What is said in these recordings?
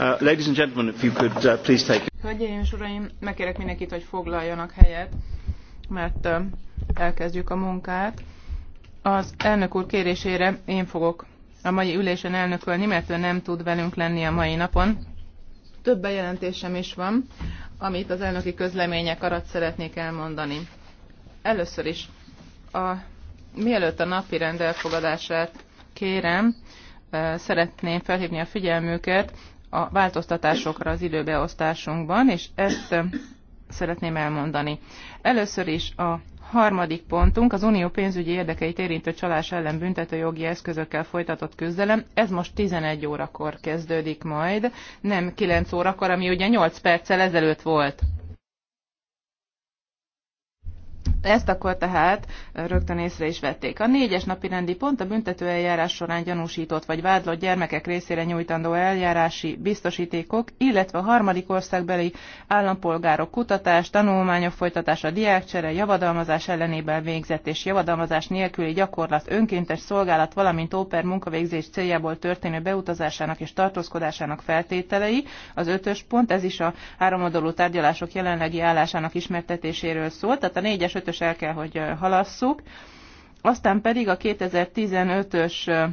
Uh, ladies and gentlemen, if you could uh, please take... Hölgyeim és uraim, megkérek mindenkit, hogy foglaljanak helyet, mert uh, elkezdjük a munkát. Az elnök úr kérésére én fogok a mai ülésen elnökölni, mert ő nem tud velünk lenni a mai napon. Több bejelentésem is van, amit az elnöki közlemények arat szeretnék elmondani. Először is, a, mielőtt a napi rend elfogadását kérem, uh, szeretném felhívni a figyelmüket a változtatásokra az időbeosztásunkban, és ezt szeretném elmondani. Először is a harmadik pontunk az unió pénzügyi érdekeit érintő csalás ellen büntető jogi eszközökkel folytatott küzdelem. Ez most 11 órakor kezdődik majd, nem 9 órakor, ami ugye 8 perccel ezelőtt volt. Ezt akkor tehát rögtön észre is vették. A négyes napi rendi pont a büntető eljárás során gyanúsított vagy vádlott gyermekek részére nyújtandó eljárási biztosítékok, illetve a harmadik országbeli állampolgárok kutatás, tanulmányok folytatása, diákcsere, javadalmazás ellenében végzett és javadalmazás nélküli gyakorlat, önkéntes szolgálat, valamint óper munkavégzés céljából történő beutazásának és tartózkodásának feltételei. Az ötös pont, ez is a háromoldalú tárgyalások jelenlegi állásának ismertetéséről szól, tehát a négyes, ötös biztos el kell, hogy halasszuk. Aztán pedig a 2015-ös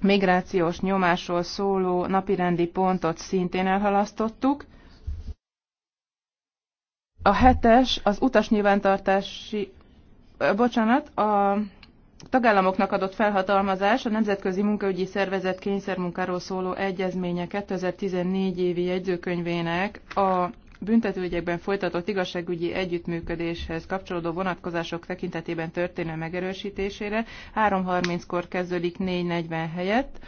migrációs nyomásról szóló napirendi pontot szintén elhalasztottuk. A hetes az utas nyilvántartási, bocsánat, a tagállamoknak adott felhatalmazás a Nemzetközi Munkaügyi Szervezet kényszermunkáról szóló egyezménye 2014 évi jegyzőkönyvének a büntetőügyekben folytatott igazságügyi együttműködéshez kapcsolódó vonatkozások tekintetében történő megerősítésére 3.30-kor kezdődik 4.40 helyett,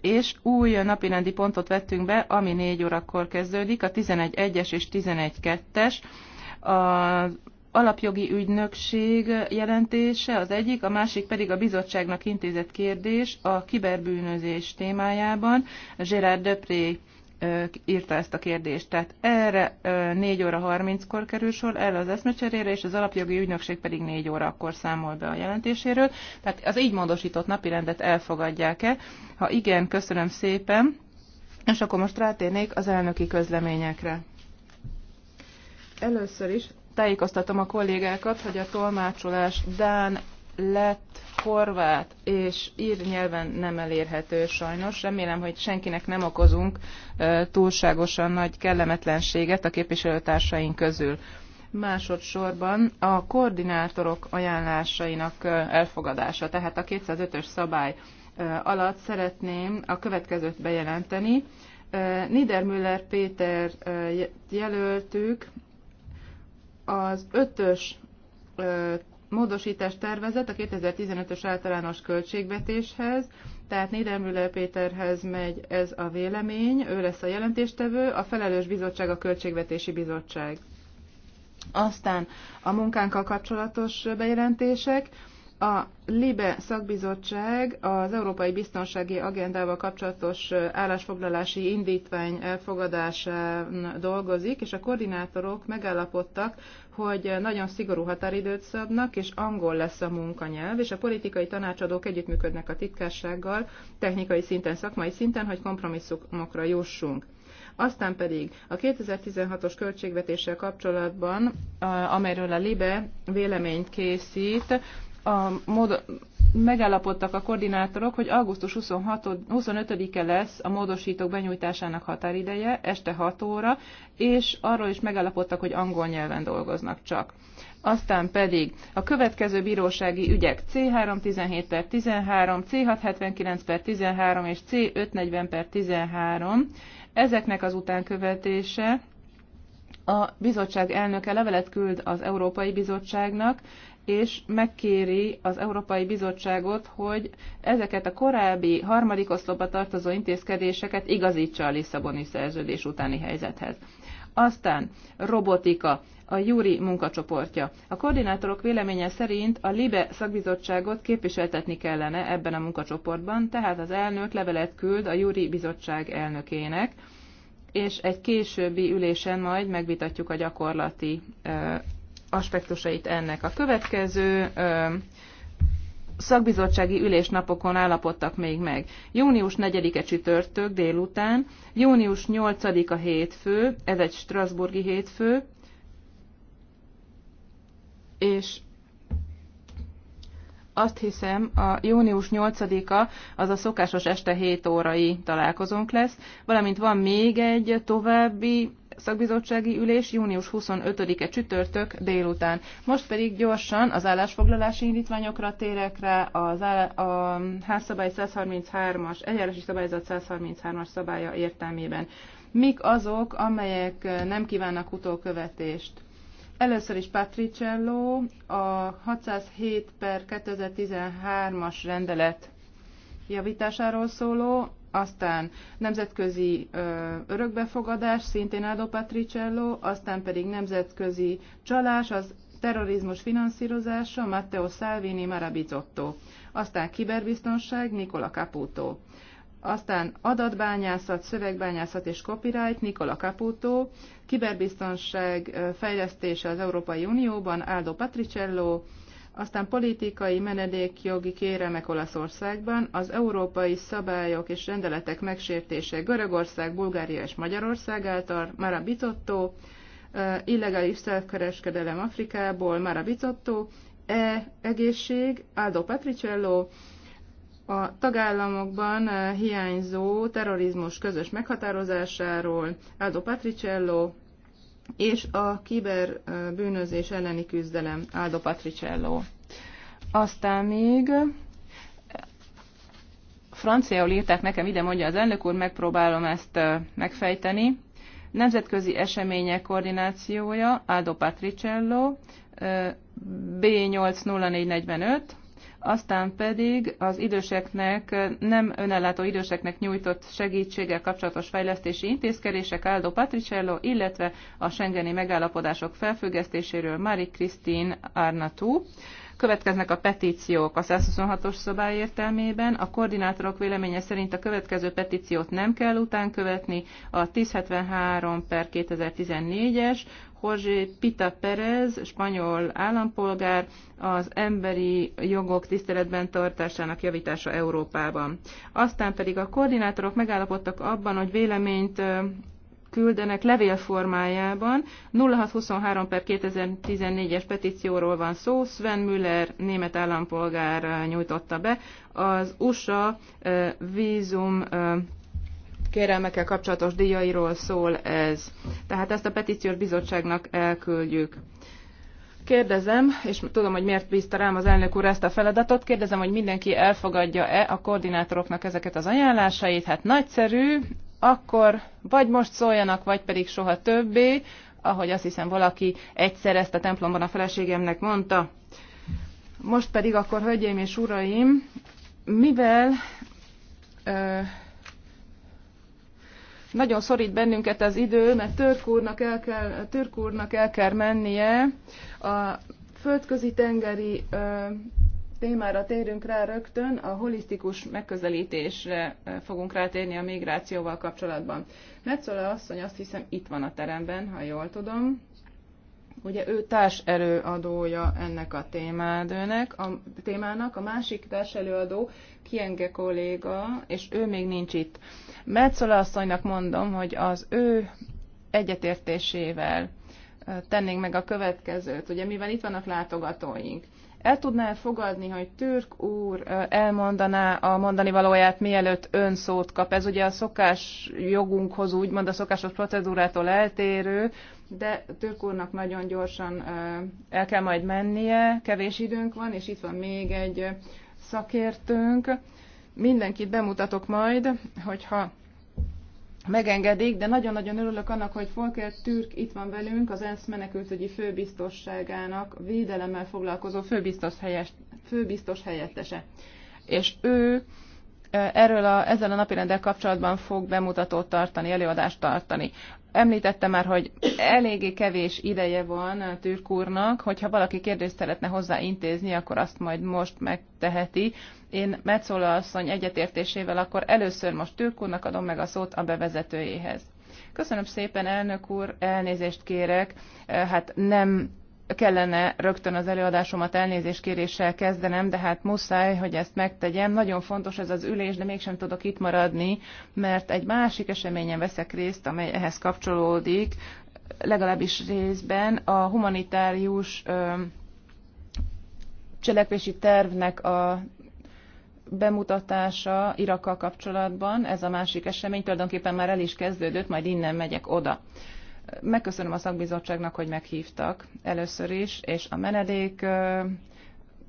és új napirendi pontot vettünk be, ami 4 órakor kezdődik, a 11.1-es és 11.2-es. Az alapjogi ügynökség jelentése az egyik, a másik pedig a bizottságnak intézett kérdés a kiberbűnözés témájában. Gérard Depré írta ezt a kérdést. Tehát erre 4 óra 30-kor kerül sor, erre az eszmecserére, és az alapjogi ügynökség pedig 4 óra akkor számol be a jelentéséről. Tehát az így módosított napirendet elfogadják-e? Ha igen, köszönöm szépen. És akkor most rátérnék az elnöki közleményekre. Először is tájékoztatom a kollégákat, hogy a tolmácsolás Dán lett, horvát és ír nyelven nem elérhető sajnos. Remélem, hogy senkinek nem okozunk túlságosan nagy kellemetlenséget a képviselőtársaink közül. Másodszorban a koordinátorok ajánlásainak elfogadása, tehát a 205-ös szabály alatt szeretném a következőt bejelenteni. Niedermüller Péter jelöltük az ötös módosítás tervezet a 2015-ös általános költségvetéshez, tehát Niedermüller Péterhez megy ez a vélemény, ő lesz a jelentéstevő, a felelős bizottság a Költségvetési Bizottság. Aztán a munkánkkal kapcsolatos bejelentések, a LIBE szakbizottság az Európai Biztonsági Agendával kapcsolatos állásfoglalási indítvány elfogadásán dolgozik, és a koordinátorok megállapodtak hogy nagyon szigorú határidőt szabnak, és angol lesz a munkanyelv, és a politikai tanácsadók együttműködnek a titkársággal, technikai szinten, szakmai szinten, hogy kompromisszumokra jussunk. Aztán pedig a 2016-os költségvetéssel kapcsolatban, amelyről a LIBE véleményt készít, a mód, megállapodtak a koordinátorok, hogy augusztus 25-e lesz a módosítók benyújtásának határideje, este 6 óra, és arról is megállapodtak, hogy angol nyelven dolgoznak csak. Aztán pedig a következő bírósági ügyek C317 per 13, C679 per 13 és C540 per 13, ezeknek az utánkövetése a bizottság elnöke levelet küld az Európai Bizottságnak, és megkéri az Európai Bizottságot, hogy ezeket a korábbi harmadik oszlopba tartozó intézkedéseket igazítsa a Lisszaboni szerződés utáni helyzethez. Aztán robotika, a Júri munkacsoportja. A koordinátorok véleménye szerint a LIBE szakbizottságot képviseltetni kellene ebben a munkacsoportban, tehát az elnök levelet küld a Júri bizottság elnökének, és egy későbbi ülésen majd megvitatjuk a gyakorlati aspektusait ennek. A következő szakbizottsági ülésnapokon állapodtak még meg. Június 4-e csütörtök délután, június 8-a hétfő, ez egy Strasburgi hétfő, és azt hiszem, a június 8-a az a szokásos este 7 órai találkozónk lesz, valamint van még egy további szakbizottsági ülés június 25-e csütörtök délután. Most pedig gyorsan az állásfoglalási indítványokra térek rá az áll- a házszabály 133-as, eljárási szabályzat 133-as szabálya értelmében. Mik azok, amelyek nem kívánnak utókövetést? Először is Patricello, a 607 per 2013-as rendelet javításáról szóló aztán nemzetközi ö, örökbefogadás, szintén Aldo Patricello, aztán pedig nemzetközi csalás, az terrorizmus finanszírozása, Matteo Salvini, Marabizotto, aztán kiberbiztonság, Nikola Caputo, aztán adatbányászat, szövegbányászat és copyright, Nikola Caputo, kiberbiztonság fejlesztése az Európai Unióban, Aldo Patricello, aztán politikai menedékjogi kéremek Olaszországban, az európai szabályok és rendeletek megsértése Görögország, Bulgária és Magyarország által, már a bitottó, illegális szelfkereskedelem Afrikából, már a bitottó, E egészség, Aldo Patricello, a tagállamokban hiányzó terrorizmus közös meghatározásáról, Aldo Patricello, és a kiberbűnözés elleni küzdelem Aldo Patricello. Aztán még franciául írták nekem, ide mondja az elnök úr, megpróbálom ezt megfejteni. Nemzetközi események koordinációja, Aldo Patricello, B80445, aztán pedig az időseknek, nem önellátó időseknek nyújtott segítséggel kapcsolatos fejlesztési intézkedések Aldo Patricello, illetve a Schengeni megállapodások felfüggesztéséről Mari Christine Arnatú. Következnek a petíciók a 126-os szabály értelmében. A koordinátorok véleménye szerint a következő petíciót nem kell után követni, a 1073 per 2014-es, Jorge Pita Perez, spanyol állampolgár, az emberi jogok tiszteletben tartásának javítása Európában. Aztán pedig a koordinátorok megállapodtak abban, hogy véleményt küldenek levélformájában. 0623 per 2014-es petícióról van szó, Sven Müller német állampolgár nyújtotta be. Az USA vízum kérelmekkel kapcsolatos díjairól szól ez. Tehát ezt a petíciós bizottságnak elküldjük. Kérdezem, és tudom, hogy miért bízta rám az elnök úr ezt a feladatot, kérdezem, hogy mindenki elfogadja-e a koordinátoroknak ezeket az ajánlásait. Hát nagyszerű, akkor vagy most szóljanak, vagy pedig soha többé, ahogy azt hiszem valaki egyszer ezt a templomban a feleségemnek mondta. Most pedig akkor, hölgyeim és uraim, mivel ö, nagyon szorít bennünket az idő, mert Törk úrnak el kell, Törk úrnak el kell mennie. A földközi tengeri ö, témára térünk rá rögtön, a holisztikus megközelítésre fogunk rátérni a migrációval kapcsolatban. Metzola asszony azt hiszem itt van a teremben, ha jól tudom. Ugye ő társ előadója ennek a témádőnek, a témának, a másik társ előadó Kienge kolléga, és ő még nincs itt. Metszola asszonynak mondom, hogy az ő egyetértésével tennénk meg a következőt. Ugye mivel itt vannak látogatóink, el tudná fogadni, hogy Türk úr elmondaná a mondani valóját, mielőtt ön szót kap? Ez ugye a szokás jogunkhoz, úgymond a szokásos procedúrától eltérő, de Türk úrnak nagyon gyorsan el kell majd mennie, kevés időnk van, és itt van még egy szakértőnk. Mindenkit bemutatok majd, hogyha megengedik, de nagyon-nagyon örülök annak, hogy Volker Türk itt van velünk, az ENSZ menekültügyi főbiztosságának védelemmel foglalkozó főbiztos, helyes, főbiztos helyettese. És ő erről a, ezzel a napirenddel kapcsolatban fog bemutatót tartani, előadást tartani. Említette már, hogy eléggé kevés ideje van a Türk úrnak, hogyha valaki kérdést szeretne hozzá intézni, akkor azt majd most megteheti. Én Metzola asszony egyetértésével akkor először most Türk úrnak adom meg a szót a bevezetőjéhez. Köszönöm szépen, elnök úr, elnézést kérek, hát nem kellene rögtön az előadásomat kéréssel kezdenem, de hát muszáj, hogy ezt megtegyem. Nagyon fontos ez az ülés, de mégsem tudok itt maradni, mert egy másik eseményen veszek részt, amely ehhez kapcsolódik, legalábbis részben a humanitárius ö, cselekvési tervnek a bemutatása Irakkal kapcsolatban, ez a másik esemény tulajdonképpen már el is kezdődött, majd innen megyek oda. Ö, Megköszönöm a szakbizottságnak, hogy meghívtak először is, és a menedék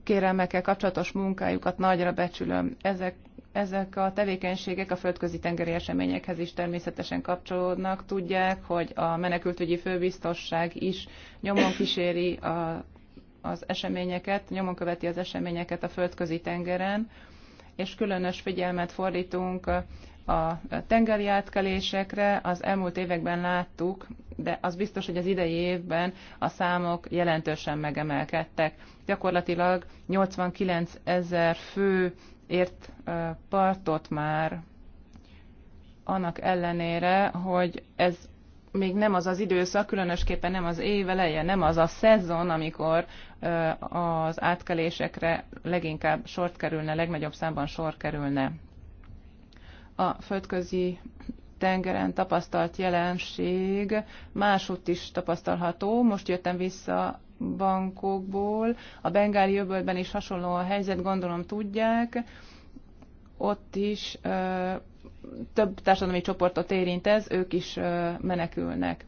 kérelmekkel kapcsolatos munkájukat nagyra becsülöm. Ezek ezek a tevékenységek a földközi tengeri eseményekhez is természetesen kapcsolódnak. Tudják, hogy a menekültügyi főbiztosság is nyomon kíséri a, az eseményeket, nyomon követi az eseményeket a földközi tengeren, és különös figyelmet fordítunk a tengeri átkelésekre az elmúlt években láttuk, de az biztos, hogy az idei évben a számok jelentősen megemelkedtek. Gyakorlatilag 89 ezer fő ért partot már annak ellenére, hogy ez még nem az az időszak, különösképpen nem az év eleje, nem az a szezon, amikor az átkelésekre leginkább sort kerülne, legnagyobb számban sor kerülne a földközi tengeren tapasztalt jelenség másutt is tapasztalható. Most jöttem vissza bankokból, a bengáli öbölben is hasonló a helyzet, gondolom tudják. Ott is ö, több társadalmi csoportot érint ez, ők is ö, menekülnek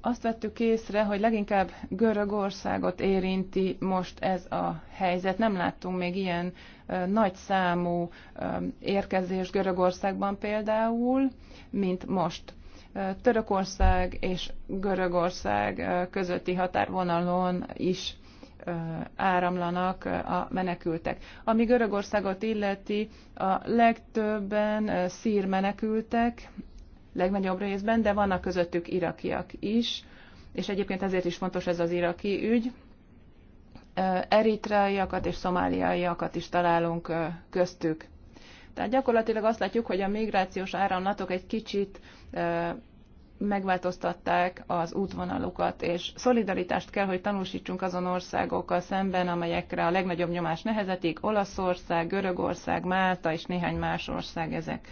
azt vettük észre, hogy leginkább Görögországot érinti most ez a helyzet. Nem láttunk még ilyen nagy számú érkezést Görögországban például, mint most. Törökország és Görögország közötti határvonalon is áramlanak a menekültek. Ami Görögországot illeti, a legtöbben szír menekültek, legnagyobb részben, de vannak közöttük irakiak is, és egyébként ezért is fontos ez az iraki ügy. Eritreaiakat és szomáliaiakat is találunk köztük. Tehát gyakorlatilag azt látjuk, hogy a migrációs áramlatok egy kicsit megváltoztatták az útvonalukat, és szolidaritást kell, hogy tanúsítsunk azon országokkal szemben, amelyekre a legnagyobb nyomás nehezetik, Olaszország, Görögország, Málta és néhány más ország ezek.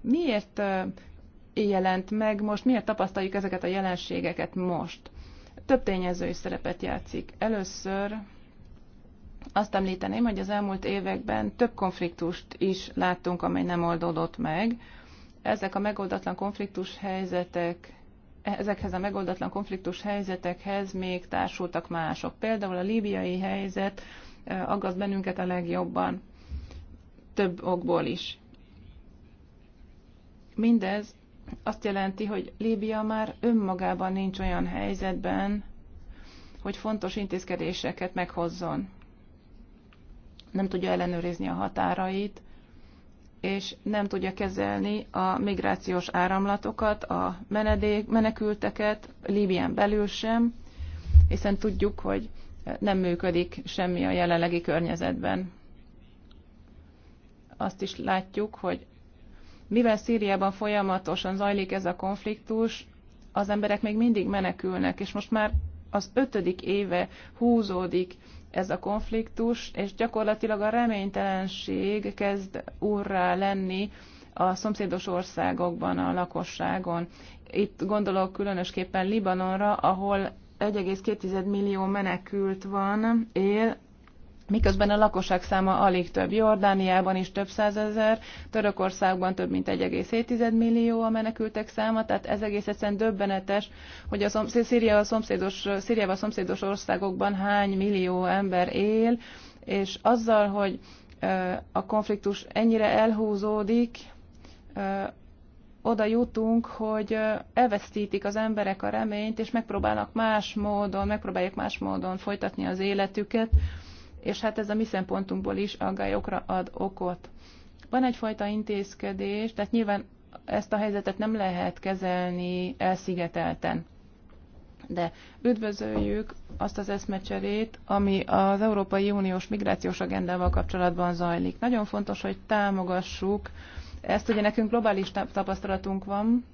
Miért jelent meg most, miért tapasztaljuk ezeket a jelenségeket most. Több tényező is szerepet játszik. Először azt említeném, hogy az elmúlt években több konfliktust is láttunk, amely nem oldódott meg. Ezek a megoldatlan konfliktus helyzetek, ezekhez a megoldatlan konfliktus helyzetekhez még társultak mások. Például a líbiai helyzet aggaszt bennünket a legjobban, több okból is. Mindez azt jelenti, hogy Líbia már önmagában nincs olyan helyzetben, hogy fontos intézkedéseket meghozzon. Nem tudja ellenőrizni a határait, és nem tudja kezelni a migrációs áramlatokat, a menedék, menekülteket, Líbián belül sem, hiszen tudjuk, hogy nem működik semmi a jelenlegi környezetben. Azt is látjuk, hogy mivel Szíriában folyamatosan zajlik ez a konfliktus, az emberek még mindig menekülnek, és most már az ötödik éve húzódik ez a konfliktus, és gyakorlatilag a reménytelenség kezd úrrá lenni a szomszédos országokban, a lakosságon. Itt gondolok különösképpen Libanonra, ahol 1,2 millió menekült van, él, miközben a lakosság száma alig több. Jordániában is több százezer, Törökországban több mint 1,7 millió a menekültek száma, tehát ez egész egyszerűen döbbenetes, hogy a szomszéd, Szíria a szomszédos, Szíriával szomszédos országokban hány millió ember él, és azzal, hogy a konfliktus ennyire elhúzódik, oda jutunk, hogy elvesztítik az emberek a reményt, és megpróbálnak más módon, megpróbálják más módon folytatni az életüket, és hát ez a mi szempontunkból is aggályokra ad okot. Van egyfajta intézkedés, tehát nyilván ezt a helyzetet nem lehet kezelni elszigetelten. De üdvözöljük azt az eszmecserét, ami az Európai Uniós migrációs agendával kapcsolatban zajlik. Nagyon fontos, hogy támogassuk ezt, ugye nekünk globális tapasztalatunk van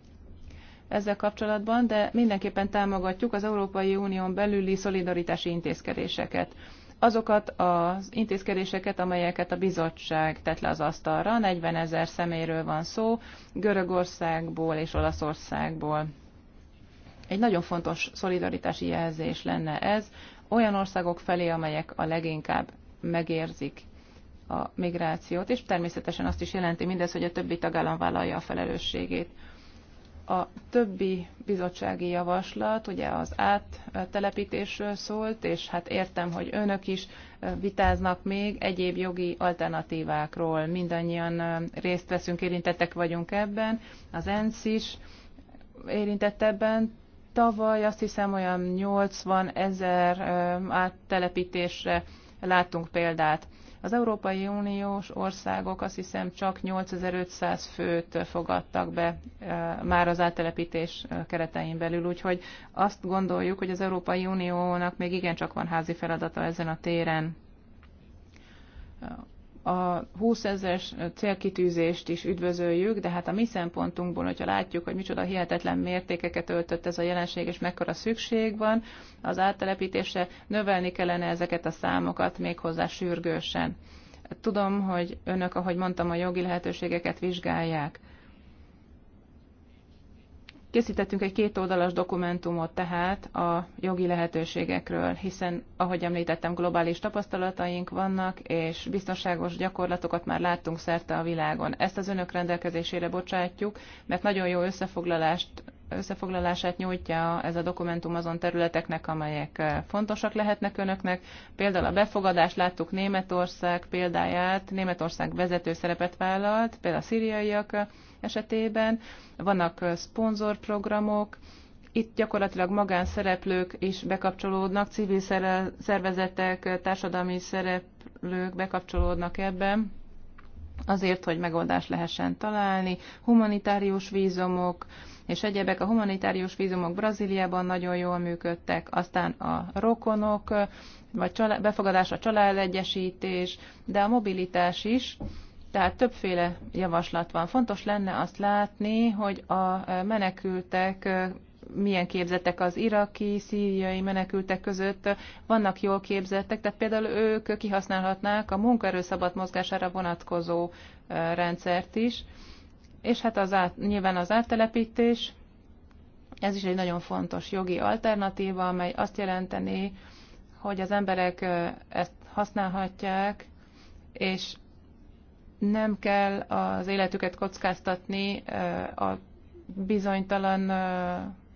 ezzel kapcsolatban, de mindenképpen támogatjuk az Európai Unión belüli szolidaritási intézkedéseket azokat az intézkedéseket, amelyeket a bizottság tett le az asztalra. 40 ezer személyről van szó, Görögországból és Olaszországból. Egy nagyon fontos szolidaritási jelzés lenne ez olyan országok felé, amelyek a leginkább megérzik a migrációt, és természetesen azt is jelenti mindez, hogy a többi tagállam vállalja a felelősségét. A többi bizottsági javaslat ugye az áttelepítésről szólt, és hát értem, hogy önök is vitáznak még egyéb jogi alternatívákról. Mindannyian részt veszünk, érintettek vagyunk ebben, az ENSZ is érintett ebben. Tavaly azt hiszem olyan 80 ezer áttelepítésre láttunk példát. Az Európai Uniós országok azt hiszem csak 8500 főt fogadtak be már az áttelepítés keretein belül, úgyhogy azt gondoljuk, hogy az Európai Uniónak még igencsak van házi feladata ezen a téren a 20 ezeres célkitűzést is üdvözöljük, de hát a mi szempontunkból, hogyha látjuk, hogy micsoda hihetetlen mértékeket öltött ez a jelenség, és mekkora szükség van az áttelepítésre, növelni kellene ezeket a számokat méghozzá sürgősen. Tudom, hogy önök, ahogy mondtam, a jogi lehetőségeket vizsgálják. Készítettünk egy kétoldalas dokumentumot tehát a jogi lehetőségekről, hiszen, ahogy említettem, globális tapasztalataink vannak, és biztonságos gyakorlatokat már láttunk szerte a világon. Ezt az önök rendelkezésére bocsátjuk, mert nagyon jó összefoglalást összefoglalását nyújtja ez a dokumentum azon területeknek, amelyek eh, fontosak lehetnek önöknek. Például a befogadás, láttuk Németország példáját, Németország vezető szerepet vállalt, például a szíriaiak eh, esetében. Vannak eh, szponzorprogramok, itt gyakorlatilag magánszereplők is bekapcsolódnak, civil szervezetek, társadalmi szereplők bekapcsolódnak ebben azért, hogy megoldást lehessen találni, humanitárius vízumok, és egyebek. A humanitárius vízumok Brazíliában nagyon jól működtek, aztán a rokonok, vagy család, befogadás, a családegyesítés, de a mobilitás is. Tehát többféle javaslat van. Fontos lenne azt látni, hogy a menekültek milyen képzettek az iraki, szíriai menekültek között, vannak jól képzettek, tehát például ők kihasználhatnák a munkaerő szabad mozgására vonatkozó rendszert is, és hát az át, nyilván az áttelepítés, ez is egy nagyon fontos jogi alternatíva, amely azt jelenteni, hogy az emberek ezt használhatják, és nem kell az életüket kockáztatni a bizonytalan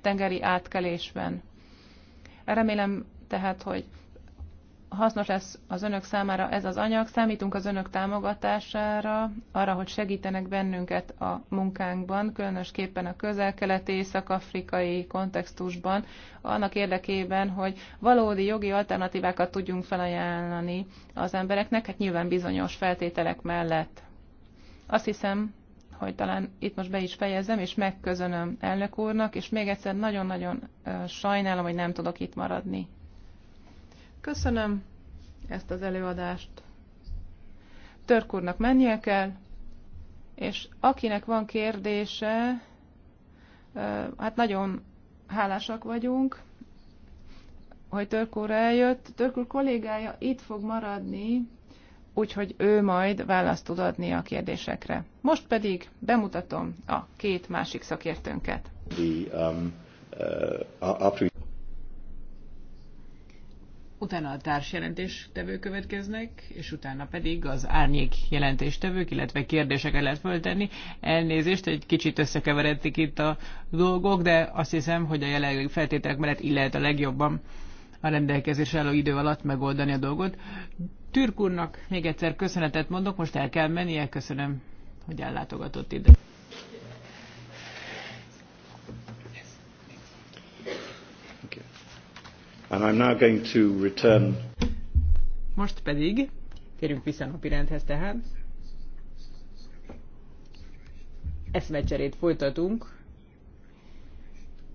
tengeri átkelésben. Remélem tehát, hogy hasznos lesz az önök számára ez az anyag. Számítunk az önök támogatására, arra, hogy segítenek bennünket a munkánkban, különösképpen a közel-keleti, észak-afrikai kontextusban, annak érdekében, hogy valódi jogi alternatívákat tudjunk felajánlani az embereknek, hát nyilván bizonyos feltételek mellett. Azt hiszem, hogy talán itt most be is fejezem, és megközönöm elnök úrnak, és még egyszer nagyon-nagyon sajnálom, hogy nem tudok itt maradni. Köszönöm ezt az előadást. Törkurnak mennie kell, és akinek van kérdése, hát nagyon hálásak vagyunk, hogy Törk eljött. Törk kollégája itt fog maradni, úgyhogy ő majd választ tud adni a kérdésekre. Most pedig bemutatom a két másik szakértőnket. The, um, uh, after... Utána a tevő következnek, és utána pedig az árnyék jelentés tevők illetve kérdéseket lehet föltenni. Elnézést, egy kicsit összekeveredtik itt a dolgok, de azt hiszem, hogy a jelenlegi feltételek mellett így lehet a legjobban a rendelkezés álló idő alatt megoldani a dolgot. Türk úrnak még egyszer köszönetet mondok, most el kell mennie, köszönöm, hogy ellátogatott ide. And I'm now going to return. Most pedig, térünk vissza a napirendhez tehát, eszmecserét folytatunk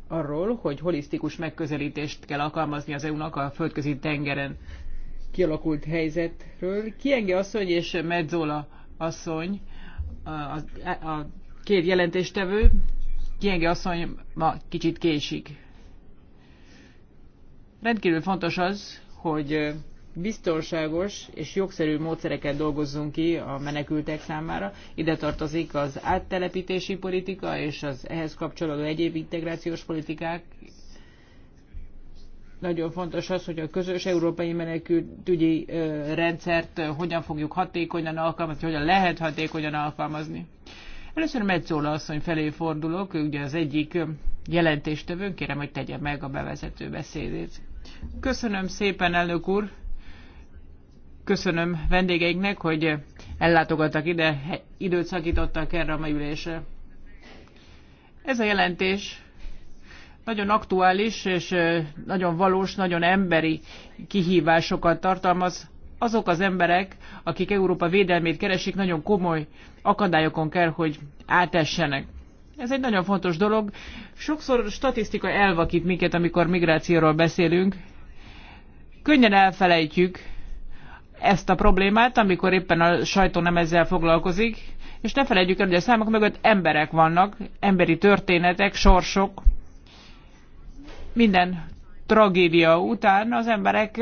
arról, hogy holisztikus megközelítést kell alkalmazni az EU-nak a földközi tengeren kialakult helyzetről. Kienge asszony és Medzola asszony, a, a, a két jelentéstevő, Kienge asszony ma kicsit késik. Rendkívül fontos az, hogy biztonságos és jogszerű módszereket dolgozzunk ki a menekültek számára. Ide tartozik az áttelepítési politika és az ehhez kapcsolódó egyéb integrációs politikák. Nagyon fontos az, hogy a közös európai menekültügyi rendszert hogyan fogjuk hatékonyan alkalmazni, hogyan lehet hatékonyan alkalmazni. Először Metzola asszony felé fordulok, ugye az egyik jelentéstevőn, kérem, hogy tegye meg a bevezető beszédét. Köszönöm szépen, elnök úr! Köszönöm vendégeinknek, hogy ellátogattak ide, időt szakítottak erre a mai ülésre. Ez a jelentés nagyon aktuális és nagyon valós, nagyon emberi kihívásokat tartalmaz. Azok az emberek, akik Európa védelmét keresik, nagyon komoly akadályokon kell, hogy átessenek. Ez egy nagyon fontos dolog. Sokszor statisztika elvakít minket, amikor migrációról beszélünk. Könnyen elfelejtjük ezt a problémát, amikor éppen a sajtó nem ezzel foglalkozik, és ne felejtjük el, hogy a számok mögött emberek vannak, emberi történetek, sorsok, minden tragédia után az emberek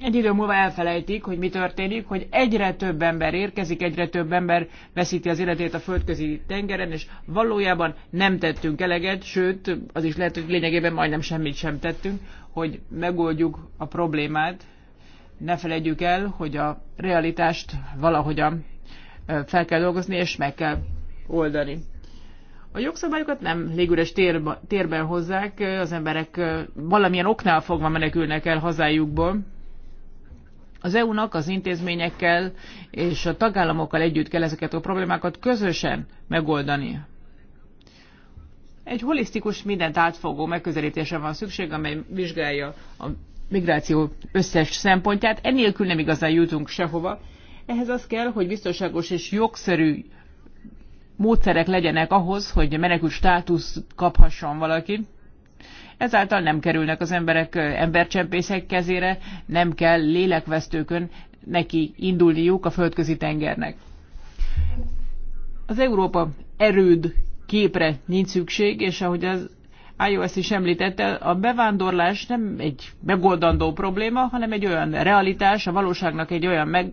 egy idő múlva elfelejtik, hogy mi történik, hogy egyre több ember érkezik, egyre több ember veszíti az életét a földközi tengeren, és valójában nem tettünk eleget, sőt, az is lehet, hogy lényegében majdnem semmit sem tettünk, hogy megoldjuk a problémát. Ne felejtjük el, hogy a realitást valahogyan fel kell dolgozni, és meg kell oldani. A jogszabályokat nem légüres térba, térben hozzák, az emberek valamilyen oknál fogva menekülnek el hazájukból. Az EU-nak az intézményekkel és a tagállamokkal együtt kell ezeket a problémákat közösen megoldani. Egy holisztikus, mindent átfogó megközelítése van szükség, amely vizsgálja a migráció összes szempontját. Ennélkül nem igazán jutunk sehova. Ehhez az kell, hogy biztonságos és jogszerű módszerek legyenek ahhoz, hogy menekült státusz kaphasson valaki. Ezáltal nem kerülnek az emberek embercsempészek kezére, nem kell lélekvesztőkön neki indulniuk a földközi tengernek. Az Európa erőd képre nincs szükség, és ahogy az iOS is említette, a bevándorlás nem egy megoldandó probléma, hanem egy olyan realitás, a valóságnak egy olyan, meg,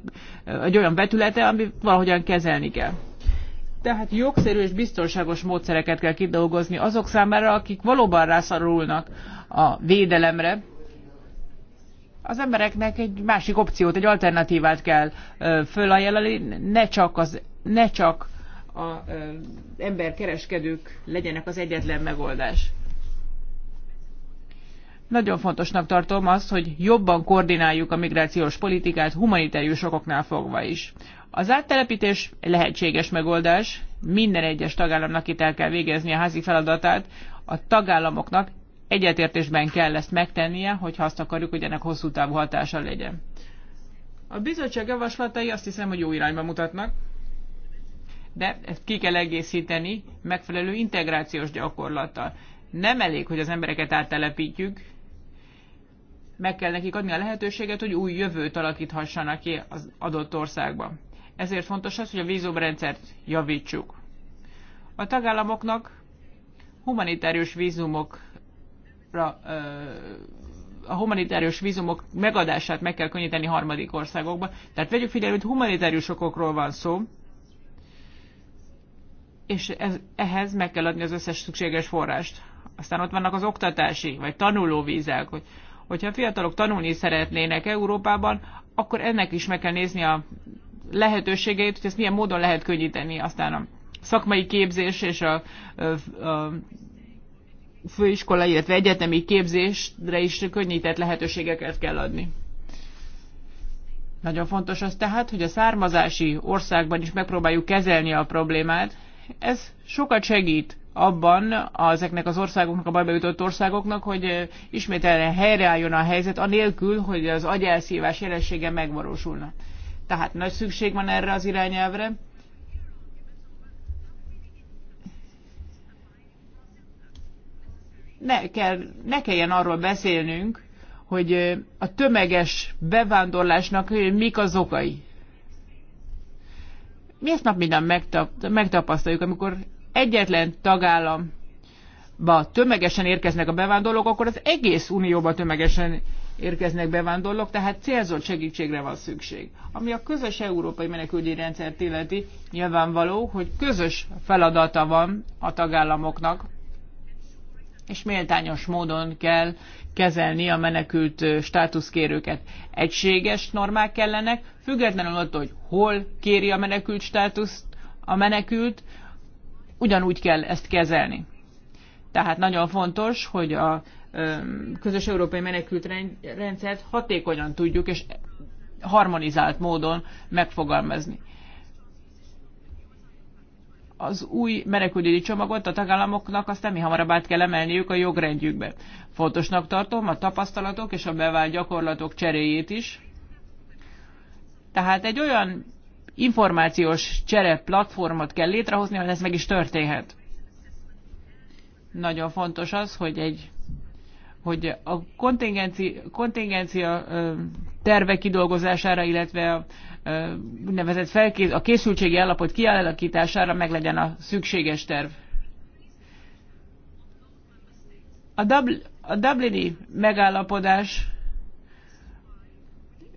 egy olyan vetülete, amit valahogyan kezelni kell. Tehát jogszerű és biztonságos módszereket kell kidolgozni azok számára, akik valóban rászorulnak a védelemre. Az embereknek egy másik opciót, egy alternatívát kell fölajánlani, ne csak, az, ne csak a ö, emberkereskedők legyenek az egyetlen megoldás. Nagyon fontosnak tartom azt, hogy jobban koordináljuk a migrációs politikát humanitárius okoknál fogva is. Az áttelepítés lehetséges megoldás, minden egyes tagállamnak itt el kell végezni a házi feladatát, a tagállamoknak egyetértésben kell ezt megtennie, hogyha azt akarjuk, hogy ennek hosszú távú hatása legyen. A bizottság javaslatai azt hiszem, hogy jó irányba mutatnak, de ezt ki kell egészíteni megfelelő integrációs gyakorlattal. Nem elég, hogy az embereket áttelepítjük, meg kell nekik adni a lehetőséget, hogy új jövőt alakíthassanak ki az adott országban ezért fontos az, hogy a vízumrendszert javítsuk. A tagállamoknak humanitárius vízumokra a humanitárius vízumok megadását meg kell könnyíteni harmadik országokba. Tehát vegyük figyelembe, hogy humanitárius okokról van szó, és ez, ehhez meg kell adni az összes szükséges forrást. Aztán ott vannak az oktatási, vagy tanulóvízák, hogy, hogyha a fiatalok tanulni szeretnének Európában, akkor ennek is meg kell nézni a lehetőségeit, hogy ezt milyen módon lehet könnyíteni. Aztán a szakmai képzés és a, a, a főiskola, illetve egyetemi képzésre is könnyített lehetőségeket kell adni. Nagyon fontos az tehát, hogy a származási országban is megpróbáljuk kezelni a problémát. Ez sokat segít abban ezeknek az országoknak, a bajba jutott országoknak, hogy ismételen helyreálljon a helyzet, anélkül, hogy az agyelszívás jelensége megvalósulna. Tehát nagy szükség van erre az irányelvre. Ne, kell, ne kelljen arról beszélnünk, hogy a tömeges bevándorlásnak mik az okai. Mi ezt nap minden megtap, megtapasztaljuk, amikor egyetlen tagállamba tömegesen érkeznek a bevándorlók, akkor az egész unióba tömegesen érkeznek bevándorlók, tehát célzott segítségre van szükség. Ami a közös európai menekülgyi rendszert illeti, nyilvánvaló, hogy közös feladata van a tagállamoknak, és méltányos módon kell kezelni a menekült státuszkérőket. Egységes normák kellenek, függetlenül attól, hogy hol kéri a menekült státuszt a menekült, ugyanúgy kell ezt kezelni. Tehát nagyon fontos, hogy a közös európai menekült rendszert hatékonyan tudjuk és harmonizált módon megfogalmazni. Az új menekülügyi csomagot a tagállamoknak aztán mi hamarabb át kell emelniük a jogrendjükbe. Fontosnak tartom a tapasztalatok és a bevált gyakorlatok cseréjét is. Tehát egy olyan információs csere platformot kell létrehozni, hogy ez meg is történhet. Nagyon fontos az, hogy egy hogy a kontingencia, kontingencia terve kidolgozására, illetve a úgynevezett felkész, a készültségi állapot kialakítására meg legyen a szükséges terv. A, Dubl- a Dublini megállapodás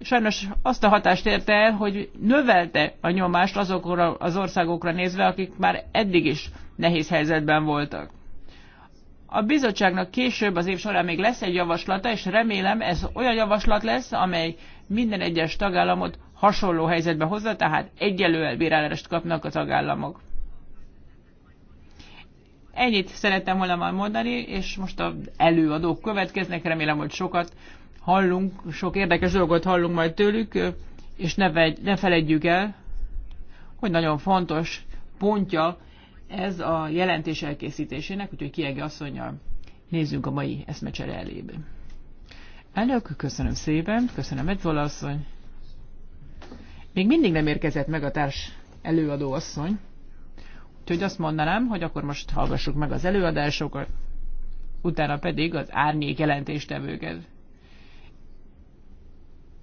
sajnos azt a hatást érte el, hogy növelte a nyomást azokra az országokra nézve, akik már eddig is nehéz helyzetben voltak. A bizottságnak később az év során még lesz egy javaslata, és remélem ez olyan javaslat lesz, amely minden egyes tagállamot hasonló helyzetbe hozza, tehát egyelő elbírálást kapnak a tagállamok. Ennyit szerettem volna már mondani, és most az előadók következnek, remélem, hogy sokat hallunk, sok érdekes dolgot hallunk majd tőlük, és ne, vegy, ne feledjük el, hogy nagyon fontos pontja ez a jelentés elkészítésének, úgyhogy Kiege asszonyjal nézzünk a mai eszmecsere elébe. Elnök, köszönöm szépen, köszönöm Edzola asszony. Még mindig nem érkezett meg a társ előadó asszony, úgyhogy azt mondanám, hogy akkor most hallgassuk meg az előadásokat, utána pedig az árnyék jelentéstevőket.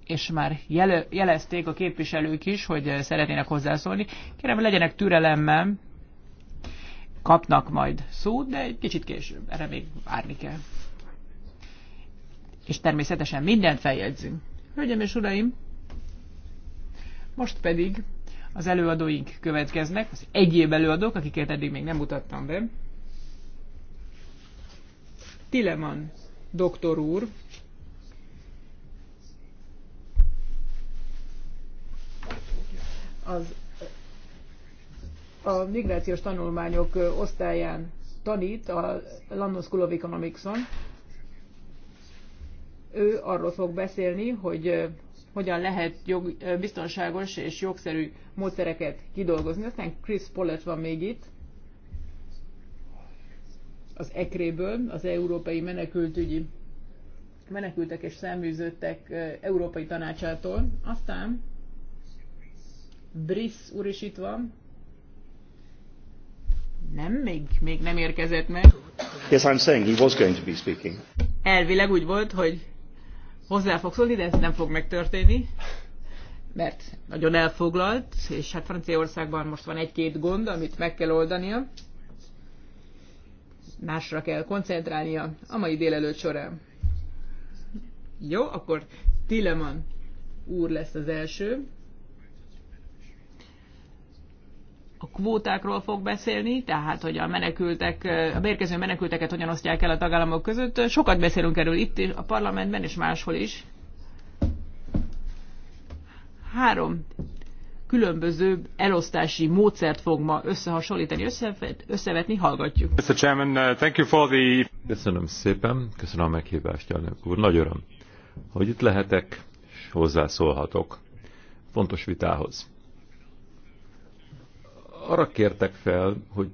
És már jele, jelezték a képviselők is, hogy szeretnének hozzászólni. Kérem, legyenek türelemmel, kapnak majd szót, de egy kicsit később, erre még várni kell. És természetesen mindent feljegyzünk. Hölgyeim és uraim, most pedig az előadóink következnek, az egyéb előadók, akiket eddig még nem mutattam be. Tileman doktor úr, az a migrációs tanulmányok osztályán tanít a London School of Economics-on. Ő arról fog beszélni, hogy hogyan lehet jog, biztonságos és jogszerű módszereket kidolgozni. Aztán Chris Pollett van még itt, az ecre ből az Európai Menekültügyi Menekültek és Szeműzöttek Európai Tanácsától. Aztán Briss úr is itt van, nem, még, még nem érkezett meg. Yes, I'm saying he was going to be speaking. Elvileg úgy volt, hogy hozzá fog szólni, de ez nem fog megtörténni, mert nagyon elfoglalt, és hát Franciaországban most van egy-két gond, amit meg kell oldania. Másra kell koncentrálnia a mai délelőtt során. Jó, akkor Tilleman úr lesz az első. a kvótákról fog beszélni, tehát hogy a menekültek, a bérkező menekülteket hogyan osztják el a tagállamok között. Sokat beszélünk erről itt a parlamentben és máshol is. Három különböző elosztási módszert fog ma összehasonlítani, összevet, összevetni, hallgatjuk. Mr. Chairman, uh, thank you for the... Köszönöm szépen, köszönöm a meghívást, elnök úr. Nagy öröm, hogy itt lehetek, és hozzászólhatok. Fontos vitához arra kértek fel, hogy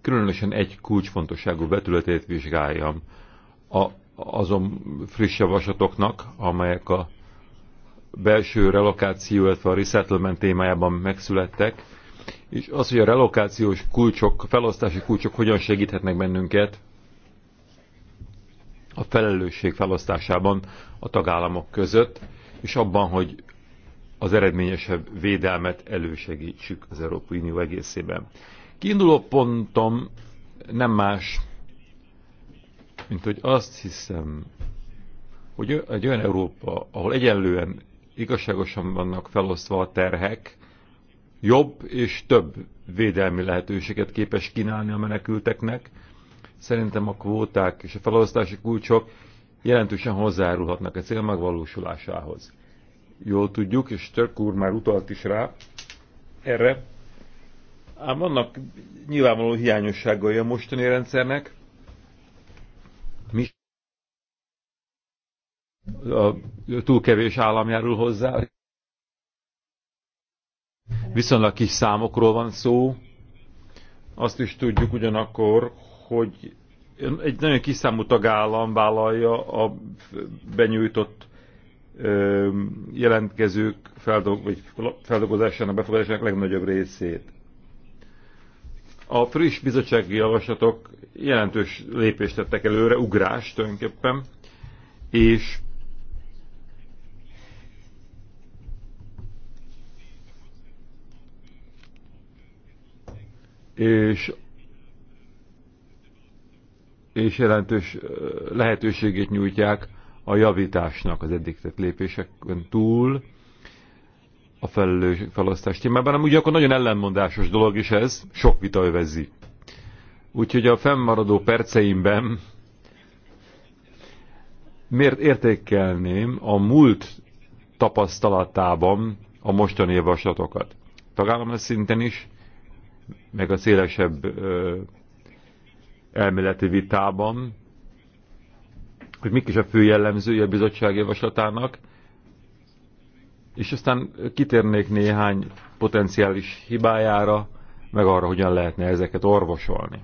különösen egy kulcsfontosságú vetületét vizsgáljam a, azon friss javaslatoknak, amelyek a belső relokáció, illetve a resettlement témájában megszülettek, és az, hogy a relokációs kulcsok, felosztási kulcsok hogyan segíthetnek bennünket a felelősség felosztásában a tagállamok között, és abban, hogy az eredményesebb védelmet elősegítsük az Európai Unió egészében. Kiinduló pontom nem más, mint hogy azt hiszem, hogy egy olyan Európa, ahol egyenlően igazságosan vannak felosztva a terhek, jobb és több védelmi lehetőséget képes kínálni a menekülteknek. Szerintem a kvóták és a felosztási kulcsok jelentősen hozzárulhatnak a cél megvalósulásához jól tudjuk, és Törk úr már utalt is rá erre, ám vannak nyilvánvaló hiányosságai a mostani rendszernek. Mi a túl kevés állam járul hozzá. Viszonylag kis számokról van szó. Azt is tudjuk ugyanakkor, hogy egy nagyon kis tagállam vállalja a benyújtott jelentkezők vagy feldolgozásának, befogadásának legnagyobb részét. A friss bizottsági javaslatok jelentős lépést tettek előre, ugrás tulajdonképpen, és és és jelentős lehetőségét nyújtják a javításnak az eddig tett lépéseken túl a felelős felosztás témában, hanem ugye akkor nagyon ellenmondásos dolog is ez, sok vita övezi. Úgyhogy a fennmaradó perceimben miért értékelném a múlt tapasztalatában a mostani javaslatokat. Tagállami szinten is, meg a szélesebb ö, elméleti vitában, hogy mik is a fő jellemzője a bizottság javaslatának, és aztán kitérnék néhány potenciális hibájára, meg arra, hogyan lehetne ezeket orvosolni.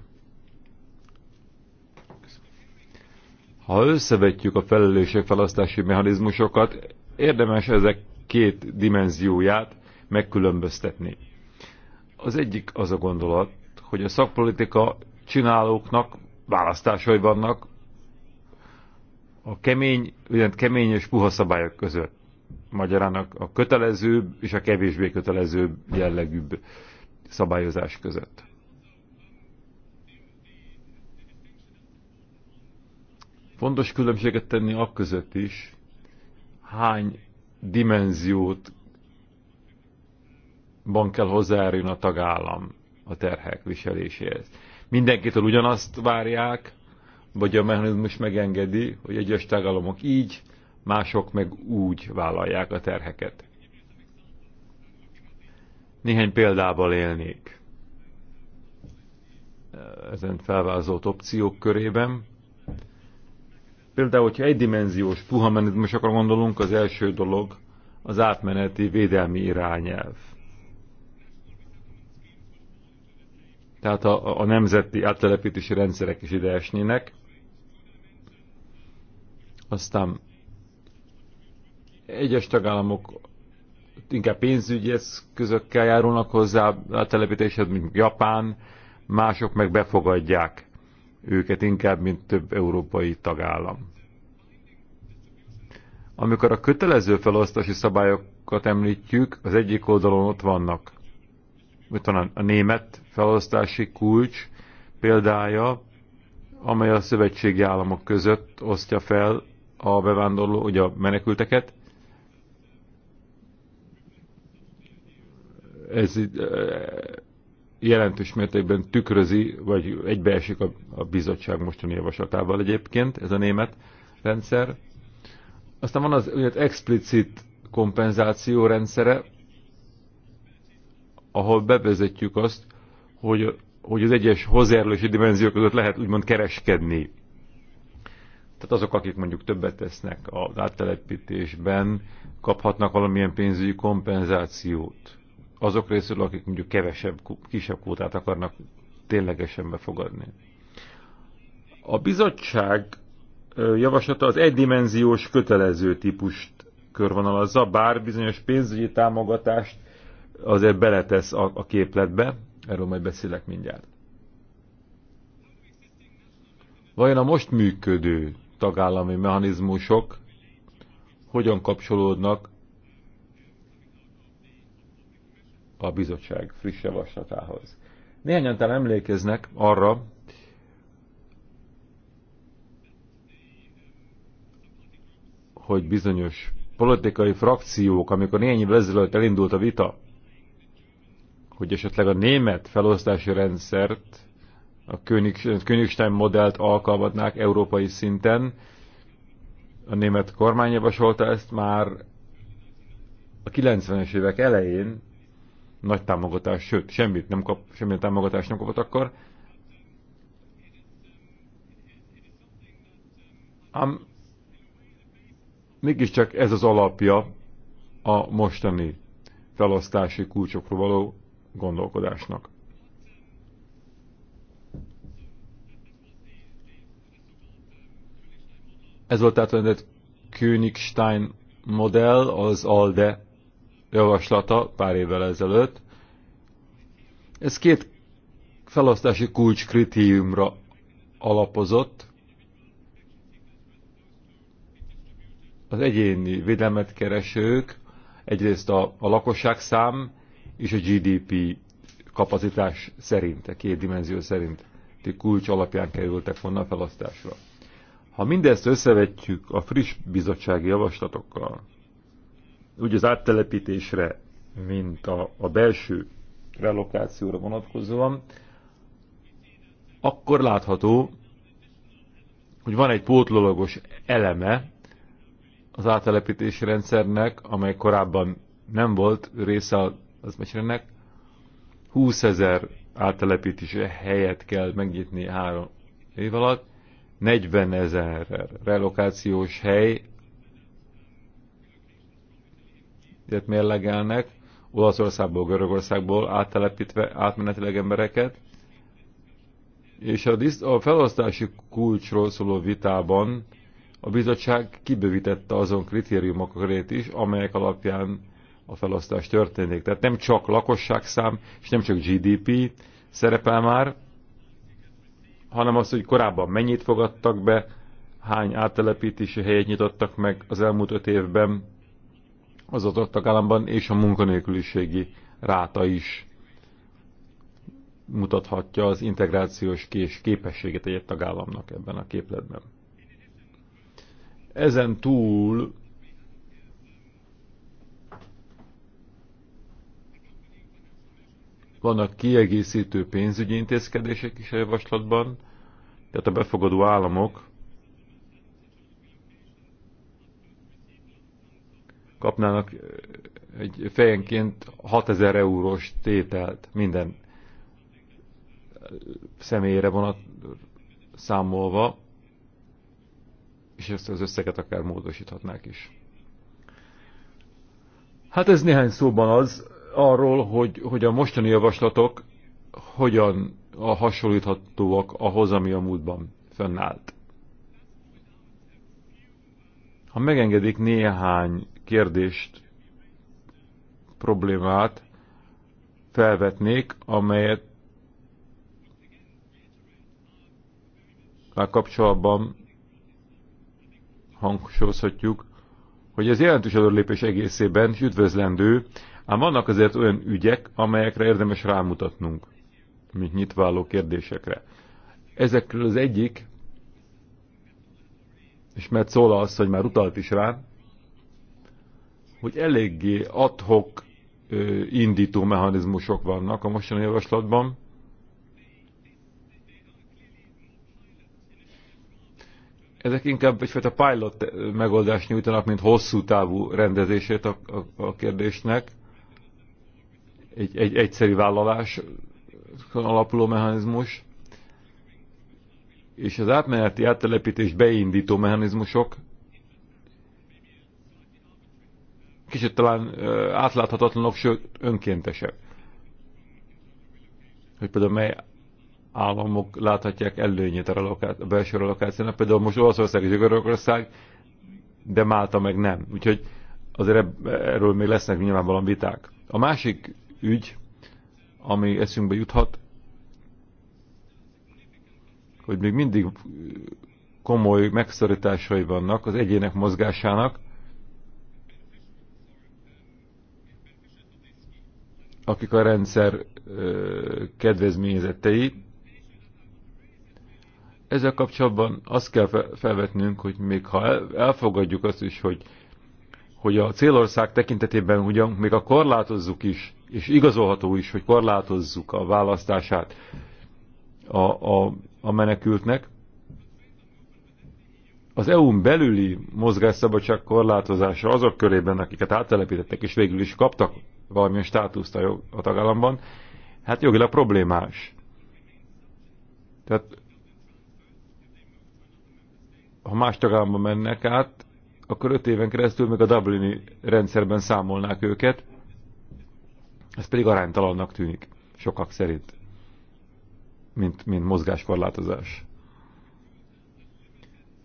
Ha összevetjük a felelősség felasztási mechanizmusokat, érdemes ezek két dimenzióját megkülönböztetni. Az egyik az a gondolat, hogy a szakpolitika csinálóknak választásai vannak a kemény, ugyan kemény és puha szabályok között. Magyarán a kötelezőbb és a kevésbé kötelezőbb jellegűbb szabályozás között. Fontos különbséget tenni a között is, hány dimenziót van kell hozzájárjon a tagállam a terhek viseléséhez. Mindenkitől ugyanazt várják, vagy a mechanizmus megengedi, hogy egyes tagállamok így, mások meg úgy vállalják a terheket. Néhány példával élnék ezen felvázolt opciók körében. Például, hogyha egydimenziós puha mechanizmusokra gondolunk, az első dolog az átmeneti védelmi irányelv. Tehát a, a nemzeti áttelepítési rendszerek is ide esnének. Aztán egyes tagállamok inkább pénzügyi eszközökkel járulnak hozzá a telepítéshez, mint Japán, mások meg befogadják őket inkább, mint több európai tagállam. Amikor a kötelező felosztási szabályokat említjük, az egyik oldalon ott vannak ott van a német felosztási kulcs példája, amely a szövetségi államok között osztja fel a bevándorló, ugye a menekülteket. Ez eh, jelentős mértékben tükrözi, vagy egybeesik a, bizottság mostani javaslatával egyébként, ez a német rendszer. Aztán van az ugye, explicit kompenzáció rendszere, ahol bevezetjük azt, hogy, hogy az egyes hozzájárulási dimenziók között lehet úgymond kereskedni. Tehát azok, akik mondjuk többet tesznek az áttelepítésben, kaphatnak valamilyen pénzügyi kompenzációt. Azok részül, akik mondjuk kevesebb, kisebb kvótát akarnak ténylegesen befogadni. A bizottság javaslata az egydimenziós kötelező típust körvonalazza, bár bizonyos pénzügyi támogatást azért beletesz a, a képletbe, erről majd beszélek mindjárt. Vajon a most működő tagállami mechanizmusok hogyan kapcsolódnak a bizottság friss javaslatához. Néhányan talán emlékeznek arra, hogy bizonyos politikai frakciók, amikor néhány évvel ezelőtt elindult a vita, hogy esetleg a német felosztási rendszert a Königstein modellt alkalmatnák európai szinten. A német kormány javasolta ezt már a 90-es évek elején, nagy támogatás, sőt, semmit nem kap, semmilyen támogatást nem kapott akkor. Ám mégiscsak ez az alapja a mostani felosztási kulcsokról való gondolkodásnak. Ez volt tehát a Königstein modell, az ALDE javaslata pár évvel ezelőtt. Ez két felosztási kulcs kritériumra alapozott. Az egyéni védelmet keresők, egyrészt a, a lakosság szám és a GDP kapacitás szerint, a két dimenzió szerint kulcs alapján kerültek volna a felosztásra. Ha mindezt összevetjük a friss bizottsági javaslatokkal, úgy az áttelepítésre, mint a, a belső relokációra vonatkozóan, akkor látható, hogy van egy pótlólagos eleme az áttelepítési rendszernek, amely korábban nem volt része az mesélnek, 20 ezer áttelepítési helyet kell megnyitni három év alatt, 40 ezer relokációs hely mérlegelnek, Olaszországból, Görögországból áttelepítve átmenetileg embereket, és a, a felosztási kulcsról szóló vitában a bizottság kibővítette azon kritériumokat is, amelyek alapján a felosztás történik. Tehát nem csak lakosságszám, és nem csak GDP szerepel már, hanem az, hogy korábban mennyit fogadtak be, hány áttelepítési helyet nyitottak meg az elmúlt öt évben az adott államban, és a munkanélküliségi ráta is mutathatja az integrációs kés képességet egy tagállamnak ebben a képletben. Ezen túl Vannak kiegészítő pénzügyi intézkedések is a javaslatban, tehát a befogadó államok kapnának egy fejenként 6000 eurós tételt minden személyre vonat számolva, és ezt az összeget akár módosíthatnák is. Hát ez néhány szóban az, arról, hogy, hogy a mostani javaslatok hogyan a hasonlíthatóak ahhoz, ami a múltban fennállt. Ha megengedik néhány kérdést, problémát felvetnék, amelyet már kapcsolatban hangsúlyozhatjuk, hogy ez jelentős előrelépés egészében és üdvözlendő, Ám vannak azért olyan ügyek, amelyekre érdemes rámutatnunk, mint nyitváló kérdésekre. Ezekről az egyik, és mert szól az, hogy már utalt is rá, hogy eléggé adhok indító mechanizmusok vannak a mostani javaslatban, ezek inkább egyfajta pilot megoldást nyújtanak, mint hosszú távú rendezését a, a, a kérdésnek egy, egy egyszerű vállalás alapuló mechanizmus, és az átmeneti áttelepítés beindító mechanizmusok kicsit talán átláthatatlanok, sőt önkéntesek. Hogy például mely államok láthatják előnyét a, relokáció, a belső relokációnak, például most Olaszország és Görögország, de Málta meg nem. Úgyhogy azért erről még lesznek nyilvánvalóan viták. A másik ügy, ami eszünkbe juthat, hogy még mindig komoly megszorításai vannak az egyének mozgásának, akik a rendszer kedvezményezettei. Ezzel kapcsolatban azt kell felvetnünk, hogy még ha elfogadjuk azt is, hogy, hogy a célország tekintetében ugyan még a korlátozzuk is és igazolható is, hogy korlátozzuk a választását a, a, a menekültnek. Az EU-n belüli mozgásszabadság korlátozása azok körében, akiket áttelepítettek, és végül is kaptak valamilyen státuszt a, jog, a tagállamban, hát jogilag problémás. Tehát ha más tagállamban mennek át, akkor öt éven keresztül még a Dublini rendszerben számolnák őket, ez pedig aránytalannak tűnik, sokak szerint, mint, mint mozgáskorlátozás.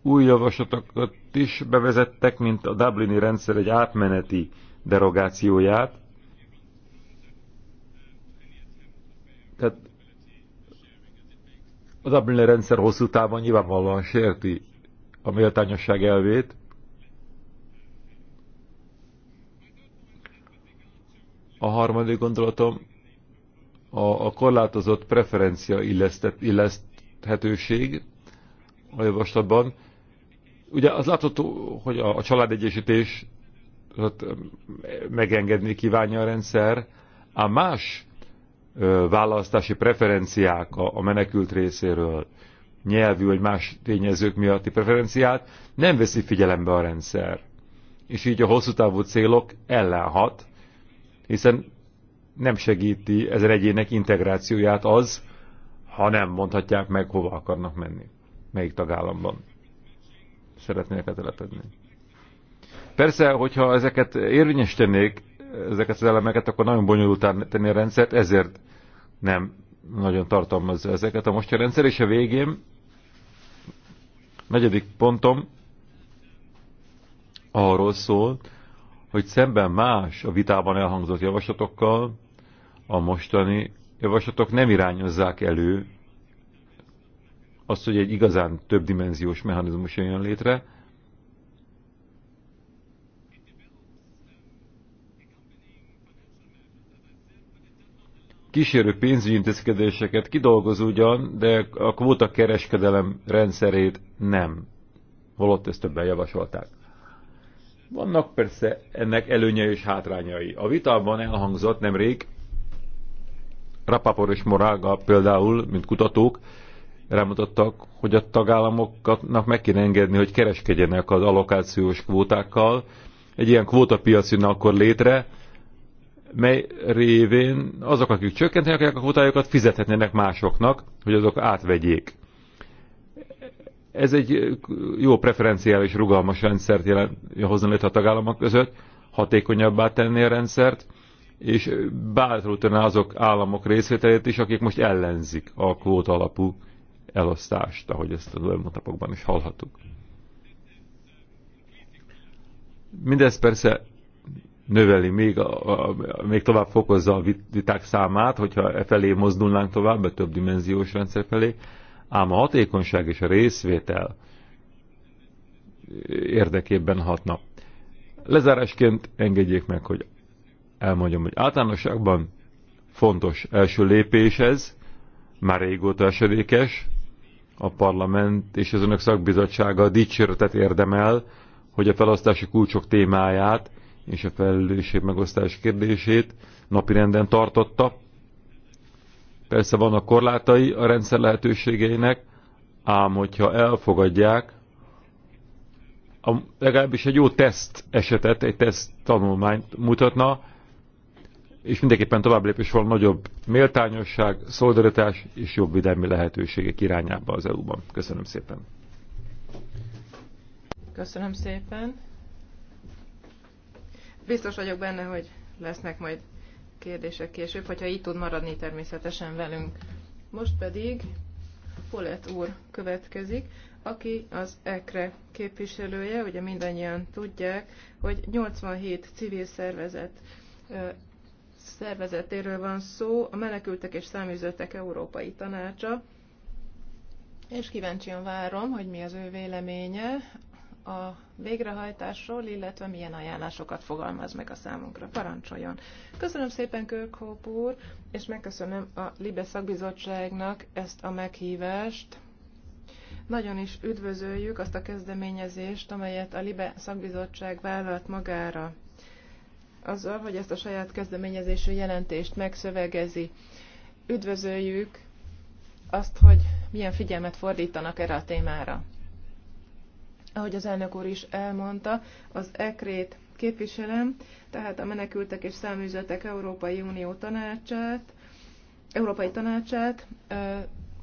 Új javaslatokat is bevezettek, mint a Dublini rendszer egy átmeneti derogációját. Tehát a Dublini rendszer hosszú távon nyilvánvalóan sérti a méltányosság elvét, A harmadik gondolatom a, a korlátozott preferencia illesztet, illeszthetőség a javaslatban. Ugye az látható, hogy a, a családegyesítés hát, megengedni kívánja a rendszer, a más ö, választási preferenciák a, a menekült részéről, nyelvű vagy más tényezők miatti preferenciát nem veszi figyelembe a rendszer. És így a hosszú távú célok ellenhat, hiszen nem segíti ezen egyének integrációját az, ha nem mondhatják meg, hova akarnak menni, melyik tagállamban szeretnének letelepedni. Persze, hogyha ezeket tennék, ezeket az elemeket, akkor nagyon bonyolultán tenni a rendszert, ezért nem nagyon tartalmazza ezeket a a rendszer, és a végén negyedik pontom arról szól, hogy szemben más a vitában elhangzott javaslatokkal a mostani javaslatok nem irányozzák elő azt, hogy egy igazán többdimenziós mechanizmus jön létre, kísérő pénzügyi intézkedéseket kidolgoz ugyan, de a kvóta kereskedelem rendszerét nem. Holott ezt többen javasolták. Vannak persze ennek előnyei és hátrányai. A vitában elhangzott nemrég, Rapapor és Morága például, mint kutatók, rámutattak, hogy a tagállamoknak meg kéne engedni, hogy kereskedjenek az allokációs kvótákkal. Egy ilyen kvótapiac jönne akkor létre, mely révén azok, akik csökkentenek a kvótájukat, fizethetnének másoknak, hogy azok átvegyék. Ez egy jó preferenciális, rugalmas rendszert jelent, hozni létre a tagállamok között, hatékonyabbá tenni a rendszert, és bátorítaná azok államok részvételét is, akik most ellenzik a kvóta alapú elosztást, ahogy ezt az elmúlt napokban is hallhattuk. Mindez persze növeli, még, a, a, még tovább fokozza a viták számát, hogyha e felé mozdulnánk tovább, a több dimenziós rendszer felé, ám a hatékonyság és a részvétel érdekében hatna. Lezárásként engedjék meg, hogy elmondjam, hogy általánosságban fontos első lépés ez, már régóta esedékes, a parlament és az önök szakbizottsága dicséretet érdemel, hogy a felasztási kulcsok témáját és a felelősség megosztás kérdését napirenden tartotta, Persze vannak korlátai a rendszer lehetőségeinek, ám hogyha elfogadják, a, legalábbis egy jó teszt esetet, egy teszt tanulmányt mutatna, és mindenképpen tovább lépés van nagyobb méltányosság, szolidaritás és jobb videmi lehetőségek irányába az EU-ban. Köszönöm szépen. Köszönöm szépen. Biztos vagyok benne, hogy lesznek majd kérdések később, hogyha itt tud maradni természetesen velünk. Most pedig Polet úr következik, aki az EKRE képviselője, ugye mindannyian tudják, hogy 87 civil szervezet szervezetéről van szó, a Menekültek és Száműzöttek Európai Tanácsa, és kíváncsian várom, hogy mi az ő véleménye a végrehajtásról, illetve milyen ajánlásokat fogalmaz meg a számunkra. Parancsoljon! Köszönöm szépen, Körkhóp úr, és megköszönöm a Libe szakbizottságnak ezt a meghívást. Nagyon is üdvözöljük azt a kezdeményezést, amelyet a Libe szakbizottság vállalt magára azzal, hogy ezt a saját kezdeményezésű jelentést megszövegezi. Üdvözöljük azt, hogy milyen figyelmet fordítanak erre a témára. Ahogy az elnök úr is elmondta, az ekrét képviselem, tehát a Menekültek és Száműzetek Európai Unió tanácsát, Európai Tanácsát,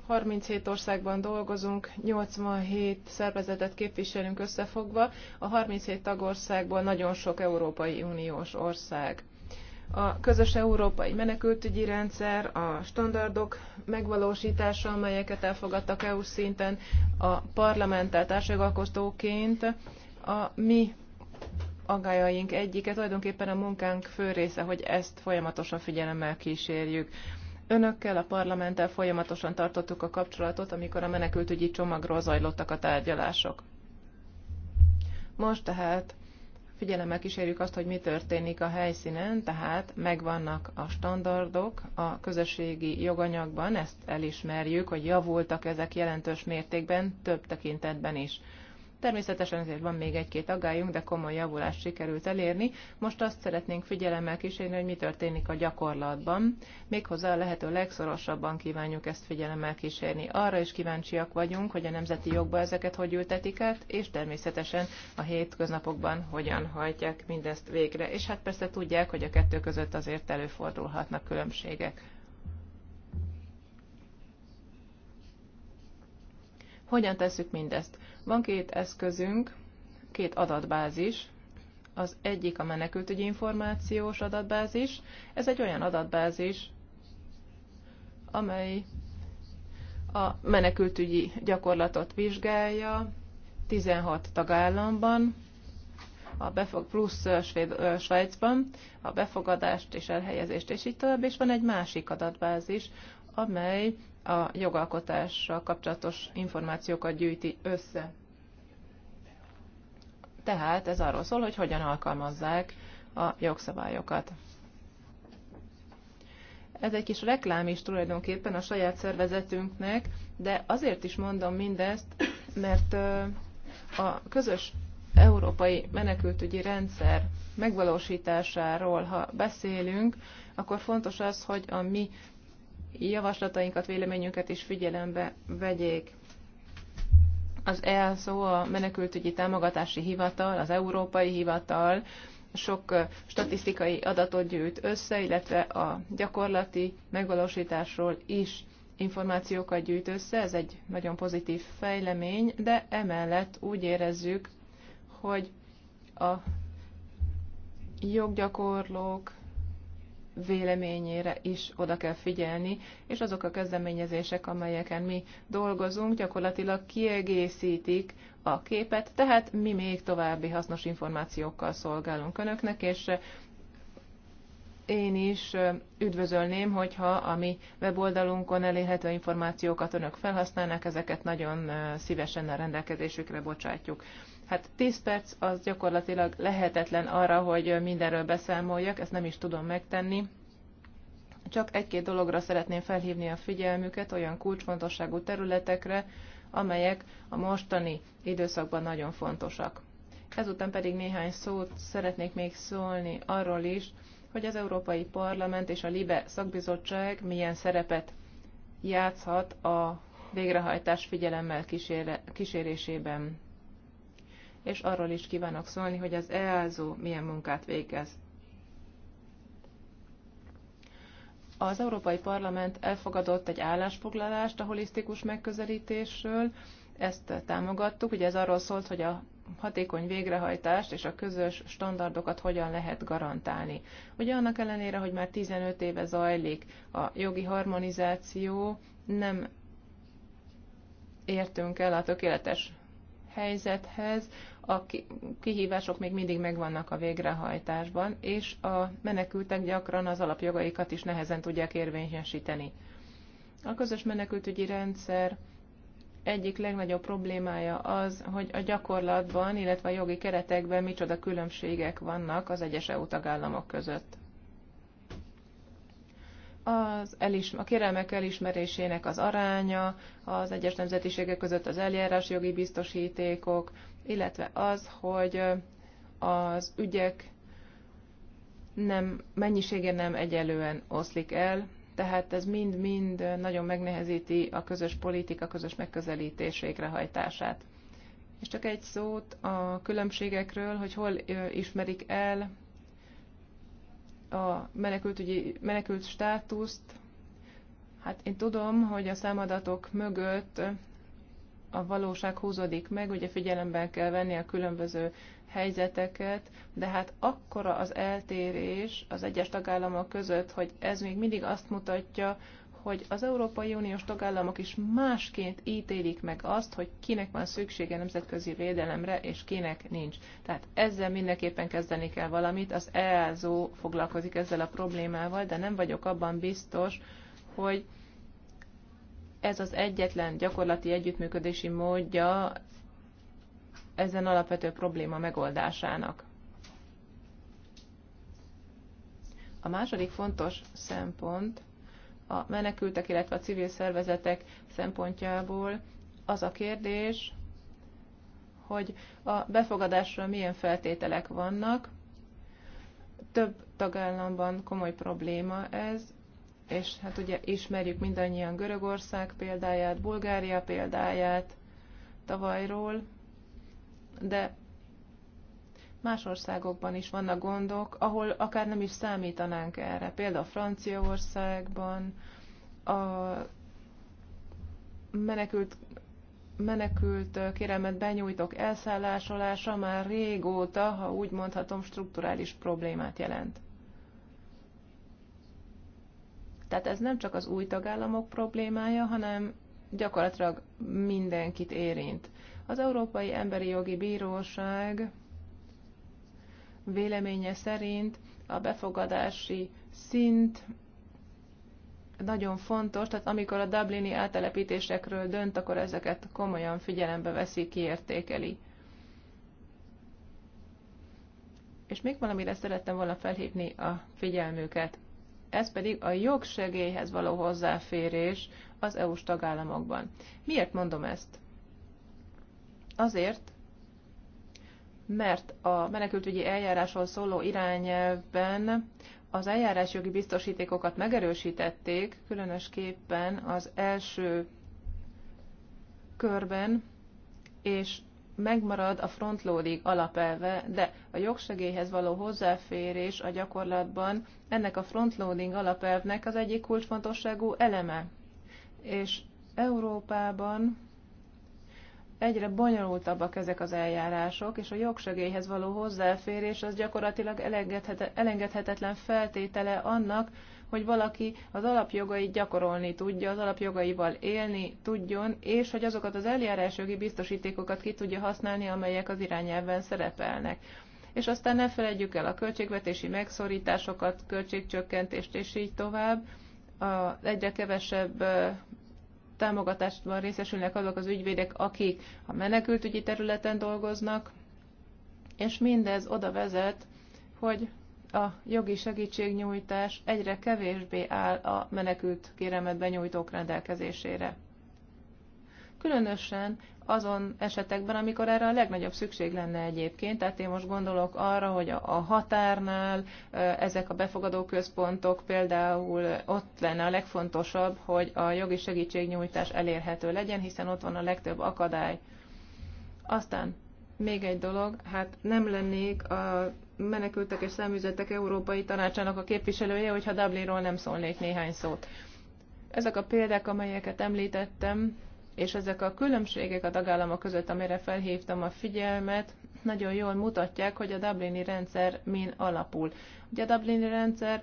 37 országban dolgozunk, 87 szervezetet képviselünk összefogva, a 37 tagországból nagyon sok Európai Uniós ország a közös európai menekültügyi rendszer, a standardok megvalósítása, amelyeket elfogadtak EU szinten, a parlamenttel társjogalkotóként a mi aggájaink egyike, tulajdonképpen a munkánk fő része, hogy ezt folyamatosan figyelemmel kísérjük. Önökkel, a parlamenttel folyamatosan tartottuk a kapcsolatot, amikor a menekültügyi csomagról zajlottak a tárgyalások. Most tehát figyelemmel kísérjük azt, hogy mi történik a helyszínen, tehát megvannak a standardok a közösségi joganyagban, ezt elismerjük, hogy javultak ezek jelentős mértékben, több tekintetben is. Természetesen ezért van még egy-két aggályunk, de komoly javulást sikerült elérni. Most azt szeretnénk figyelemmel kísérni, hogy mi történik a gyakorlatban. Méghozzá a lehető legszorosabban kívánjuk ezt figyelemmel kísérni. Arra is kíváncsiak vagyunk, hogy a nemzeti jogba ezeket hogy ültetik át, és természetesen a hétköznapokban hogyan hajtják mindezt végre. És hát persze tudják, hogy a kettő között azért előfordulhatnak különbségek. Hogyan tesszük mindezt? Van két eszközünk, két adatbázis. Az egyik a menekültügyi információs adatbázis. Ez egy olyan adatbázis, amely a menekültügyi gyakorlatot vizsgálja 16 tagállamban, a befog, plusz Svéd, Svájcban a befogadást és elhelyezést, és így tovább, és van egy másik adatbázis, amely a jogalkotással kapcsolatos információkat gyűjti össze. Tehát ez arról szól, hogy hogyan alkalmazzák a jogszabályokat. Ez egy kis reklám is tulajdonképpen a saját szervezetünknek, de azért is mondom mindezt, mert a közös európai menekültügyi rendszer megvalósításáról, ha beszélünk, akkor fontos az, hogy a mi javaslatainkat, véleményünket is figyelembe vegyék. Az ELSO, a Menekültügyi Támogatási Hivatal, az Európai Hivatal sok statisztikai adatot gyűjt össze, illetve a gyakorlati megvalósításról is információkat gyűjt össze, ez egy nagyon pozitív fejlemény, de emellett úgy érezzük, hogy a joggyakorlók véleményére is oda kell figyelni, és azok a kezdeményezések, amelyeken mi dolgozunk, gyakorlatilag kiegészítik a képet, tehát mi még további hasznos információkkal szolgálunk önöknek, és eh, én is eh, üdvözölném, hogyha a mi weboldalunkon elérhető információkat önök felhasználnak, ezeket nagyon eh, szívesen a rendelkezésükre bocsátjuk. Hát 10 perc az gyakorlatilag lehetetlen arra, hogy mindenről beszámoljak, ezt nem is tudom megtenni. Csak egy-két dologra szeretném felhívni a figyelmüket, olyan kulcsfontosságú területekre, amelyek a mostani időszakban nagyon fontosak. Ezután pedig néhány szót szeretnék még szólni arról is, hogy az Európai Parlament és a LIBE szakbizottság milyen szerepet játszhat a végrehajtás figyelemmel kísérésében és arról is kívánok szólni, hogy az EASO milyen munkát végez. Az Európai Parlament elfogadott egy állásfoglalást a holisztikus megközelítésről, ezt támogattuk, ugye ez arról szólt, hogy a hatékony végrehajtást és a közös standardokat hogyan lehet garantálni. Ugye annak ellenére, hogy már 15 éve zajlik a jogi harmonizáció, nem értünk el a tökéletes helyzethez. A kihívások még mindig megvannak a végrehajtásban, és a menekültek gyakran az alapjogaikat is nehezen tudják érvényesíteni. A közös menekültügyi rendszer egyik legnagyobb problémája az, hogy a gyakorlatban, illetve a jogi keretekben micsoda különbségek vannak az egyes EU tagállamok között az elism- a kérelmek elismerésének az aránya, az egyes nemzetiségek között az eljárás jogi biztosítékok, illetve az, hogy az ügyek nem, mennyisége nem egyelően oszlik el, tehát ez mind-mind nagyon megnehezíti a közös politika, közös megközelítés végrehajtását. És csak egy szót a különbségekről, hogy hol ismerik el a menekültügyi, menekült státuszt. Hát én tudom, hogy a számadatok mögött a valóság húzódik meg, ugye figyelemben kell venni a különböző helyzeteket, de hát akkora az eltérés az egyes tagállamok között, hogy ez még mindig azt mutatja, hogy az Európai Uniós tagállamok is másként ítélik meg azt, hogy kinek van szüksége nemzetközi védelemre, és kinek nincs. Tehát ezzel mindenképpen kezdeni kell valamit. Az EASO foglalkozik ezzel a problémával, de nem vagyok abban biztos, hogy ez az egyetlen gyakorlati együttműködési módja ezen alapvető probléma megoldásának. A második fontos szempont, a menekültek, illetve a civil szervezetek szempontjából az a kérdés, hogy a befogadásra milyen feltételek vannak. Több tagállamban komoly probléma ez, és hát ugye ismerjük mindannyian Görögország példáját, Bulgária példáját tavalyról, de Más országokban is vannak gondok, ahol akár nem is számítanánk erre. Például Franciaországban a menekült menekült kérelmet benyújtok elszállásolása már régóta, ha úgy mondhatom, strukturális problémát jelent. Tehát ez nem csak az új tagállamok problémája, hanem gyakorlatilag mindenkit érint. Az Európai Emberi Jogi Bíróság véleménye szerint a befogadási szint nagyon fontos, tehát amikor a dublini áttelepítésekről dönt, akkor ezeket komolyan figyelembe veszi, kiértékeli. És még valamire szerettem volna felhívni a figyelmüket. Ez pedig a jogsegélyhez való hozzáférés az EU-s tagállamokban. Miért mondom ezt? Azért, mert a menekültügyi eljárásról szóló irányelvben az eljárásjogi biztosítékokat megerősítették, különösképpen az első körben, és megmarad a frontloading alapelve, de a jogsegélyhez való hozzáférés a gyakorlatban ennek a frontloading alapelvnek az egyik kulcsfontosságú eleme. És Európában egyre bonyolultabbak ezek az eljárások, és a jogsegélyhez való hozzáférés az gyakorlatilag elengedhetetlen feltétele annak, hogy valaki az alapjogait gyakorolni tudja, az alapjogaival élni tudjon, és hogy azokat az eljárásjogi biztosítékokat ki tudja használni, amelyek az irányelven szerepelnek. És aztán ne felejtjük el a költségvetési megszorításokat, költségcsökkentést és így tovább. A egyre kevesebb támogatásban részesülnek azok az ügyvédek, akik a menekültügyi területen dolgoznak, és mindez oda vezet, hogy a jogi segítségnyújtás egyre kevésbé áll a menekült kéremet benyújtók rendelkezésére különösen azon esetekben, amikor erre a legnagyobb szükség lenne egyébként. Tehát én most gondolok arra, hogy a határnál ezek a befogadó központok például ott lenne a legfontosabb, hogy a jogi segítségnyújtás elérhető legyen, hiszen ott van a legtöbb akadály. Aztán még egy dolog, hát nem lennék a menekültek és szemüzetek Európai Tanácsának a képviselője, hogyha Dublinról nem szólnék néhány szót. Ezek a példák, amelyeket említettem, és ezek a különbségek a tagállamok között, amire felhívtam a figyelmet, nagyon jól mutatják, hogy a Dublini rendszer min alapul. Ugye a Dublini rendszer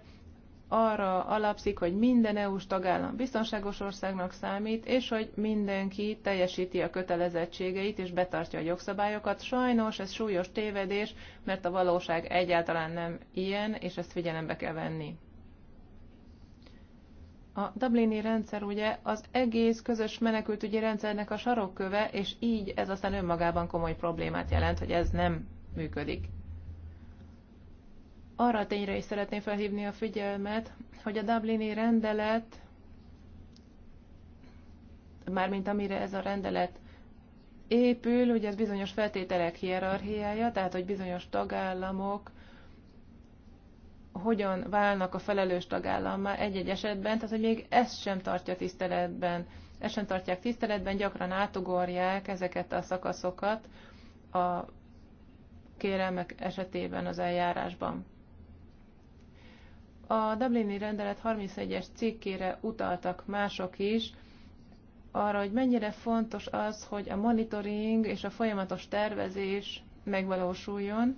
arra alapszik, hogy minden EU-s tagállam biztonságos országnak számít, és hogy mindenki teljesíti a kötelezettségeit és betartja a jogszabályokat. Sajnos ez súlyos tévedés, mert a valóság egyáltalán nem ilyen, és ezt figyelembe kell venni. A Dublini rendszer ugye az egész közös menekültügyi rendszernek a sarokköve, és így ez aztán önmagában komoly problémát jelent, hogy ez nem működik. Arra a tényre is szeretném felhívni a figyelmet, hogy a Dublini rendelet, mármint amire ez a rendelet épül, ugye ez bizonyos feltételek hierarchiája, tehát hogy bizonyos tagállamok hogyan válnak a felelős tagállammá egy-egy esetben, tehát hogy még ezt sem tartja tiszteletben, ezt sem tartják tiszteletben, gyakran átugorják ezeket a szakaszokat a kérelmek esetében az eljárásban. A Dublini rendelet 31-es cikkére utaltak mások is, arra, hogy mennyire fontos az, hogy a monitoring és a folyamatos tervezés megvalósuljon,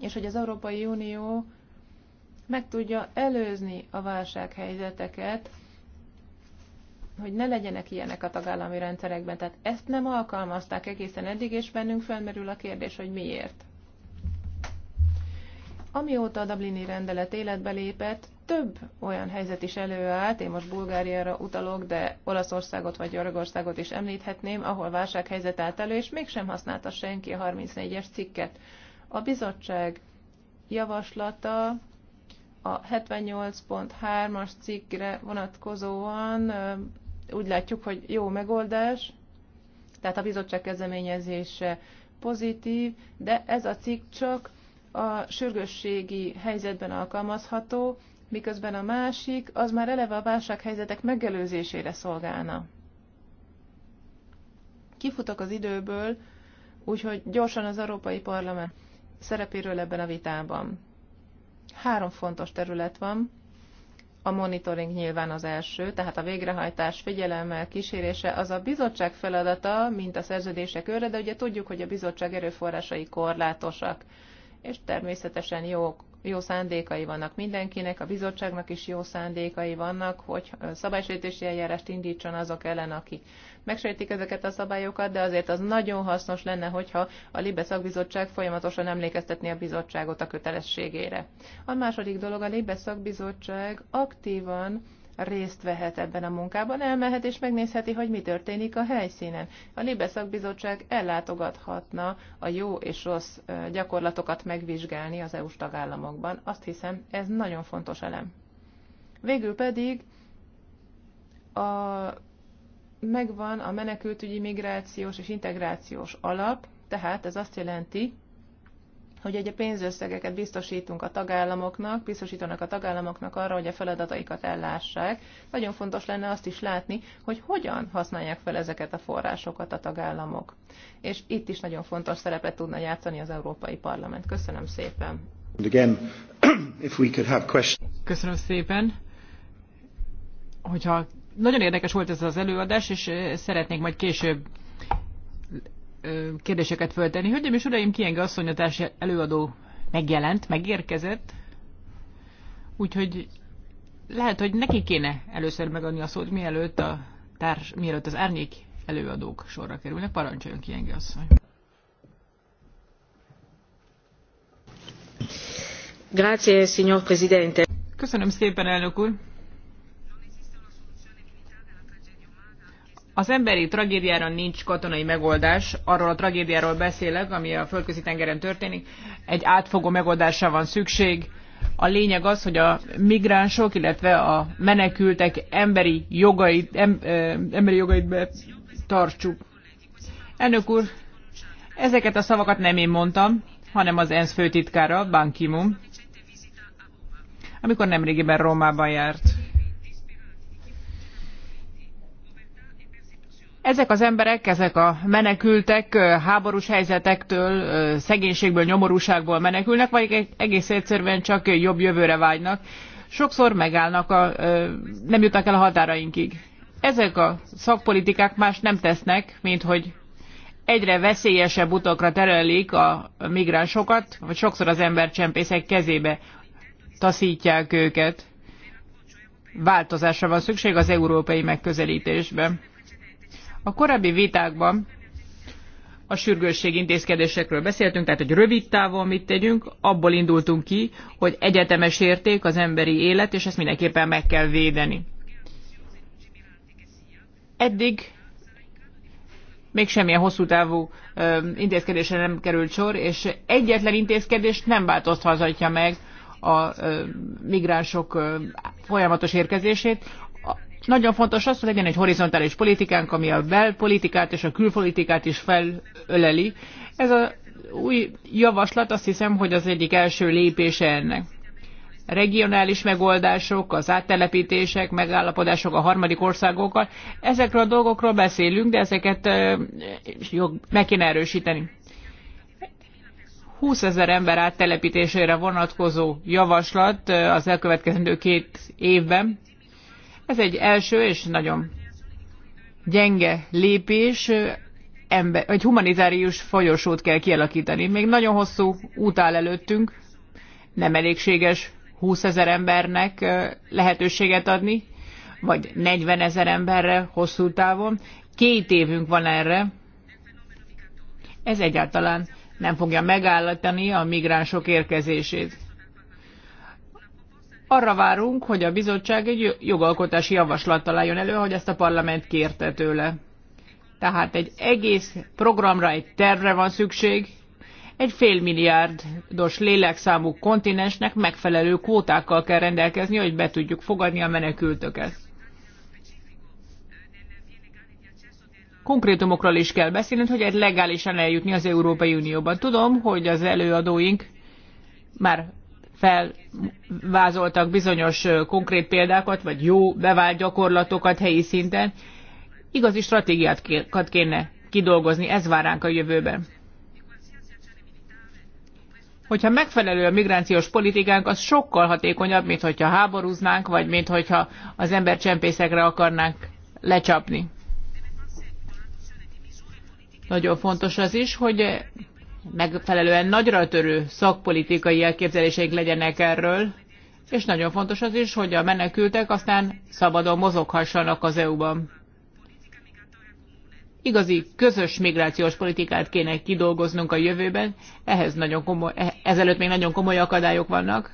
és hogy az Európai Unió meg tudja előzni a válsághelyzeteket, hogy ne legyenek ilyenek a tagállami rendszerekben. Tehát ezt nem alkalmazták egészen eddig, és bennünk felmerül a kérdés, hogy miért. Amióta a Dublini rendelet életbe lépett, több olyan helyzet is előállt, én most Bulgáriára utalok, de Olaszországot vagy Görögországot is említhetném, ahol válsághelyzet állt elő, és mégsem használta senki a 34-es cikket. A bizottság javaslata a 78.3-as cikkre vonatkozóan úgy látjuk, hogy jó megoldás, tehát a bizottság kezdeményezése pozitív, de ez a cikk csak a sürgősségi helyzetben alkalmazható, miközben a másik az már eleve a válsághelyzetek megelőzésére szolgálna. Kifutok az időből, úgyhogy gyorsan az Európai Parlament szerepéről ebben a vitában. Három fontos terület van. A monitoring nyilván az első, tehát a végrehajtás figyelemmel kísérése az a bizottság feladata, mint a szerződések őre, de ugye tudjuk, hogy a bizottság erőforrásai korlátosak, és természetesen jók jó szándékai vannak mindenkinek, a bizottságnak is jó szándékai vannak, hogy szabálysértési eljárást indítson azok ellen, akik megsértik ezeket a szabályokat, de azért az nagyon hasznos lenne, hogyha a Libe szakbizottság folyamatosan emlékeztetné a bizottságot a kötelességére. A második dolog, a Libe szakbizottság aktívan részt vehet ebben a munkában, elmehet és megnézheti, hogy mi történik a helyszínen. A Libe szakbizottság ellátogathatna a jó és rossz gyakorlatokat megvizsgálni az EU-s tagállamokban. Azt hiszem, ez nagyon fontos elem. Végül pedig a, megvan a menekültügyi migrációs és integrációs alap, tehát ez azt jelenti, hogy ugye pénzösszegeket biztosítunk a tagállamoknak, biztosítanak a tagállamoknak arra, hogy a feladataikat ellássák. Nagyon fontos lenne azt is látni, hogy hogyan használják fel ezeket a forrásokat a tagállamok. És itt is nagyon fontos szerepet tudna játszani az Európai Parlament. Köszönöm szépen. Again, if we could have questions. Köszönöm szépen. Hogyha nagyon érdekes volt ez az előadás, és eh, szeretnék majd később kérdéseket föltenni. Hölgyeim és uraim, Kienge asszony a társ előadó megjelent, megérkezett, úgyhogy lehet, hogy neki kéne először megadni a szót, mielőtt, a társ, mielőtt az árnyék előadók sorra kerülnek. Parancsoljon Kienge asszony. Grazie, signor Presidente. Köszönöm szépen, elnök úr. Az emberi tragédiára nincs katonai megoldás, arról a tragédiáról beszélek, ami a földközi tengeren történik. Egy átfogó megoldásra van szükség. A lényeg az, hogy a migránsok, illetve a menekültek emberi jogait, em, emberi jogait betartsuk. Elnök úr, ezeket a szavakat nem én mondtam, hanem az ENSZ főtitkára, Ban Ki-moon, amikor nemrégiben Rómában járt. Ezek az emberek, ezek a menekültek háborús helyzetektől, szegénységből, nyomorúságból menekülnek, vagy egész egyszerűen csak jobb jövőre vágynak. Sokszor megállnak, a, nem jutnak el a határainkig. Ezek a szakpolitikák más nem tesznek, mint hogy egyre veszélyesebb utakra terelik a migránsokat, vagy sokszor az embercsempészek kezébe taszítják őket. Változásra van szükség az európai megközelítésben. A korábbi vitákban a sürgősség intézkedésekről beszéltünk, tehát hogy rövid távon mit tegyünk, abból indultunk ki, hogy egyetemes érték az emberi élet, és ezt mindenképpen meg kell védeni. Eddig még semmilyen hosszú távú ö, intézkedésre nem került sor, és egyetlen intézkedés nem változtathatja meg a ö, migránsok ö, folyamatos érkezését. Nagyon fontos az, hogy legyen egy horizontális politikánk, ami a belpolitikát és a külpolitikát is felöleli. Ez a új javaslat azt hiszem, hogy az egyik első lépése ennek. Regionális megoldások, az áttelepítések, megállapodások a harmadik országokkal, ezekről a dolgokról beszélünk, de ezeket meg kéne erősíteni. 20 ezer ember áttelepítésére vonatkozó javaslat az elkövetkezendő két évben. Ez egy első és nagyon gyenge lépés, ember, egy humanitárius folyosót kell kialakítani. Még nagyon hosszú út áll előttünk, nem elégséges 20 ezer embernek lehetőséget adni, vagy 40 ezer emberre hosszú távon. Két évünk van erre. Ez egyáltalán nem fogja megállítani a migránsok érkezését arra várunk, hogy a bizottság egy jogalkotási javaslattal álljon elő, hogy ezt a parlament kérte tőle. Tehát egy egész programra, egy tervre van szükség, egy félmilliárdos lélekszámú kontinensnek megfelelő kvótákkal kell rendelkezni, hogy be tudjuk fogadni a menekültöket. Konkrétumokról is kell beszélni, hogy egy legálisan eljutni az Európai Unióban. Tudom, hogy az előadóink már felvázoltak bizonyos konkrét példákat, vagy jó bevált gyakorlatokat helyi szinten. Igazi stratégiát kéne kidolgozni, ez vár ránk a jövőben. Hogyha megfelelő a migrációs politikánk, az sokkal hatékonyabb, mint hogyha háborúznánk, vagy mint hogyha az ember csempészekre akarnánk lecsapni. Nagyon fontos az is, hogy megfelelően nagyra törő szakpolitikai elképzeléseik legyenek erről, és nagyon fontos az is, hogy a menekültek aztán szabadon mozoghassanak az EU-ban. Igazi közös migrációs politikát kéne kidolgoznunk a jövőben, ehhez nagyon komoly, eh, ezelőtt még nagyon komoly akadályok vannak.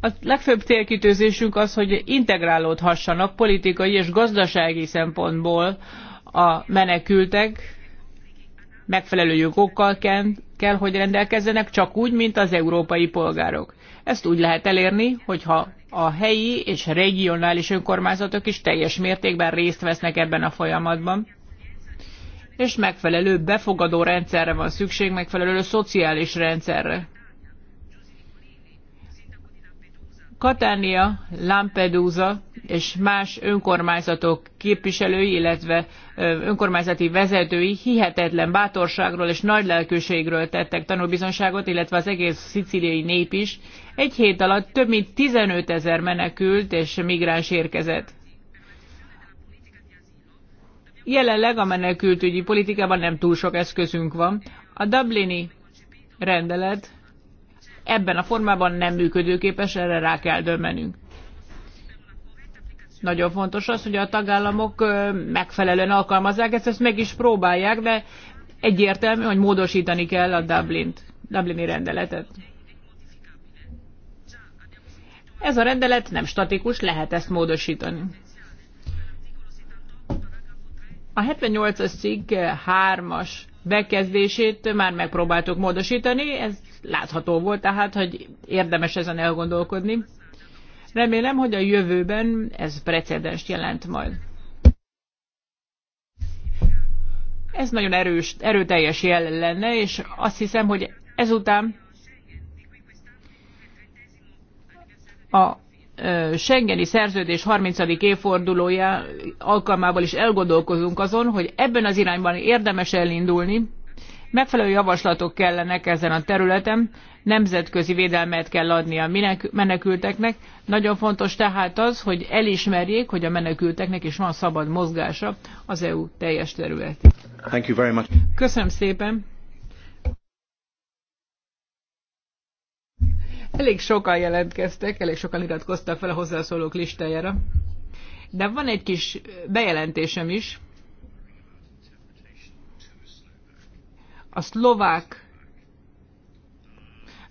A legfőbb célkitőzésünk az, hogy integrálódhassanak politikai és gazdasági szempontból a menekültek megfelelő jogokkal kell, kell, hogy rendelkezzenek, csak úgy, mint az európai polgárok. Ezt úgy lehet elérni, hogyha a helyi és regionális önkormányzatok is teljes mértékben részt vesznek ebben a folyamatban, és megfelelő befogadó rendszerre van szükség, megfelelő szociális rendszerre. Katánia, Lampedusa és más önkormányzatok képviselői, illetve önkormányzati vezetői hihetetlen bátorságról és nagy lelkőségről tettek tanúbizonságot, illetve az egész szicíliai nép is. Egy hét alatt több mint 15 ezer menekült és migráns érkezett. Jelenleg a menekültügyi politikában nem túl sok eszközünk van. A Dublini rendelet ebben a formában nem működőképes, erre rá kell dömenünk. Nagyon fontos az, hogy a tagállamok megfelelően alkalmazzák ezt, ezt meg is próbálják, de egyértelmű, hogy módosítani kell a Dublin-t, Dublini rendeletet. Ez a rendelet nem statikus, lehet ezt módosítani. A 78-as cikk 3-as bekezdését már megpróbáltuk módosítani, ez látható volt tehát, hogy érdemes ezen elgondolkodni. Remélem, hogy a jövőben ez precedens jelent majd. Ez nagyon erős, erőteljes jel lenne, és azt hiszem, hogy ezután a Schengeni szerződés 30. évfordulója alkalmából is elgondolkozunk azon, hogy ebben az irányban érdemes elindulni, megfelelő javaslatok kellenek ezen a területen, nemzetközi védelmet kell adni a menekülteknek. Nagyon fontos tehát az, hogy elismerjék, hogy a menekülteknek is van szabad mozgása az EU teljes területén. Köszönöm szépen! Elég sokan jelentkeztek, elég sokan iratkoztak fel a hozzászólók listájára. De van egy kis bejelentésem is. A szlovák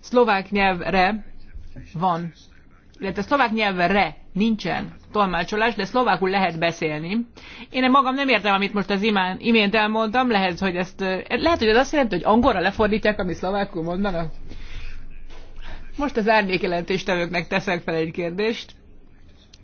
szlovák nyelvre van, illetve szlovák nyelvre nincsen tolmácsolás, de szlovákul lehet beszélni. Én magam nem értem, amit most az imán, imént elmondtam, lehet, hogy ezt, lehet, hogy ez azt jelenti, hogy angolra lefordítják, ami szlovákul mondanak. Most az árnyékjelentéstevőknek teszek fel egy kérdést.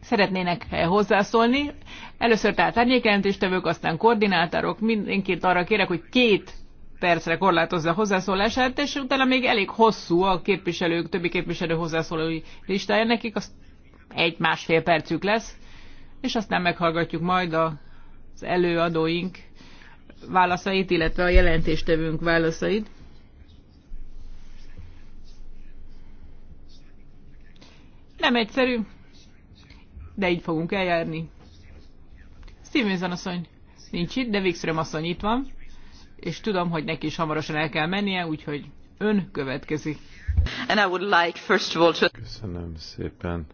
Szeretnének -e hozzászólni. Először tehát árnyékjelentéstevők, aztán koordinátorok. Mindenkit arra kérek, hogy két percre korlátozza a hozzászólását, és utána még elég hosszú a képviselők, többi képviselő hozzászólói listája. Nekik az egy-másfél percük lesz, és aztán meghallgatjuk majd az előadóink válaszait, illetve a jelentéstevőnk válaszait. Nem egyszerű, de így fogunk eljárni. Stevenson asszony nincs itt, de Wikström asszony itt van, és tudom, hogy neki is hamarosan el kell mennie, úgyhogy ön következik. And I would like first of all to... Köszönöm szépen.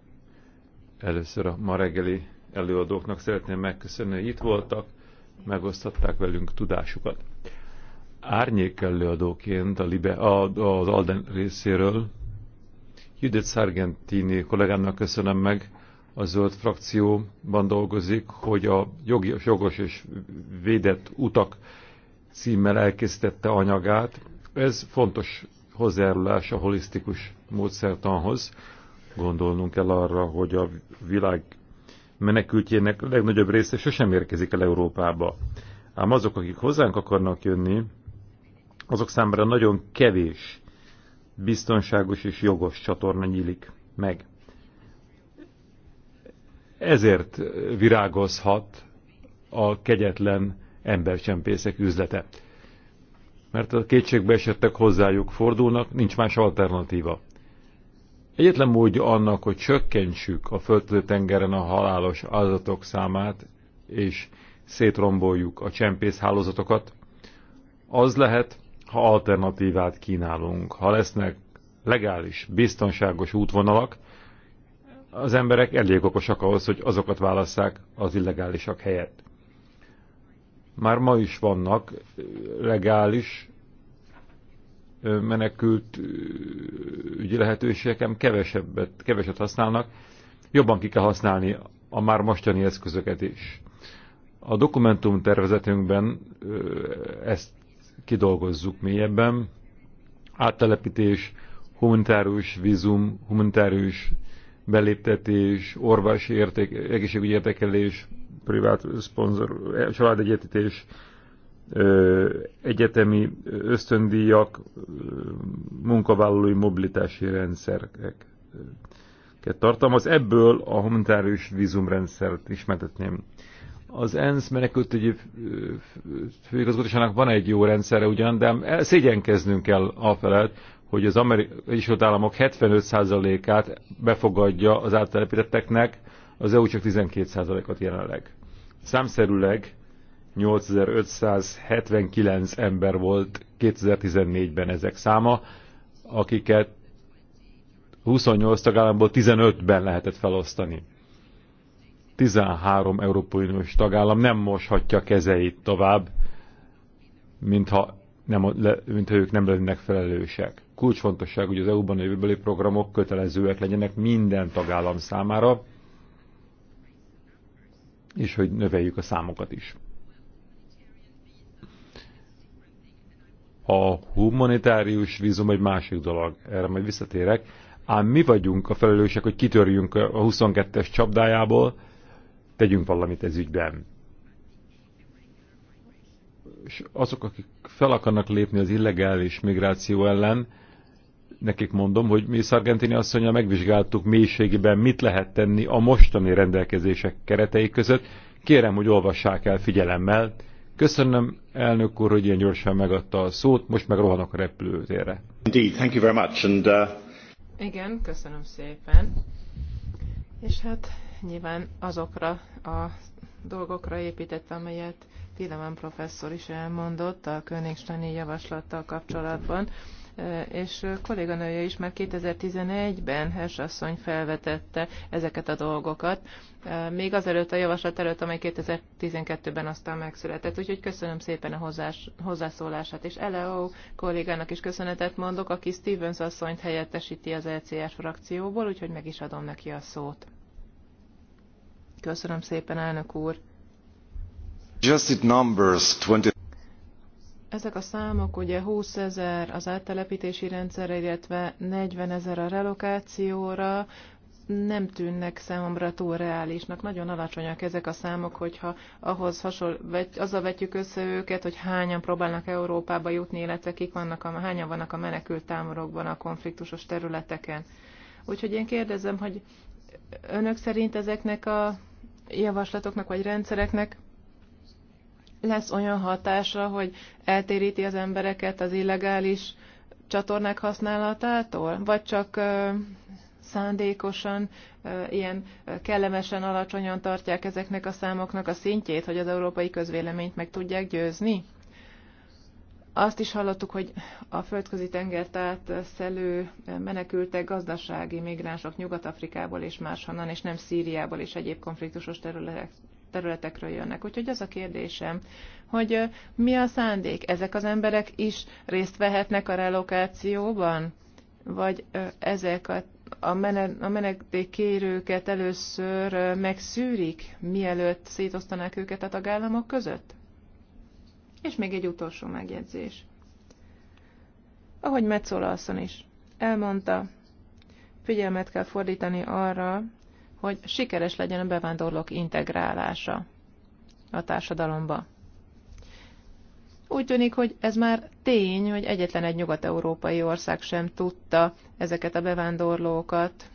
Először a ma reggeli előadóknak szeretném megköszönni, hogy itt voltak, megosztották velünk tudásukat. Árnyék előadóként a Libe, a, az Alden részéről Judith Sargentini kollégámnak köszönöm meg, a zöld frakcióban dolgozik, hogy a jogi, jogos és védett utak címmel elkészítette anyagát. Ez fontos hozzájárulás a holisztikus módszertanhoz. Gondolnunk kell arra, hogy a világ menekültjének legnagyobb része sosem érkezik el Európába. Ám azok, akik hozzánk akarnak jönni, azok számára nagyon kevés biztonságos és jogos csatorna nyílik meg. Ezért virágozhat a kegyetlen embercsempészek üzlete. Mert a kétségbe esettek hozzájuk fordulnak, nincs más alternatíva. Egyetlen módja annak, hogy csökkentsük a tengeren a halálos áldozatok számát, és szétromboljuk a csempész hálózatokat, az lehet, ha alternatívát kínálunk, ha lesznek legális, biztonságos útvonalak, az emberek elég okosak ahhoz, hogy azokat válasszák az illegálisak helyett. Már ma is vannak legális menekült ügyi lehetőségek, kevesebbet, keveset használnak, jobban ki kell használni a már mostani eszközöket is. A dokumentum tervezetünkben ezt kidolgozzuk mélyebben. Áttelepítés, humanitárius vízum, humanitárius beléptetés, orvosi érték, egészségügyi értékelés, privát szponzor, családegyetítés, egyetemi ösztöndíjak, munkavállalói mobilitási rendszerek tartalmaz. Ebből a humanitárius vízumrendszert ismertetném. Az ENSZ menekültügyi főigazgatóságnak van egy jó rendszere ugyan, de szégyenkeznünk kell afelett, hogy az Egyesült Államok 75%-át befogadja az áttelepítetteknek, az EU csak 12%-at jelenleg. Számszerűleg 8579 ember volt 2014-ben ezek száma, akiket 28 tagállamból 15-ben lehetett felosztani. 13 Európai Uniós tagállam nem moshatja kezeit tovább, mintha, nem, mintha ők nem lennének felelősek. Kulcsfontosság, hogy az EU-ban a jövőbeli programok kötelezőek legyenek minden tagállam számára, és hogy növeljük a számokat is. A humanitárius vízum egy másik dolog, erre majd visszatérek, ám mi vagyunk a felelősek, hogy kitörjünk a 22-es csapdájából, tegyünk valamit ez ügyben. És azok, akik fel akarnak lépni az illegális migráció ellen, nekik mondom, hogy mi Szargentini asszonya megvizsgáltuk mélységében, mit lehet tenni a mostani rendelkezések keretei között. Kérem, hogy olvassák el figyelemmel. Köszönöm, elnök úr, hogy ilyen gyorsan megadta a szót, most meg rohanok a repülőtérre. Indeed, thank you very much. And, uh... Igen, köszönöm szépen. És hát nyilván azokra a dolgokra épített, amelyet Tileman professzor is elmondott a Königstani javaslattal kapcsolatban, e, és kolléganője is már 2011-ben Hersasszony felvetette ezeket a dolgokat, e, még azelőtt a javaslat előtt, amely 2012-ben aztán megszületett. Úgyhogy köszönöm szépen a hozzászólását, és Eleo kollégának is köszönetet mondok, aki Stevens asszonyt helyettesíti az ECR frakcióból, úgyhogy meg is adom neki a szót. Köszönöm szépen, elnök úr. Ezek a számok ugye 20 ezer az áttelepítési rendszerre, illetve 40 ezer a relokációra, nem tűnnek számomra túl reálisnak. Nagyon alacsonyak ezek a számok, hogyha ahhoz hasonl, vagy azzal vetjük össze őket, hogy hányan próbálnak Európába jutni, illetve kik vannak, a, hányan vannak a menekült támorokban a konfliktusos területeken. Úgyhogy én kérdezem, hogy önök szerint ezeknek a javaslatoknak vagy rendszereknek lesz olyan hatása, hogy eltéríti az embereket az illegális csatornák használatától, vagy csak szándékosan, ilyen kellemesen alacsonyan tartják ezeknek a számoknak a szintjét, hogy az európai közvéleményt meg tudják győzni? Azt is hallottuk, hogy a földközi tengert át szelő eh, menekültek gazdasági migránsok Nyugat-Afrikából és máshonnan, és nem Szíriából és egyéb konfliktusos területek, területekről jönnek. Úgyhogy az a kérdésem, hogy eh, mi a szándék? Ezek az emberek is részt vehetnek a relokációban? Vagy eh, ezek a, a, mene, a menedékkérőket először megszűrik, mielőtt szétosztanák őket a tagállamok között? És még egy utolsó megjegyzés. Ahogy Metzola is elmondta, figyelmet kell fordítani arra, hogy sikeres legyen a bevándorlók integrálása a társadalomba. Úgy tűnik, hogy ez már tény, hogy egyetlen egy nyugat-európai ország sem tudta ezeket a bevándorlókat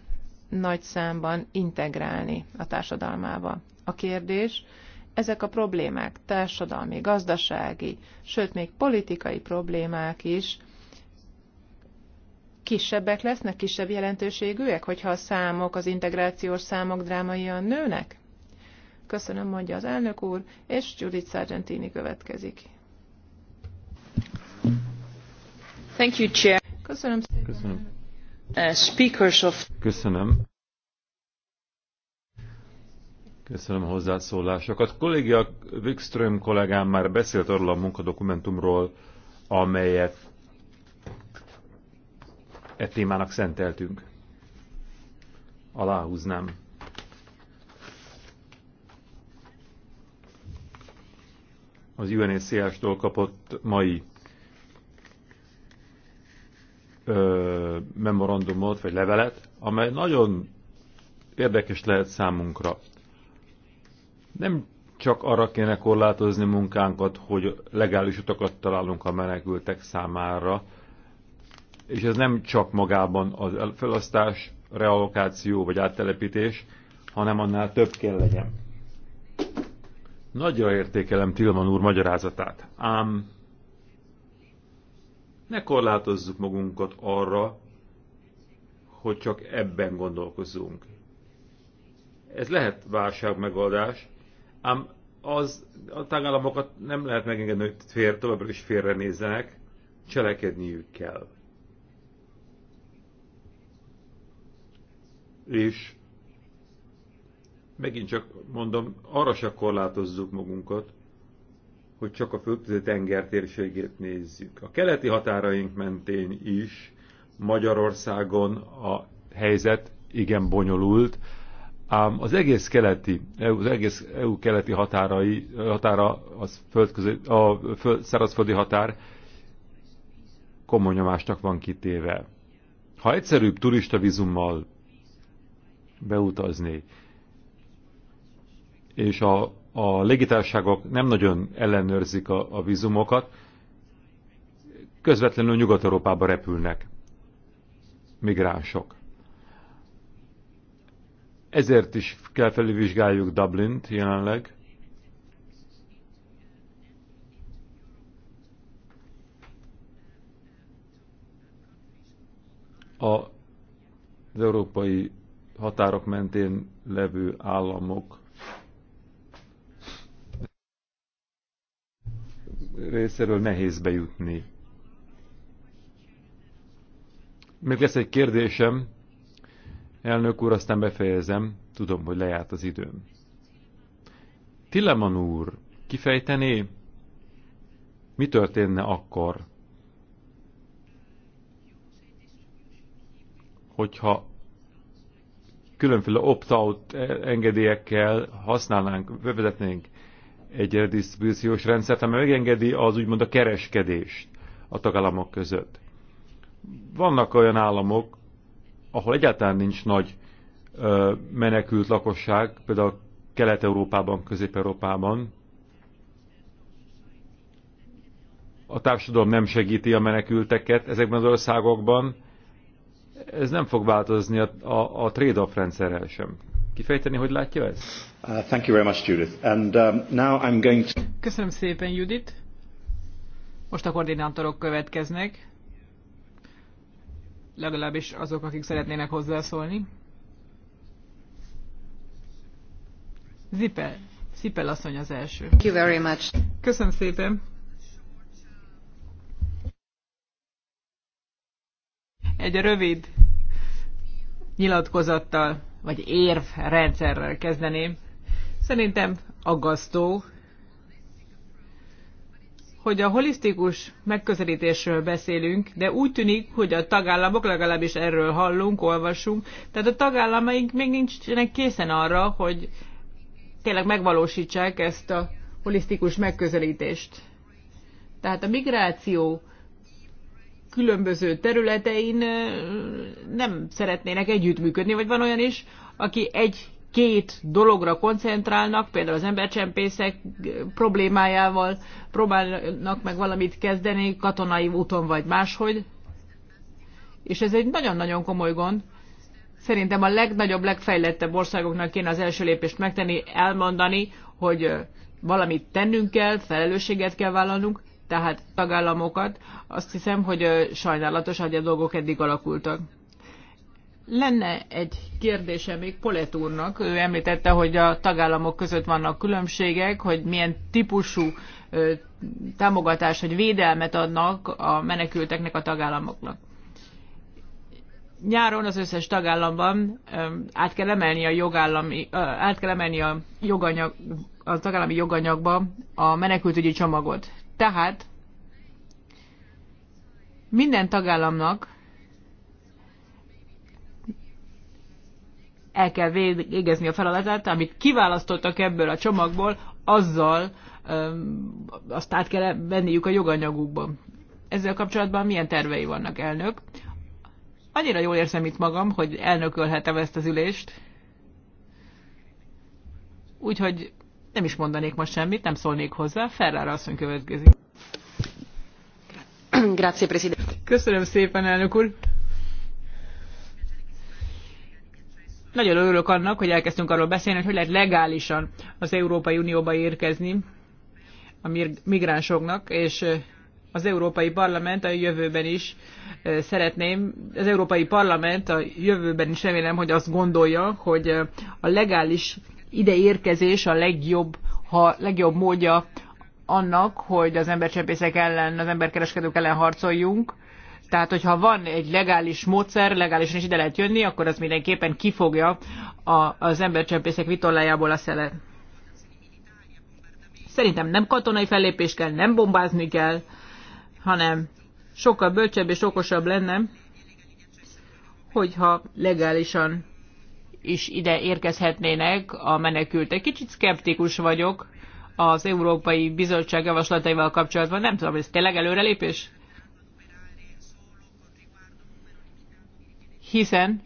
nagy számban integrálni a társadalmába. A kérdés, ezek a problémák társadalmi, gazdasági, sőt még politikai problémák is kisebbek lesznek, kisebb jelentőségűek, hogyha a számok, az integrációs számok drámaian nőnek? Köszönöm, mondja az elnök úr, és Judith Sargentini következik. Thank you, Chair. Köszönöm szépen. Köszönöm. Uh, speakers of... Köszönöm. Köszönöm a hozzászólásokat. Kollégia Wikström kollégám már beszélt arról a munkadokumentumról, amelyet e témának szenteltünk. Aláhúznám. Az unscs tól kapott mai ö, memorandumot, vagy levelet, amely nagyon érdekes lehet számunkra nem csak arra kéne korlátozni munkánkat, hogy legális utakat találunk a menekültek számára, és ez nem csak magában az felasztás, realokáció vagy áttelepítés, hanem annál több kell legyen. Nagyra értékelem Tilman úr magyarázatát, ám ne korlátozzuk magunkat arra, hogy csak ebben gondolkozunk. Ez lehet válság megoldás, ám az a tagállamokat nem lehet megengedni, hogy fér, továbbra is nézzenek, cselekedniük kell. És megint csak mondom, arra se korlátozzuk magunkat, hogy csak a földközi tenger térségét nézzük. A keleti határaink mentén is Magyarországon a helyzet igen bonyolult, Ám az egész keleti, az egész EU keleti határai, határa, az földközi, a föld, szárazföldi határ komoly nyomásnak van kitéve. Ha egyszerűbb turista vízummal beutazni, és a, a légitárságok nem nagyon ellenőrzik a, a vízumokat, közvetlenül Nyugat-Európába repülnek migránsok. Ezért is kell felülvizsgáljuk Dublint jelenleg. A, az európai határok mentén levő államok részéről nehéz bejutni. Még lesz egy kérdésem Elnök úr, aztán befejezem, tudom, hogy lejárt az időm. Tilleman úr, kifejtené, mi történne akkor, hogyha különféle opt-out engedélyekkel használnánk, bevezetnénk egy disztribúciós rendszert, amely megengedi az úgymond a kereskedést a tagállamok között. Vannak olyan államok, ahol egyáltalán nincs nagy menekült lakosság, például Kelet-Európában, Közép-Európában, a társadalom nem segíti a menekülteket ezekben az országokban, ez nem fog változni a, a, a trade-off rendszerrel sem. Kifejteni, hogy látja ezt? Uh, thank you very much, Judith. And um, now I'm going to... Köszönöm szépen, Judith. Most a koordinátorok következnek legalábbis azok, akik szeretnének hozzászólni. Zipel, Zipel asszony az első. Thank you very much. Köszönöm szépen. Egy rövid nyilatkozattal, vagy érvrendszerrel kezdeném. Szerintem aggasztó, hogy a holisztikus megközelítésről beszélünk, de úgy tűnik, hogy a tagállamok, legalábbis erről hallunk, olvasunk, tehát a tagállamaink még nincsenek készen arra, hogy tényleg megvalósítsák ezt a holisztikus megközelítést. Tehát a migráció különböző területein nem szeretnének együttműködni, vagy van olyan is, aki egy két dologra koncentrálnak, például az embercsempészek problémájával próbálnak meg valamit kezdeni, katonai úton vagy máshogy. És ez egy nagyon-nagyon komoly gond. Szerintem a legnagyobb, legfejlettebb országoknak kéne az első lépést megtenni, elmondani, hogy valamit tennünk kell, felelősséget kell vállalnunk, tehát tagállamokat. Azt hiszem, hogy sajnálatos, hogy a dolgok eddig alakultak. Lenne egy kérdése még Polet úrnak. Ő említette, hogy a tagállamok között vannak különbségek, hogy milyen típusú támogatás vagy védelmet adnak a menekülteknek a tagállamoknak. Nyáron az összes tagállamban át kell emelni a, jogállami, át kell emelni a, joganyag, a tagállami joganyagba a menekültügyi csomagot. Tehát minden tagállamnak el kell végezni a feladatát, amit kiválasztottak ebből a csomagból, azzal öm, azt át kell venniük a joganyagukba. Ezzel kapcsolatban milyen tervei vannak, elnök? Annyira jól érzem itt magam, hogy elnökölhetem ezt az ülést. Úgyhogy nem is mondanék most semmit, nem szólnék hozzá. Ferrara asszony következik. Köszönöm szépen, elnök úr. Nagyon örülök annak, hogy elkezdtünk arról beszélni, hogy hogy lehet legálisan az Európai Unióba érkezni a migránsoknak, és az Európai Parlament a jövőben is szeretném, az Európai Parlament a jövőben is remélem, hogy azt gondolja, hogy a legális ideérkezés a legjobb, ha legjobb módja annak, hogy az embercsempészek ellen, az emberkereskedők ellen harcoljunk. Tehát, hogyha van egy legális módszer, legálisan is ide lehet jönni, akkor az mindenképpen kifogja a, az embercsempészek vitorlájából a szelet. Szerintem nem katonai fellépés kell, nem bombázni kell, hanem sokkal bölcsebb és okosabb lenne, hogyha legálisan is ide érkezhetnének a menekültek. Kicsit szkeptikus vagyok az Európai Bizottság javaslataival kapcsolatban. Nem tudom, ez tényleg előrelépés? hiszen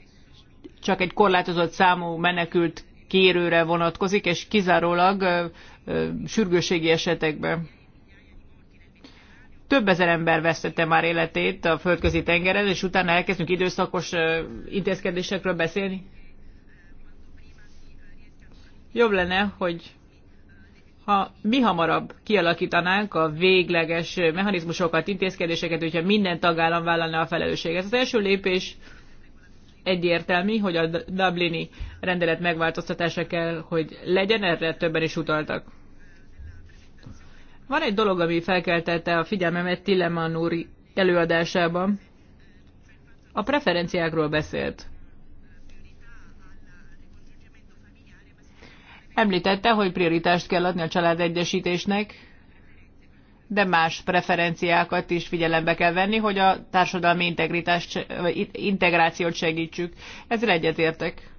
csak egy korlátozott számú menekült kérőre vonatkozik, és kizárólag ö, ö, sürgőségi esetekben. Több ezer ember vesztette már életét a földközi tengeren, és utána elkezdünk időszakos ö, intézkedésekről beszélni. Jobb lenne, hogy ha mi hamarabb kialakítanánk a végleges mechanizmusokat, intézkedéseket, hogyha minden tagállam vállalna a felelősséget. Az első lépés egyértelmű, hogy a Dublini rendelet megváltoztatása kell, hogy legyen, erre többen is utaltak. Van egy dolog, ami felkeltette a figyelmemet Tillemann úr előadásában. A preferenciákról beszélt. Említette, hogy prioritást kell adni a család egyesítésnek, de más preferenciákat is figyelembe kell venni, hogy a társadalmi integritást, integrációt segítsük. Ezzel egyetértek.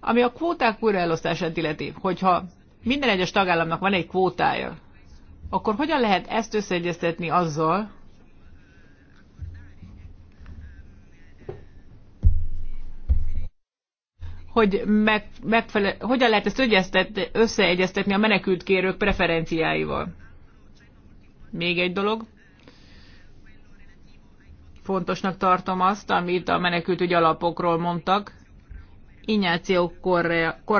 Ami a kvóták újraelosztását illeti, hogyha minden egyes tagállamnak van egy kvótája, akkor hogyan lehet ezt összeegyeztetni azzal, hogy megfelel, megfele- hogyan lehet ezt összeegyeztetni a menekültkérők preferenciáival? Még egy dolog. Fontosnak tartom azt, amit a menekültügy alapokról mondtak. Ignáció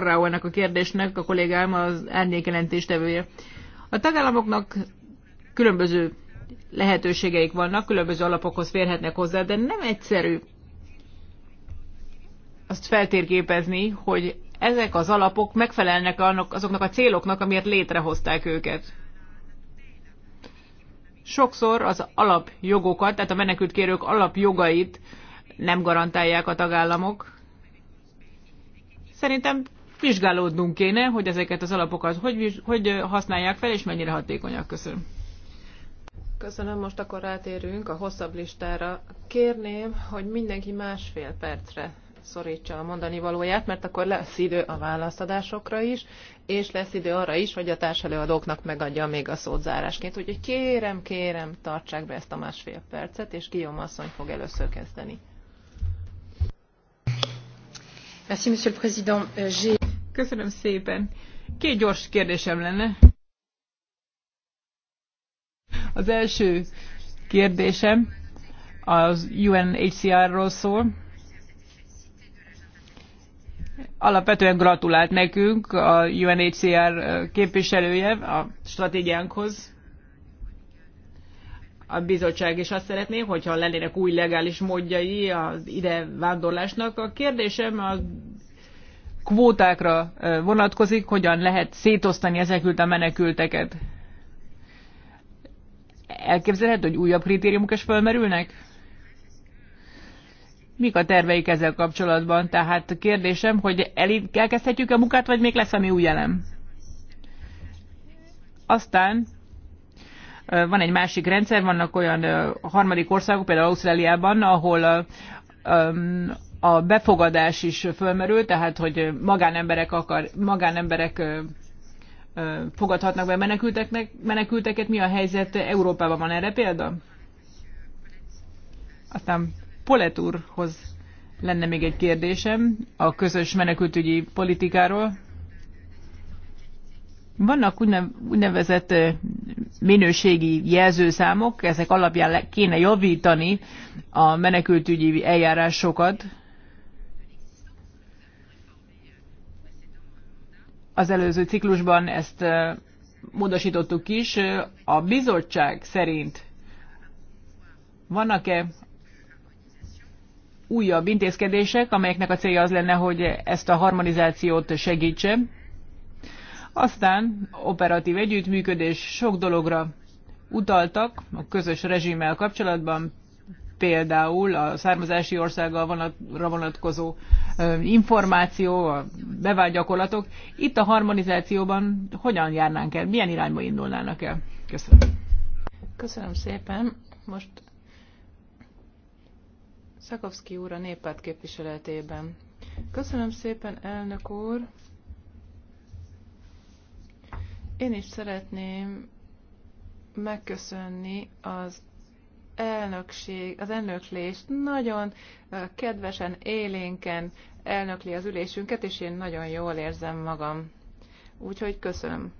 ennek a kérdésnek, a kollégám az árnyékjelentéstevője. A tagállamoknak különböző lehetőségeik vannak, különböző alapokhoz férhetnek hozzá, de nem egyszerű azt feltérképezni, hogy ezek az alapok megfelelnek annak, azoknak a céloknak, amiért létrehozták őket sokszor az alapjogokat, tehát a menekültkérők alapjogait nem garantálják a tagállamok. Szerintem vizsgálódnunk kéne, hogy ezeket az alapokat hogy, hogy használják fel, és mennyire hatékonyak. Köszönöm. Köszönöm, most akkor rátérünk a hosszabb listára. Kérném, hogy mindenki másfél percre szorítsa a mondani valóját, mert akkor lesz idő a választadásokra is, és lesz idő arra is, hogy a társelőadóknak megadja még a szót zárásként. Úgyhogy kérem, kérem, tartsák be ezt a másfél percet, és Guillaume asszony fog először kezdeni. Merci, Monsieur le Président. Euh, Köszönöm szépen. Két gyors kérdésem lenne. Az első kérdésem az UNHCR-ról szól alapvetően gratulált nekünk a UNHCR képviselője a stratégiánkhoz. A bizottság is azt szeretné, hogyha lennének új legális módjai az ide vándorlásnak. A kérdésem a kvótákra vonatkozik, hogyan lehet szétosztani ezekült a menekülteket. Elképzelhető, hogy újabb kritériumok is felmerülnek? mik a terveik ezzel kapcsolatban. Tehát kérdésem, hogy elkezdhetjük a munkát, vagy még lesz, ami új elem? Aztán van egy másik rendszer, vannak olyan harmadik országok, például Ausztráliában, ahol a, a befogadás is fölmerül, tehát hogy magánemberek, akar, magánemberek fogadhatnak be menekülteknek, menekülteket. Mi a helyzet? Európában van erre példa? Aztán Polet úrhoz lenne még egy kérdésem a közös menekültügyi politikáról. Vannak úgynevezett minőségi jelzőszámok, ezek alapján kéne javítani a menekültügyi eljárásokat. Az előző ciklusban ezt módosítottuk is. A bizottság szerint vannak-e újabb intézkedések, amelyeknek a célja az lenne, hogy ezt a harmonizációt segítse. Aztán operatív együttműködés sok dologra utaltak a közös rezsimmel kapcsolatban, például a származási országgal vonatkozó információ, a bevált gyakorlatok. Itt a harmonizációban hogyan járnánk el? Milyen irányba indulnának el? Köszönöm. Köszönöm szépen. Most Szakovszki úr a néppárt képviseletében. Köszönöm szépen, elnök úr! Én is szeretném megköszönni az elnökség, az elnöklést nagyon kedvesen, élénken elnökli az ülésünket, és én nagyon jól érzem magam. Úgyhogy köszönöm.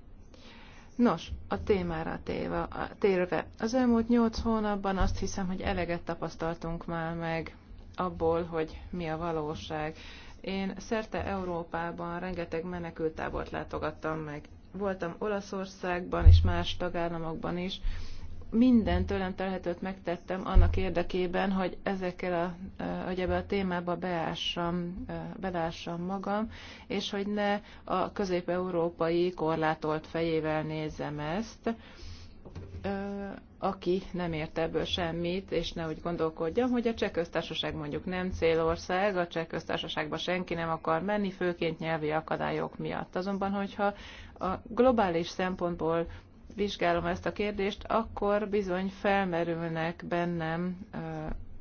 Nos, a témára téve, a, térve, az elmúlt nyolc hónapban azt hiszem, hogy eleget tapasztaltunk már meg abból, hogy mi a valóság. Én szerte Európában rengeteg menekültábort látogattam meg. Voltam Olaszországban és más tagállamokban is, minden tőlem telhetőt megtettem annak érdekében, hogy ezekkel a, hogy ebbe a témába beássam, belássam magam, és hogy ne a közép-európai korlátolt fejével nézzem ezt, aki nem ért ebből semmit, és ne úgy gondolkodjam, hogy a cseh köztársaság mondjuk nem célország, a cseh köztársaságba senki nem akar menni, főként nyelvi akadályok miatt. Azonban, hogyha a globális szempontból vizsgálom ezt a kérdést, akkor bizony felmerülnek bennem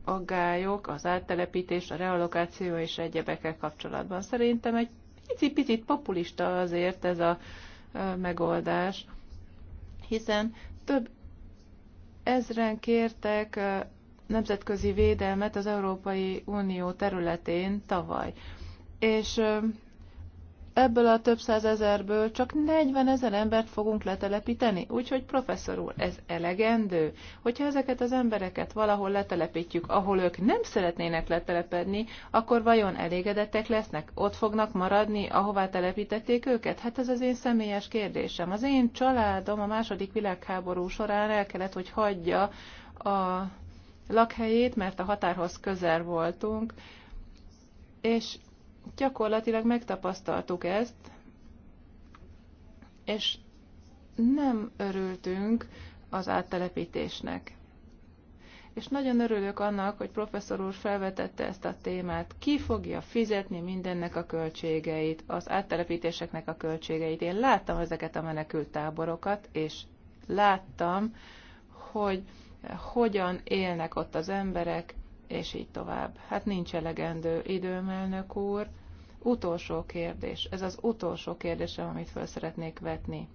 aggályok az áttelepítés, a realokáció és egyebekkel kapcsolatban. Szerintem egy picit-picit populista azért ez a megoldás, hiszen több ezren kértek nemzetközi védelmet az Európai Unió területén tavaly. És ebből a több százezerből csak 40 ezer embert fogunk letelepíteni. Úgyhogy professzor úr, ez elegendő, hogyha ezeket az embereket valahol letelepítjük, ahol ők nem szeretnének letelepedni, akkor vajon elégedettek lesznek? Ott fognak maradni, ahová telepítették őket? Hát ez az én személyes kérdésem. Az én családom a második világháború során el kellett, hogy hagyja a lakhelyét, mert a határhoz közel voltunk, és gyakorlatilag megtapasztaltuk ezt, és nem örültünk az áttelepítésnek. És nagyon örülök annak, hogy professzor úr felvetette ezt a témát. Ki fogja fizetni mindennek a költségeit, az áttelepítéseknek a költségeit? Én láttam ezeket a menekült táborokat, és láttam, hogy hogyan élnek ott az emberek, és így tovább. Hát nincs elegendő időm, elnök úr. Utolsó kérdés. Ez az utolsó kérdésem, amit fel szeretnék vetni.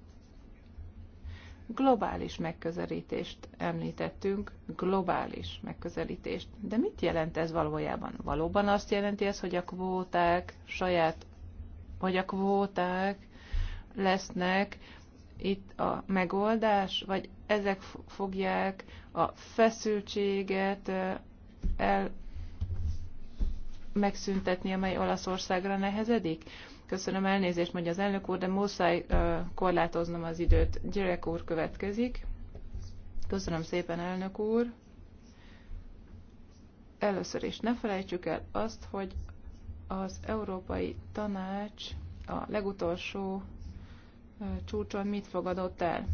Globális megközelítést említettünk, globális megközelítést. De mit jelent ez valójában? Valóban azt jelenti ez, hogy a kvóták saját, vagy a kvóták lesznek itt a megoldás, vagy ezek fogják a feszültséget, el megszüntetni, amely Olaszországra nehezedik? Köszönöm elnézést, mondja az elnök úr, de muszáj korlátoznom az időt. Gyerek úr következik. Köszönöm szépen, elnök úr. Először is ne felejtsük el azt, hogy az Európai Tanács a legutolsó csúcson mit fogadott el.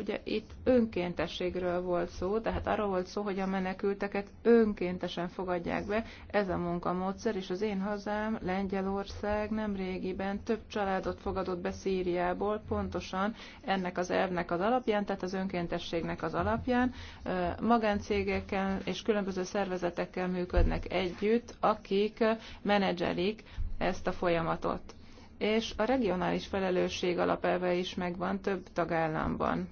Ugye itt önkéntességről volt szó, tehát arról volt szó, hogy a menekülteket önkéntesen fogadják be. Ez a munkamódszer, és az én hazám, Lengyelország nem régiben több családot fogadott be Szíriából, pontosan ennek az elvnek az alapján, tehát az önkéntességnek az alapján. Magáncégekkel és különböző szervezetekkel működnek együtt, akik menedzselik ezt a folyamatot és a regionális felelősség alapelve is megvan több tagállamban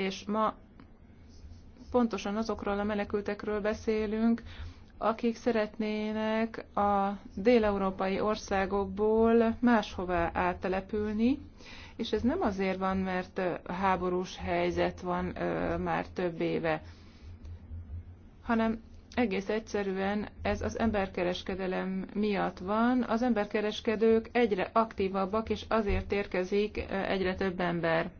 és ma pontosan azokról a menekültekről beszélünk, akik szeretnének a déleurópai országokból máshová áttelepülni, és ez nem azért van, mert háborús helyzet van már több éve, hanem egész egyszerűen ez az emberkereskedelem miatt van. Az emberkereskedők egyre aktívabbak, és azért érkezik egyre több ember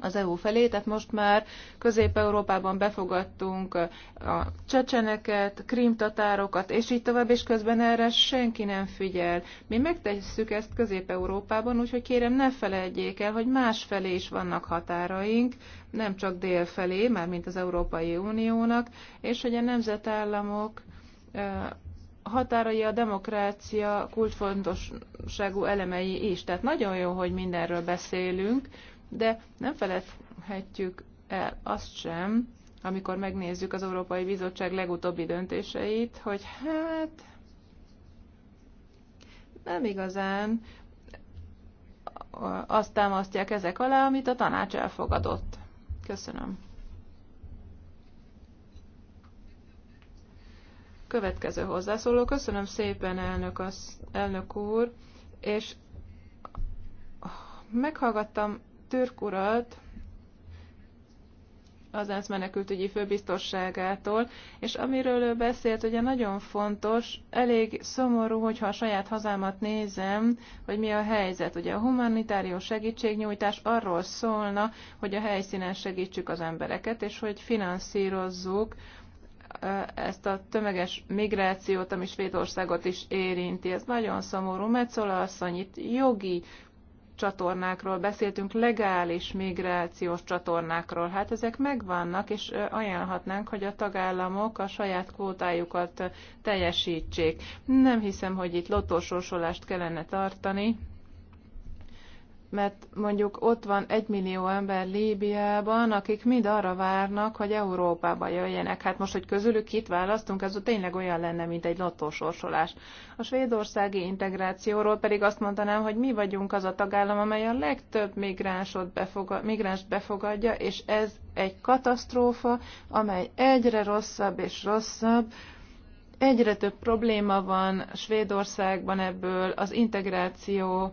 az EU felé, tehát most már Közép-Európában befogadtunk a csecseneket, krímtatárokat, és így tovább, és közben erre senki nem figyel. Mi megtesszük ezt Közép-Európában, úgyhogy kérem ne felejtjék el, hogy más felé is vannak határaink, nem csak dél felé, mint az Európai Uniónak, és hogy a nemzetállamok határai a demokrácia kulcsfontosságú elemei is. Tehát nagyon jó, hogy mindenről beszélünk, de nem felejthetjük el azt sem, amikor megnézzük az Európai Bizottság legutóbbi döntéseit, hogy hát nem igazán azt támasztják ezek alá, amit a tanács elfogadott. Köszönöm. Következő hozzászóló. Köszönöm szépen, elnök, az, elnök úr, és meghallgattam Türk uralt az ENSZ menekültügyi főbiztosságától, és amiről ő beszélt, ugye nagyon fontos, elég szomorú, hogyha a saját hazámat nézem, hogy mi a helyzet. Ugye a humanitárius segítségnyújtás arról szólna, hogy a helyszínen segítsük az embereket, és hogy finanszírozzuk ezt a tömeges migrációt, ami Svédországot is érinti. Ez nagyon szomorú. Metzola asszony itt jogi csatornákról beszéltünk, legális migrációs csatornákról. Hát ezek megvannak, és ajánlhatnánk, hogy a tagállamok a saját kvótájukat teljesítsék. Nem hiszem, hogy itt lotósorsolást kellene tartani, mert mondjuk ott van egy millió ember Líbiában, akik mind arra várnak, hogy Európába jöjjenek. Hát most, hogy közülük kit választunk, ez tényleg olyan lenne, mint egy lottósorsolás. A svédországi integrációról pedig azt mondanám, hogy mi vagyunk az a tagállam, amely a legtöbb migránsot befogad, migráns befogadja, és ez egy katasztrófa, amely egyre rosszabb és rosszabb, egyre több probléma van Svédországban ebből, az integráció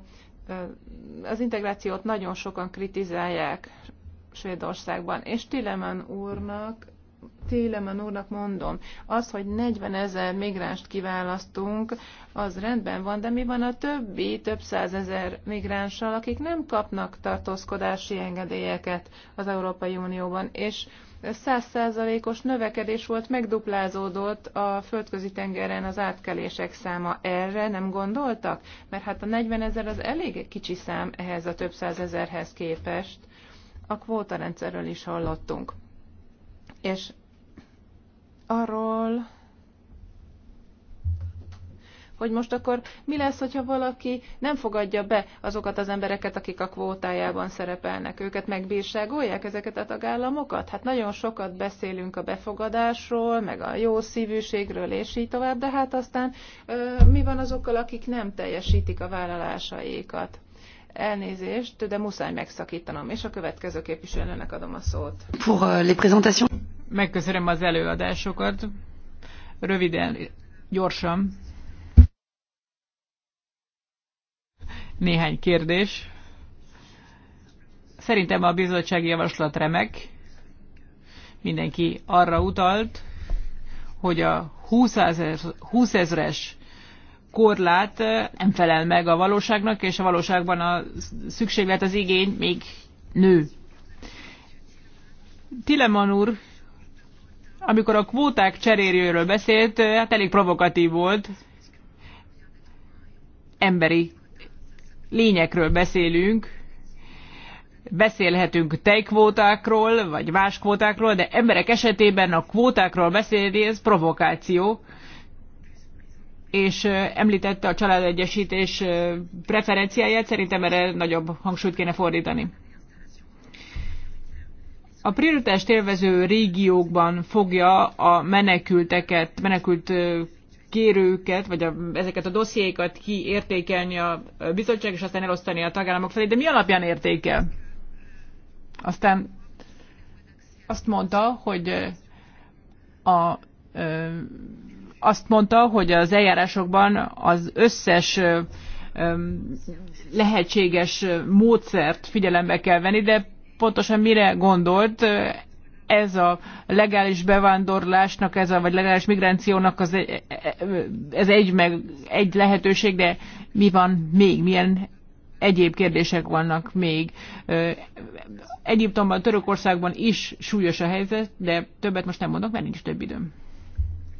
az integrációt nagyon sokan kritizálják Svédországban, és Tilemen úrnak Tilemen úrnak mondom, az, hogy 40 ezer migránst kiválasztunk, az rendben van, de mi van a többi több százezer migránssal, akik nem kapnak tartózkodási engedélyeket az Európai Unióban, és százszázalékos növekedés volt, megduplázódott a földközi tengeren az átkelések száma. Erre nem gondoltak? Mert hát a 40 ezer az elég kicsi szám ehhez a több százezerhez képest. A kvótarendszerről is hallottunk. És arról hogy most akkor mi lesz, hogyha valaki nem fogadja be azokat az embereket, akik a kvótájában szerepelnek. Őket megbírságolják ezeket a tagállamokat? Hát nagyon sokat beszélünk a befogadásról, meg a jó szívűségről, és így tovább, de hát aztán mi van azokkal, akik nem teljesítik a vállalásaikat? Elnézést, de muszáj megszakítanom, és a következő képviselőnek adom a szót. Pour euh, les présentations. Megköszönöm az előadásokat. Röviden, gyorsan. Néhány kérdés. Szerintem a bizottsági javaslat remek. Mindenki arra utalt, hogy a 20 ezres korlát eh, nem felel meg a valóságnak, és a valóságban a szükséglet, az igény még nő. Tileman úr, amikor a kvóták cseréről beszélt, eh, hát elég provokatív volt. Emberi lényekről beszélünk, beszélhetünk tejkvótákról, vagy más kvótákról, de emberek esetében a kvótákról beszélni, ez provokáció. És említette a családegyesítés preferenciáját, szerintem erre nagyobb hangsúlyt kéne fordítani. A prioritást élvező régiókban fogja a menekülteket, menekült kérőket, vagy a, ezeket a dossziékat kiértékelni a bizottság, és aztán elosztani a tagállamok felé, de mi alapján értékel? Aztán azt mondta, hogy a, azt mondta, hogy az eljárásokban az összes lehetséges módszert figyelembe kell venni, de pontosan mire gondolt, ez a legális bevándorlásnak, ez a, vagy legális migrációnak az, e, e, e, ez egy, meg, egy lehetőség, de mi van még, milyen egyéb kérdések vannak még. Egyiptomban, Törökországban is súlyos a helyzet, de többet most nem mondok, mert nincs több időm.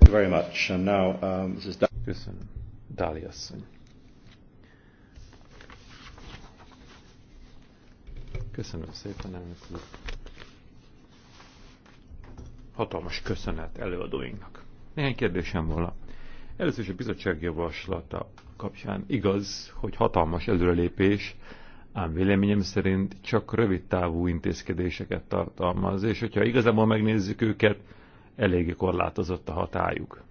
Very much. And now, um, this is Köszönöm. Dáli asszony. Köszönöm szépen, elnök úr hatalmas köszönet előadóinknak. Néhány kérdésem volna. Először is a bizottság javaslata kapcsán igaz, hogy hatalmas előrelépés, ám véleményem szerint csak rövid távú intézkedéseket tartalmaz, és hogyha igazából megnézzük őket, eléggé korlátozott a hatájuk.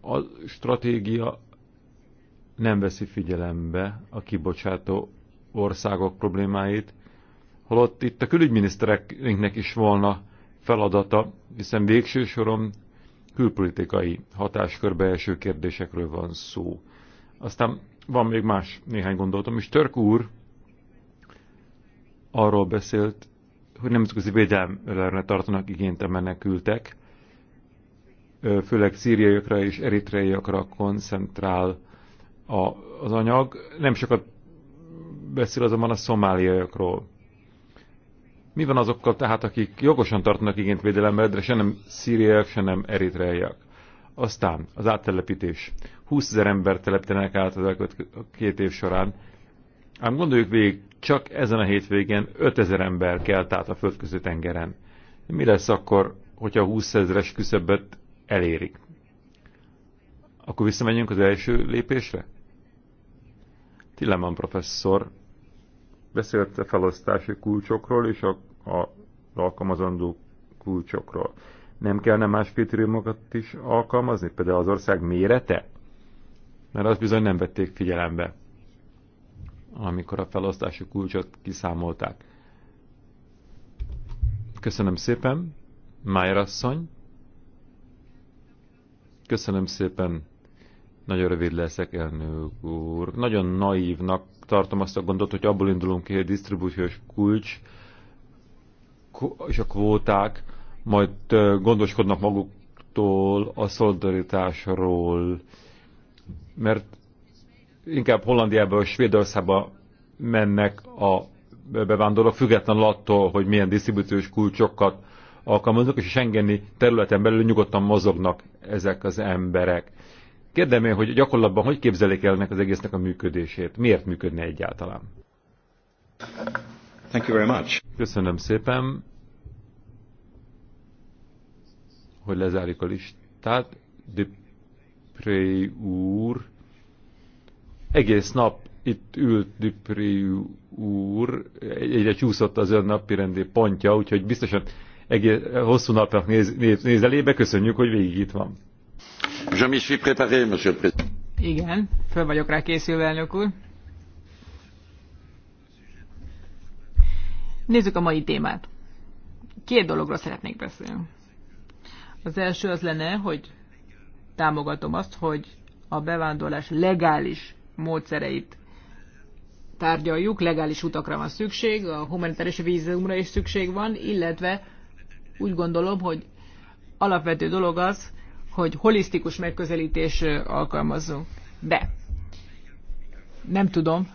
A stratégia nem veszi figyelembe a kibocsátó országok problémáit, holott itt a külügyminisztereknek is volna feladata, hiszen végső soron külpolitikai hatáskörbe első kérdésekről van szó. Aztán van még más néhány gondolatom is. Törk úr arról beszélt, hogy nemzetközi védelmre tartanak igényt a menekültek, főleg szíriaiakra és eritreiakra koncentrál a, az anyag. Nem sokat beszél azonban a szomáliaiakról. Mi van azokkal tehát, akik jogosan tartanak igényt de se nem szíriaiak, se nem eritreiak? Aztán az áttelepítés. 20 ezer ember telepítenek át az két év során. Ám gondoljuk végig, csak ezen a hétvégén 5 ezer ember kelt át a földközi tengeren. Mi lesz akkor, hogyha 20 ezeres küszöbbet elérik? Akkor visszamegyünk az első lépésre? Tilleman professzor Beszélt a felosztási kulcsokról és a, a alkalmazandó kulcsokról. Nem kellene más kritériumokat is alkalmazni, például az ország mérete? Mert azt bizony nem vették figyelembe, amikor a felosztási kulcsot kiszámolták. Köszönöm szépen, Májer asszony. Köszönöm szépen, nagyon rövid leszek, elnök úr. Nagyon naívnak tartom azt a gondot, hogy abból indulunk ki, hogy a disztribúciós kulcs és a kvóták majd gondoskodnak maguktól a szolidaritásról, mert inkább Hollandiába vagy Svédországba mennek a bevándorlók, független attól, hogy milyen disztribúciós kulcsokat alkalmaznak, és a Schengeni területen belül nyugodtan mozognak ezek az emberek. Kérdem én, hogy gyakorlatban hogy képzelik el ennek az egésznek a működését? Miért működne egyáltalán? Thank you very much. Köszönöm szépen, hogy lezárjuk a listát. Dupré úr, egész nap itt ült Dupré úr, egyre csúszott az ön napi rendi pontja, úgyhogy biztosan egész, hosszú napnak néz, néz, néz elébe, köszönjük, hogy végig itt van. Je m'y suis préparé, monsieur le président. Igen, föl vagyok rá készülve, elnök úr. Nézzük a mai témát. Két dologról szeretnék beszélni. Az első az lenne, hogy támogatom azt, hogy a bevándorlás legális módszereit tárgyaljuk, legális utakra van szükség, a humanitárius vízumra is szükség van, illetve úgy gondolom, hogy alapvető dolog az, hogy holisztikus megközelítés alkalmazzunk. De nem tudom.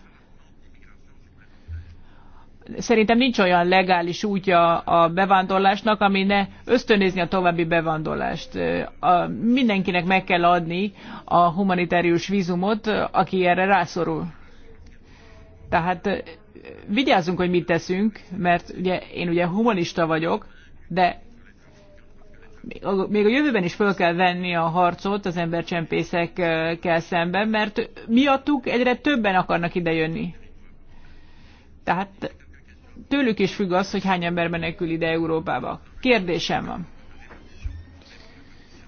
Szerintem nincs olyan legális útja a bevándorlásnak, ami ne ösztönézni a további bevándorlást. mindenkinek meg kell adni a humanitárius vízumot, aki erre rászorul. Tehát vigyázzunk, hogy mit teszünk, mert ugye én ugye humanista vagyok, de még a jövőben is föl kell venni a harcot az embercsempészekkel szemben, mert miattuk egyre többen akarnak idejönni. Tehát tőlük is függ az, hogy hány ember menekül ide Európába. Kérdésem van.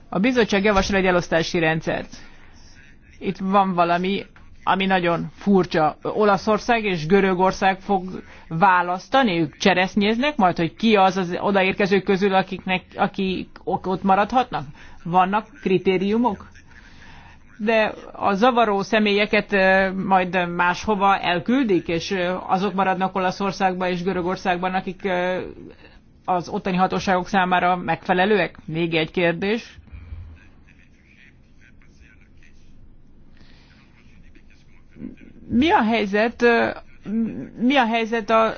A bizottság javasol egy elosztási rendszert. Itt van valami ami nagyon furcsa, Olaszország és Görögország fog választani, ők cseresznyéznek majd, hogy ki az az odaérkezők közül, akiknek, akik ott maradhatnak? Vannak kritériumok? De a zavaró személyeket majd máshova elküldik, és azok maradnak Olaszországban és Görögországban, akik az ottani hatóságok számára megfelelőek? Még egy kérdés. Mi a helyzet mi a helyzet a,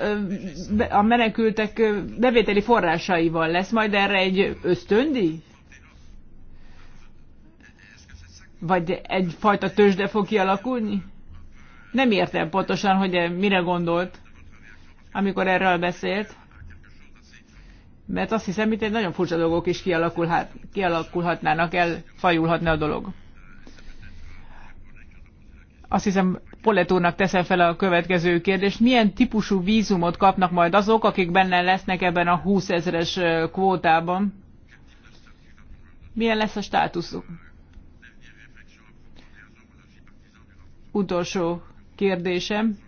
a menekültek bevételi forrásaival? Lesz majd erre egy ösztöndi? Vagy egyfajta tőzsde fog kialakulni? Nem értem pontosan, hogy e mire gondolt, amikor erről beszélt. Mert azt hiszem, itt egy nagyon furcsa dolgok is kialakulhat, kialakulhatnának, elfajulhatna a dolog. Azt hiszem, Polet úrnak teszem fel a következő kérdést. Milyen típusú vízumot kapnak majd azok, akik benne lesznek ebben a 20 ezeres kvótában? Milyen lesz a státuszuk? Utolsó kérdésem.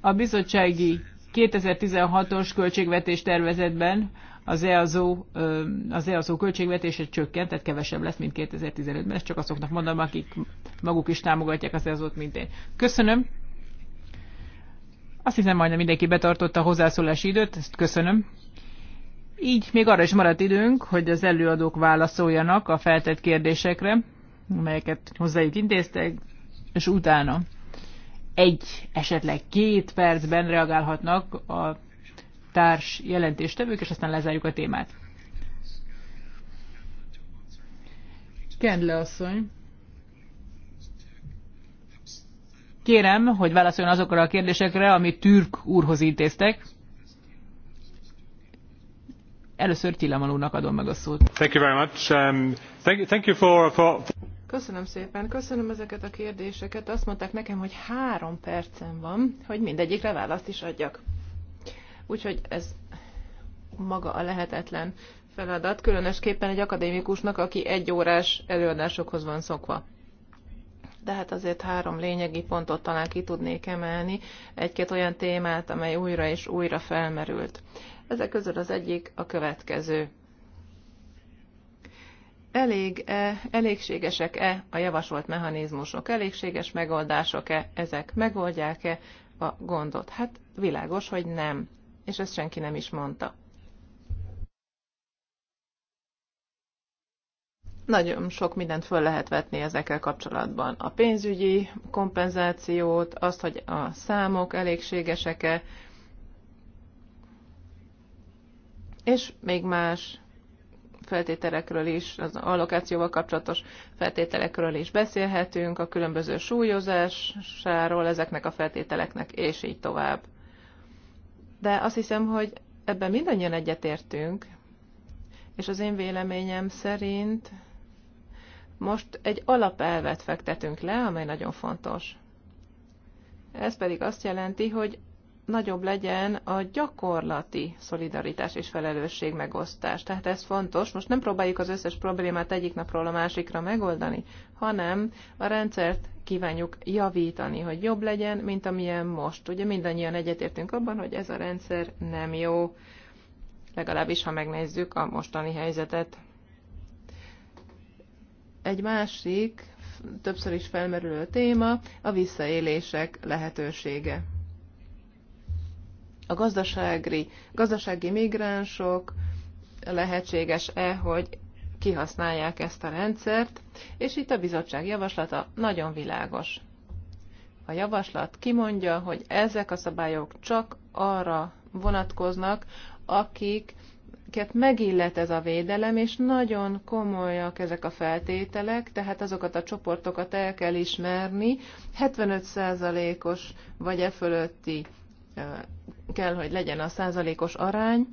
A bizottsági 2016-os költségvetés tervezetben az EAZO, az EAZO költségvetése csökkent, tehát kevesebb lesz, mint 2015-ben. Ezt csak azoknak mondom, akik maguk is támogatják az eazo mint én. Köszönöm. Azt hiszem, majdnem mindenki betartotta a hozzászólási időt, ezt köszönöm. Így még arra is maradt időnk, hogy az előadók válaszoljanak a feltett kérdésekre, melyeket hozzájuk intéztek, és utána egy, esetleg két percben reagálhatnak a társ jelentéstevők, és aztán lezárjuk a témát. Kendle asszony. Kérem, hogy válaszoljon azokra a kérdésekre, amit Türk úrhoz intéztek. Először Tilaman úrnak adom meg a szót. Thank you very much. Um, thank, you, thank you for, for... Köszönöm szépen, köszönöm ezeket a kérdéseket. Azt mondták nekem, hogy három percem van, hogy mindegyikre választ is adjak. Úgyhogy ez maga a lehetetlen feladat, különösképpen egy akadémikusnak, aki egy órás előadásokhoz van szokva. De hát azért három lényegi pontot talán ki tudnék emelni, egy-két olyan témát, amely újra és újra felmerült. Ezek közül az egyik a következő. Elég, -e, elégségesek-e a javasolt mechanizmusok, elégséges megoldások-e, ezek megoldják-e a gondot? Hát világos, hogy nem és ezt senki nem is mondta. Nagyon sok mindent föl lehet vetni ezekkel kapcsolatban. A pénzügyi kompenzációt, azt, hogy a számok elégségesek-e, és még más feltételekről is, az allokációval kapcsolatos feltételekről is beszélhetünk, a különböző súlyozásáról ezeknek a feltételeknek, és így tovább de azt hiszem, hogy ebben mindannyian egyetértünk, és az én véleményem szerint most egy alapelvet fektetünk le, amely nagyon fontos. Ez pedig azt jelenti, hogy nagyobb legyen a gyakorlati szolidaritás és felelősség megosztás. Tehát ez fontos. Most nem próbáljuk az összes problémát egyik napról a másikra megoldani, hanem a rendszert kívánjuk javítani, hogy jobb legyen, mint amilyen most. Ugye mindannyian egyetértünk abban, hogy ez a rendszer nem jó, legalábbis ha megnézzük a mostani helyzetet. Egy másik, többször is felmerülő téma a visszaélések lehetősége. A gazdasági, gazdasági migránsok lehetséges-e, hogy kihasználják ezt a rendszert, és itt a bizottság javaslata nagyon világos. A javaslat kimondja, hogy ezek a szabályok csak arra vonatkoznak, akik akiket megillet ez a védelem, és nagyon komolyak ezek a feltételek, tehát azokat a csoportokat el kell ismerni. 75%-os vagy e fölötti kell, hogy legyen a százalékos arány,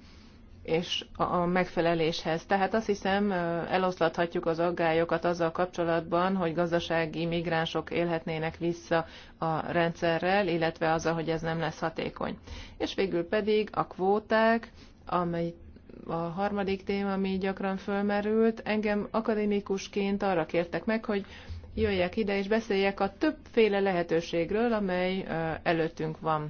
és a megfeleléshez. Tehát azt hiszem, eloszlathatjuk az aggályokat azzal kapcsolatban, hogy gazdasági migránsok élhetnének vissza a rendszerrel, illetve azzal, hogy ez nem lesz hatékony. És végül pedig a kvóták, amely a harmadik téma, ami gyakran fölmerült. Engem akadémikusként arra kértek meg, hogy jöjjek ide és beszéljek a többféle lehetőségről, amely előttünk van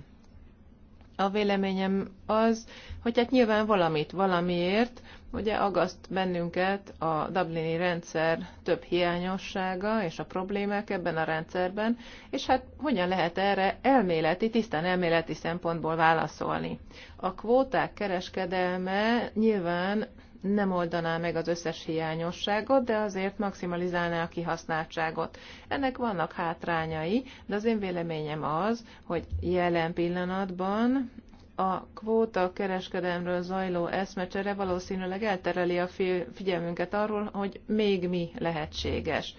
a véleményem az, hogy hát nyilván valamit, valamiért, ugye agaszt bennünket a Dublini rendszer több hiányossága és a problémák ebben a rendszerben, és hát hogyan lehet erre elméleti, tisztán elméleti szempontból válaszolni. A kvóták kereskedelme nyilván nem oldaná meg az összes hiányosságot, de azért maximalizálná a kihasználtságot. Ennek vannak hátrányai, de az én véleményem az, hogy jelen pillanatban a kvóta kereskedelmről zajló eszmecsere valószínűleg eltereli a figyelmünket arról, hogy még mi lehetséges.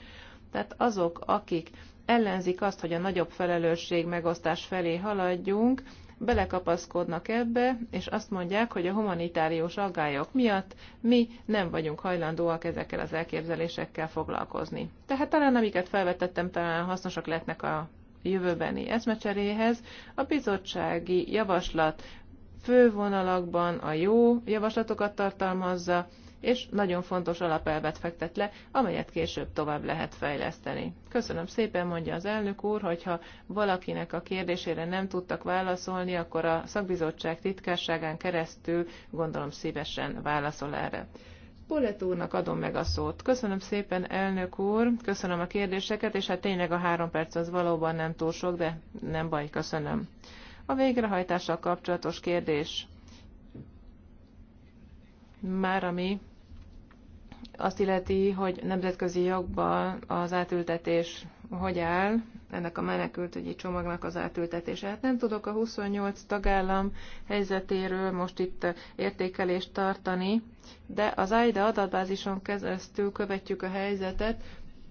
Tehát azok, akik ellenzik azt, hogy a nagyobb felelősség megosztás felé haladjunk, belekapaszkodnak ebbe, és azt mondják, hogy a humanitárius aggályok miatt mi nem vagyunk hajlandóak ezekkel az elképzelésekkel foglalkozni. Tehát talán amiket felvetettem, talán hasznosak lehetnek a jövőbeni eszmecseréhez. A bizottsági javaslat fővonalakban a jó javaslatokat tartalmazza, és nagyon fontos alapelvet fektet le, amelyet később tovább lehet fejleszteni. Köszönöm szépen, mondja az elnök úr, hogyha valakinek a kérdésére nem tudtak válaszolni, akkor a szakbizottság titkárságán keresztül gondolom szívesen válaszol erre. Polet úrnak adom meg a szót. Köszönöm szépen, elnök úr, köszönöm a kérdéseket, és hát tényleg a három perc az valóban nem túl sok, de nem baj, köszönöm. A végrehajtással kapcsolatos kérdés már ami azt illeti, hogy nemzetközi jogban az átültetés hogy áll, ennek a menekültügyi csomagnak az átültetése. Hát nem tudok a 28 tagállam helyzetéről most itt értékelést tartani, de az AIDA e adatbázison keresztül követjük a helyzetet,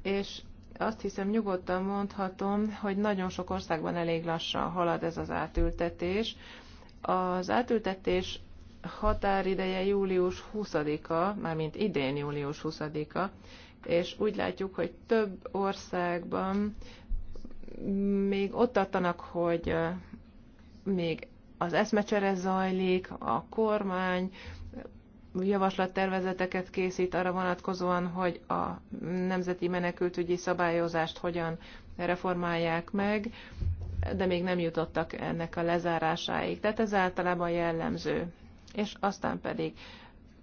és azt hiszem nyugodtan mondhatom, hogy nagyon sok országban elég lassan halad ez az átültetés. Az átültetés határideje július 20-a, mármint idén július 20-a, és úgy látjuk, hogy több országban még ott tartanak, hogy még az eszmecsere zajlik, a kormány javaslattervezeteket készít arra vonatkozóan, hogy a nemzeti menekültügyi szabályozást hogyan reformálják meg, de még nem jutottak ennek a lezárásáig. Tehát ez általában jellemző és aztán pedig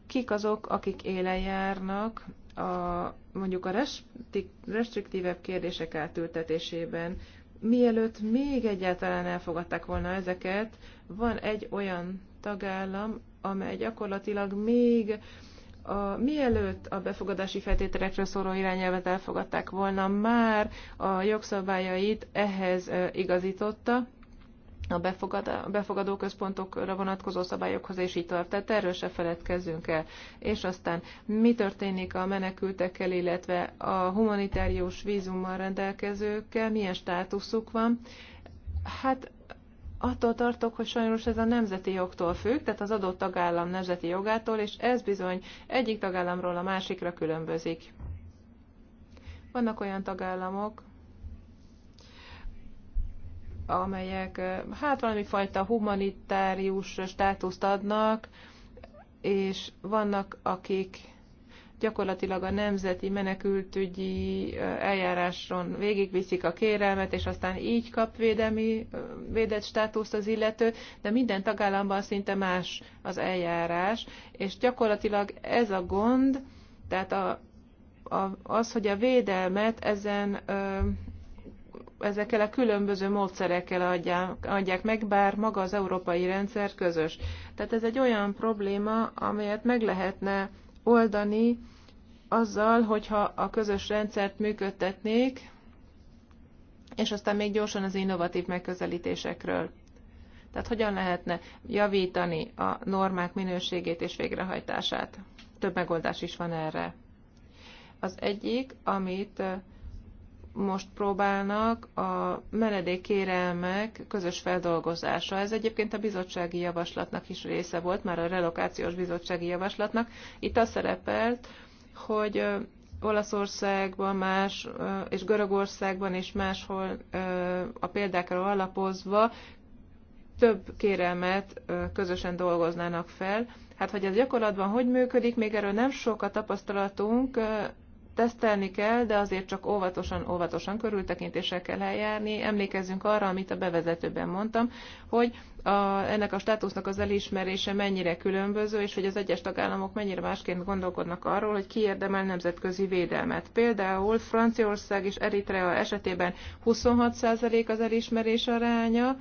kik azok, akik élen járnak a, mondjuk a restriktívebb kérdések átültetésében, mielőtt még egyáltalán elfogadták volna ezeket, van egy olyan tagállam, amely gyakorlatilag még a, mielőtt a befogadási feltételekről szóló irányelvet elfogadták volna, már a jogszabályait ehhez igazította, a befogadó központokra vonatkozó szabályokhoz, és így tovább. Tehát erről se feledkezzünk el. És aztán mi történik a menekültekkel, illetve a humanitárius vízummal rendelkezőkkel, milyen státuszuk van? Hát attól tartok, hogy sajnos ez a nemzeti jogtól függ, tehát az adott tagállam nemzeti jogától, és ez bizony egyik tagállamról a másikra különbözik. Vannak olyan tagállamok, amelyek hát valami fajta humanitárius státuszt adnak, és vannak, akik gyakorlatilag a nemzeti menekültügyi eljáráson végigviszik a kérelmet, és aztán így kap védelmi, védett státuszt az illető, de minden tagállamban szinte más az eljárás, és gyakorlatilag ez a gond, tehát a, a, az, hogy a védelmet ezen ezekkel a különböző módszerekkel adják, adják meg, bár maga az európai rendszer közös. Tehát ez egy olyan probléma, amelyet meg lehetne oldani azzal, hogyha a közös rendszert működtetnék, és aztán még gyorsan az innovatív megközelítésekről. Tehát hogyan lehetne javítani a normák minőségét és végrehajtását? Több megoldás is van erre. Az egyik, amit most próbálnak a menedékkérelmek közös feldolgozása. Ez egyébként a bizottsági javaslatnak is része volt, már a relokációs bizottsági javaslatnak. Itt az szerepelt, hogy Olaszországban más, és Görögországban és máshol a példákra alapozva több kérelmet közösen dolgoznának fel. Hát, hogy ez gyakorlatban hogy működik, még erről nem sok a tapasztalatunk, tesztelni kell, de azért csak óvatosan, óvatosan körültekintéssel kell eljárni. Emlékezzünk arra, amit a bevezetőben mondtam, hogy a, ennek a státusznak az elismerése mennyire különböző, és hogy az egyes tagállamok mennyire másként gondolkodnak arról, hogy ki érdemel nemzetközi védelmet. Például Franciaország és Eritrea esetében 26% az elismerés aránya,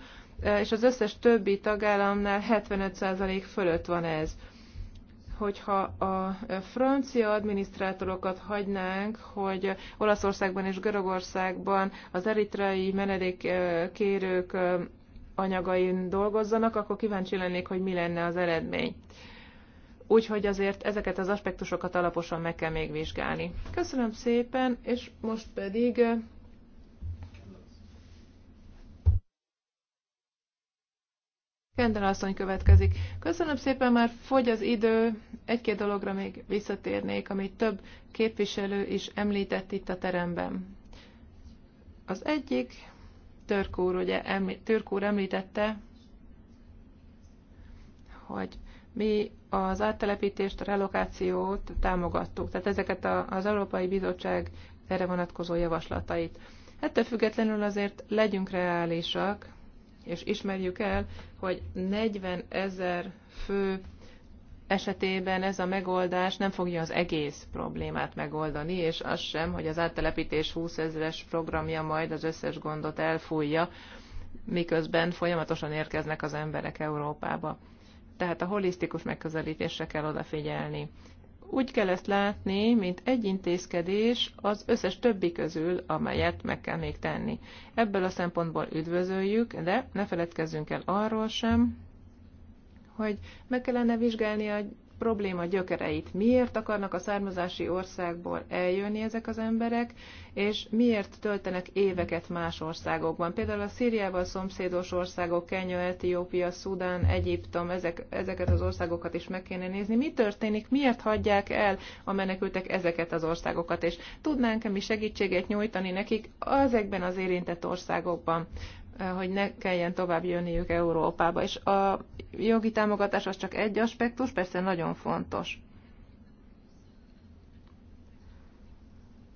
és az összes többi tagállamnál 75% fölött van ez hogyha a francia adminisztrátorokat hagynánk, hogy Olaszországban és Görögországban az eritreai menedékkérők anyagain dolgozzanak, akkor kíváncsi lennék, hogy mi lenne az eredmény. Úgyhogy azért ezeket az aspektusokat alaposan meg kell még vizsgálni. Köszönöm szépen, és most pedig Kendel asszony következik. Köszönöm szépen, már fogy az idő. Egy-két dologra még visszatérnék, amit több képviselő is említett itt a teremben. Az egyik, Törk úr, ugye, eml- Törk úr említette, hogy mi az áttelepítést, a relokációt támogattuk, tehát ezeket a, az Európai Bizottság erre vonatkozó javaslatait. Ettől függetlenül azért legyünk reálisak, és ismerjük el, hogy 40 ezer fő esetében ez a megoldás nem fogja az egész problémát megoldani, és az sem, hogy az áttelepítés 20 ezeres programja majd az összes gondot elfújja, miközben folyamatosan érkeznek az emberek Európába. Tehát a holisztikus megközelítésre kell odafigyelni. Úgy kell ezt látni, mint egy intézkedés az összes többi közül, amelyet meg kell még tenni. Ebből a szempontból üdvözöljük, de ne feledkezzünk el arról sem, hogy meg kellene vizsgálni a probléma gyökereit. Miért akarnak a származási országból eljönni ezek az emberek, és miért töltenek éveket más országokban. Például a Szíriával szomszédos országok, Kenya, Etiópia, Szudán, Egyiptom, ezek, ezeket az országokat is meg kéne nézni. Mi történik, miért hagyják el a menekültek ezeket az országokat, és tudnánk-e mi segítséget nyújtani nekik ezekben az érintett országokban hogy ne kelljen tovább jönniük Európába. És a jogi támogatás az csak egy aspektus, persze nagyon fontos.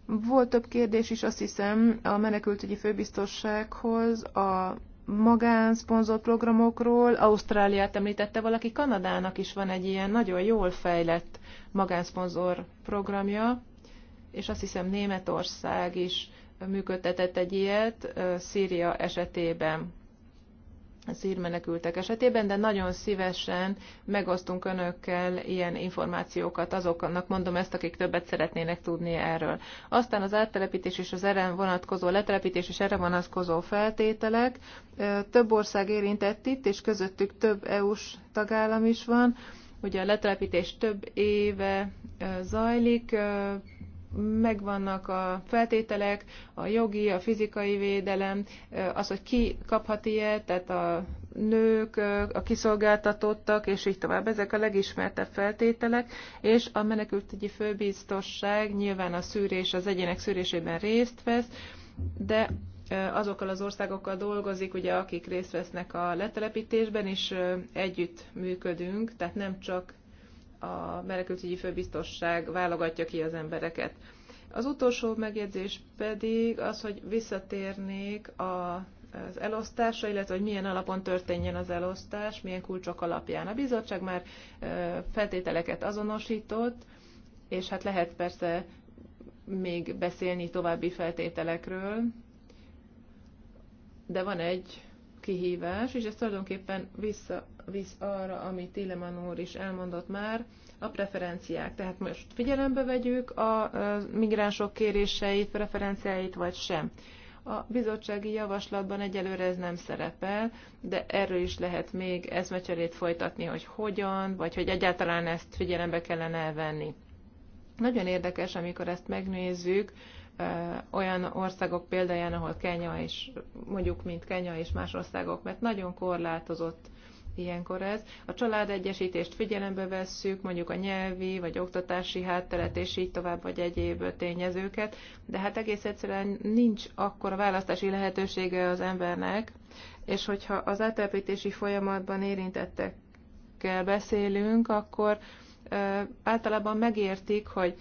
Volt több kérdés is, azt hiszem, a menekültügyi főbiztossághoz, a magánszponzor programokról, Ausztráliát említette valaki, Kanadának is van egy ilyen nagyon jól fejlett magánszponzor programja, és azt hiszem Németország is működtetett egy ilyet Szíria esetében szírmenekültek esetében, de nagyon szívesen megosztunk önökkel ilyen információkat azoknak, mondom ezt, akik többet szeretnének tudni erről. Aztán az áttelepítés és az erre vonatkozó letelepítés és erre vonatkozó feltételek. Több ország érintett itt, és közöttük több EU-s tagállam is van. Ugye a letelepítés több éve zajlik, megvannak a feltételek, a jogi, a fizikai védelem, az, hogy ki kaphat ilyet, tehát a nők, a kiszolgáltatottak, és így tovább. Ezek a legismertebb feltételek, és a menekültügyi főbiztosság nyilván a szűrés, az egyének szűrésében részt vesz, de azokkal az országokkal dolgozik, ugye, akik részt vesznek a letelepítésben, és együtt működünk, tehát nem csak a menekültügyi főbiztosság válogatja ki az embereket. Az utolsó megjegyzés pedig az, hogy visszatérnék a az elosztásra, illetve hogy milyen alapon történjen az elosztás, milyen kulcsok alapján. A bizottság már feltételeket azonosított, és hát lehet persze még beszélni további feltételekről, de van egy kihívás, és ez tulajdonképpen vissza visz arra, amit Tilleman úr is elmondott már, a preferenciák. Tehát most figyelembe vegyük a migránsok kéréseit, preferenciáit, vagy sem. A bizottsági javaslatban egyelőre ez nem szerepel, de erről is lehet még ezmecserét folytatni, hogy hogyan, vagy hogy egyáltalán ezt figyelembe kellene elvenni. Nagyon érdekes, amikor ezt megnézzük, olyan országok példáján, ahol Kenya és mondjuk, mint Kenya és más országok, mert nagyon korlátozott ilyenkor ez. A családegyesítést figyelembe vesszük, mondjuk a nyelvi vagy oktatási hátteret, és így tovább, vagy egyéb tényezőket, de hát egész egyszerűen nincs akkora választási lehetősége az embernek, és hogyha az átelepítési folyamatban érintettekkel beszélünk, akkor általában megértik, hogy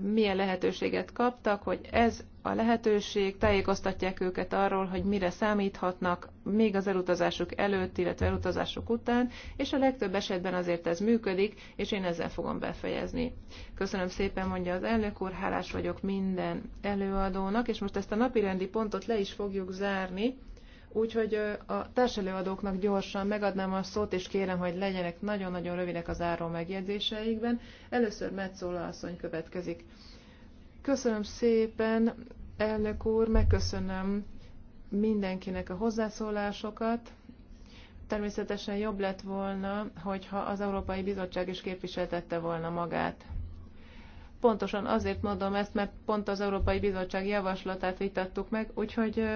milyen lehetőséget kaptak, hogy ez a lehetőség, tájékoztatják őket arról, hogy mire számíthatnak még az elutazásuk előtt, illetve elutazásuk után, és a legtöbb esetben azért ez működik, és én ezzel fogom befejezni. Köszönöm szépen, mondja az elnök úr, hálás vagyok minden előadónak, és most ezt a napirendi pontot le is fogjuk zárni, úgyhogy a társelőadóknak gyorsan megadnám a szót, és kérem, hogy legyenek nagyon-nagyon rövidek az áró megjegyzéseikben. Először Metszóla asszony következik. Köszönöm szépen, elnök úr, megköszönöm mindenkinek a hozzászólásokat. Természetesen jobb lett volna, hogyha az Európai Bizottság is képviseltette volna magát. Pontosan azért mondom ezt, mert pont az Európai Bizottság javaslatát vitattuk meg, úgyhogy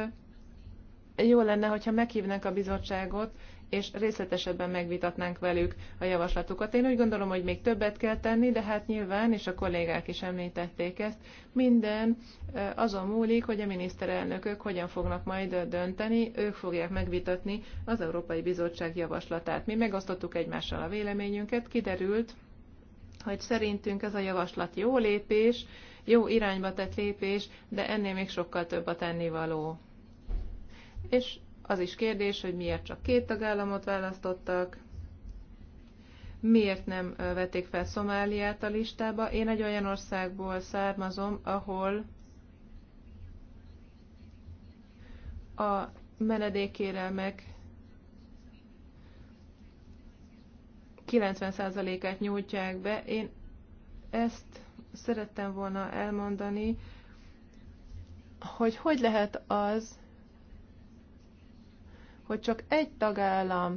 jó lenne, hogyha meghívnánk a bizottságot, és részletesebben megvitatnánk velük a javaslatukat. Én úgy gondolom, hogy még többet kell tenni, de hát nyilván, és a kollégák is említették ezt, minden azon múlik, hogy a miniszterelnökök hogyan fognak majd dönteni, ők fogják megvitatni az Európai Bizottság javaslatát. Mi megosztottuk egymással a véleményünket, kiderült, hogy szerintünk ez a javaslat jó lépés, jó irányba tett lépés, de ennél még sokkal több a tennivaló. És az is kérdés, hogy miért csak két tagállamot választottak, miért nem vették fel Szomáliát a listába. Én egy olyan országból származom, ahol a menedékkérelmek 90%-át nyújtják be. Én ezt szerettem volna elmondani, hogy hogy lehet az, hogy csak egy tagállam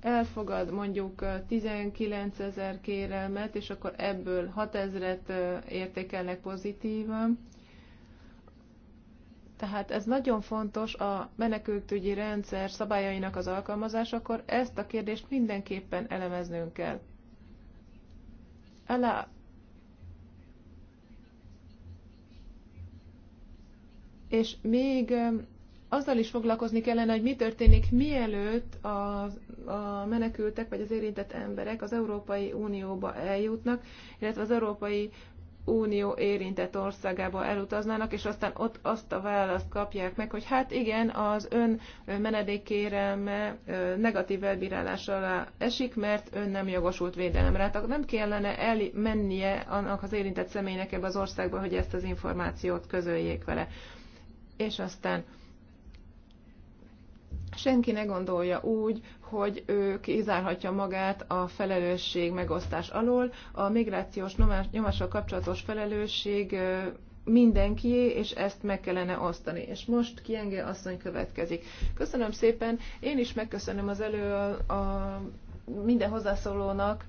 elfogad mondjuk 19 ezer kérelmet, és akkor ebből 6 ezeret értékelnek pozitívan. Tehát ez nagyon fontos a menekültügyi rendszer szabályainak az alkalmazásakor, ezt a kérdést mindenképpen elemeznünk kell. Ela és még azzal is foglalkozni kellene, hogy mi történik mielőtt a, a menekültek vagy az érintett emberek az Európai Unióba eljutnak, illetve az Európai Unió érintett országába elutaznának, és aztán ott azt a választ kapják meg, hogy hát igen, az ön menedékkérelme negatív elbírálás alá esik, mert ön nem jogosult védelemre. Tehát nem kellene elmennie annak az érintett személynek ebbe az országba, hogy ezt az információt közöljék vele. És aztán senki ne gondolja úgy, hogy ő kizárhatja magát a felelősség megosztás alól. A migrációs nyomással kapcsolatos felelősség mindenkié, és ezt meg kellene osztani. És most Kienge asszony következik. Köszönöm szépen, én is megköszönöm az elő a, a minden hozzászólónak,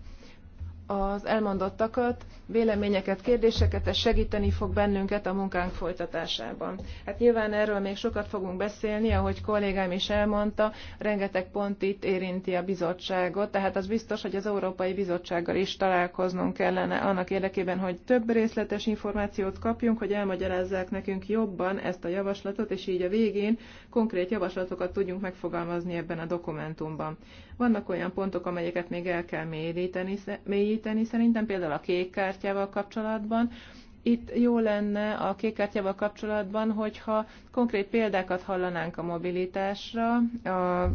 az elmondottakat, véleményeket, kérdéseket, ez segíteni fog bennünket a munkánk folytatásában. Hát nyilván erről még sokat fogunk beszélni, ahogy kollégám is elmondta, rengeteg pont itt érinti a bizottságot, tehát az biztos, hogy az Európai Bizottsággal is találkoznunk kellene annak érdekében, hogy több részletes információt kapjunk, hogy elmagyarázzák nekünk jobban ezt a javaslatot, és így a végén konkrét javaslatokat tudjunk megfogalmazni ebben a dokumentumban. Vannak olyan pontok, amelyeket még el kell mélyíteni, mélyíteni szerintem, például a kék kártyával kapcsolatban. Itt jó lenne a kék kártyával kapcsolatban, hogyha konkrét példákat hallanánk a mobilitásra, a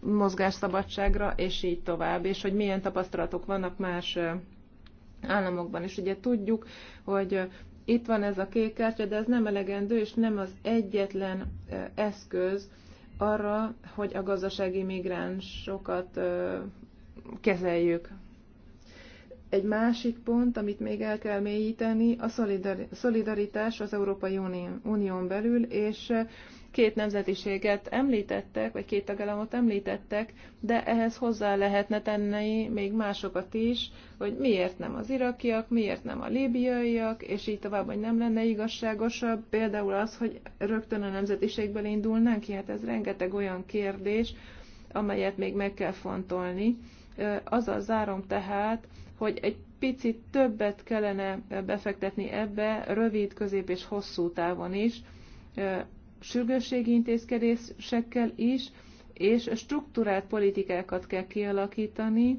mozgásszabadságra, és így tovább, és hogy milyen tapasztalatok vannak más államokban. És ugye tudjuk, hogy itt van ez a kék kártya, de ez nem elegendő, és nem az egyetlen eszköz, arra, hogy a gazdasági migránsokat kezeljük. Egy másik pont, amit még el kell mélyíteni, a szolidaritás az Európai Unión belül, és két nemzetiséget említettek, vagy két tagállamot említettek, de ehhez hozzá lehetne tenni még másokat is, hogy miért nem az irakiak, miért nem a líbiaiak, és így tovább, hogy nem lenne igazságosabb. Például az, hogy rögtön a nemzetiségből indulnánk ki, hát ez rengeteg olyan kérdés, amelyet még meg kell fontolni. Azzal zárom tehát, hogy egy picit többet kellene befektetni ebbe, rövid, közép és hosszú távon is, sürgősségi intézkedésekkel is, és struktúrált politikákat kell kialakítani,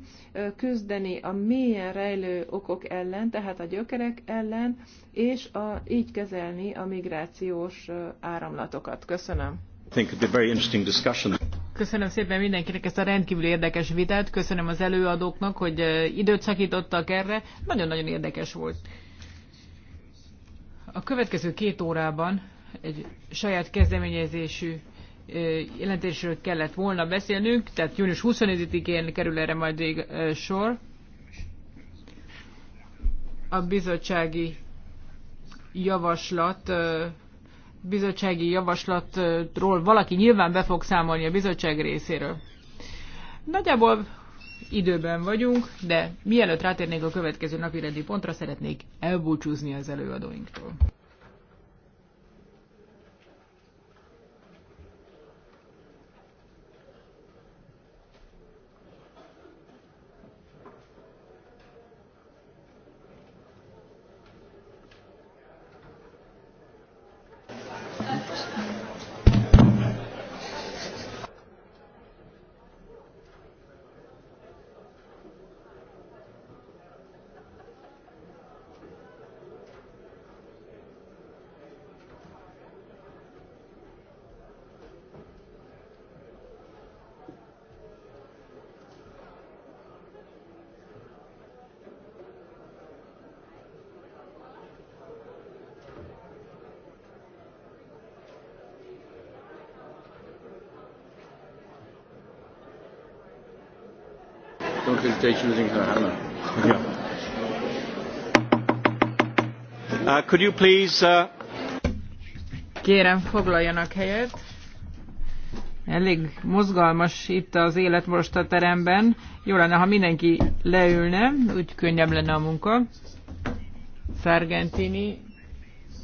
küzdeni a mélyen rejlő okok ellen, tehát a gyökerek ellen, és a, így kezelni a migrációs áramlatokat. Köszönöm. Köszönöm szépen mindenkinek ezt a rendkívül érdekes vitát, köszönöm az előadóknak, hogy időt szakítottak erre, nagyon-nagyon érdekes volt. A következő két órában egy saját kezdeményezésű jelentésről kellett volna beszélnünk, tehát június 25-én kerül erre majd sor. A bizottsági javaslat bizottsági javaslatról valaki nyilván be fog számolni a bizottság részéről. Nagyjából időben vagyunk, de mielőtt rátérnék a következő napi rendi pontra, szeretnék elbúcsúzni az előadóinktól. her hammer. Yeah. Uh, could you please, uh... Kérem, foglaljanak helyet. Elég mozgalmas itt az élet most a teremben. Jó lenne, ha mindenki leülne, úgy könnyebb lenne a munka. Sargentini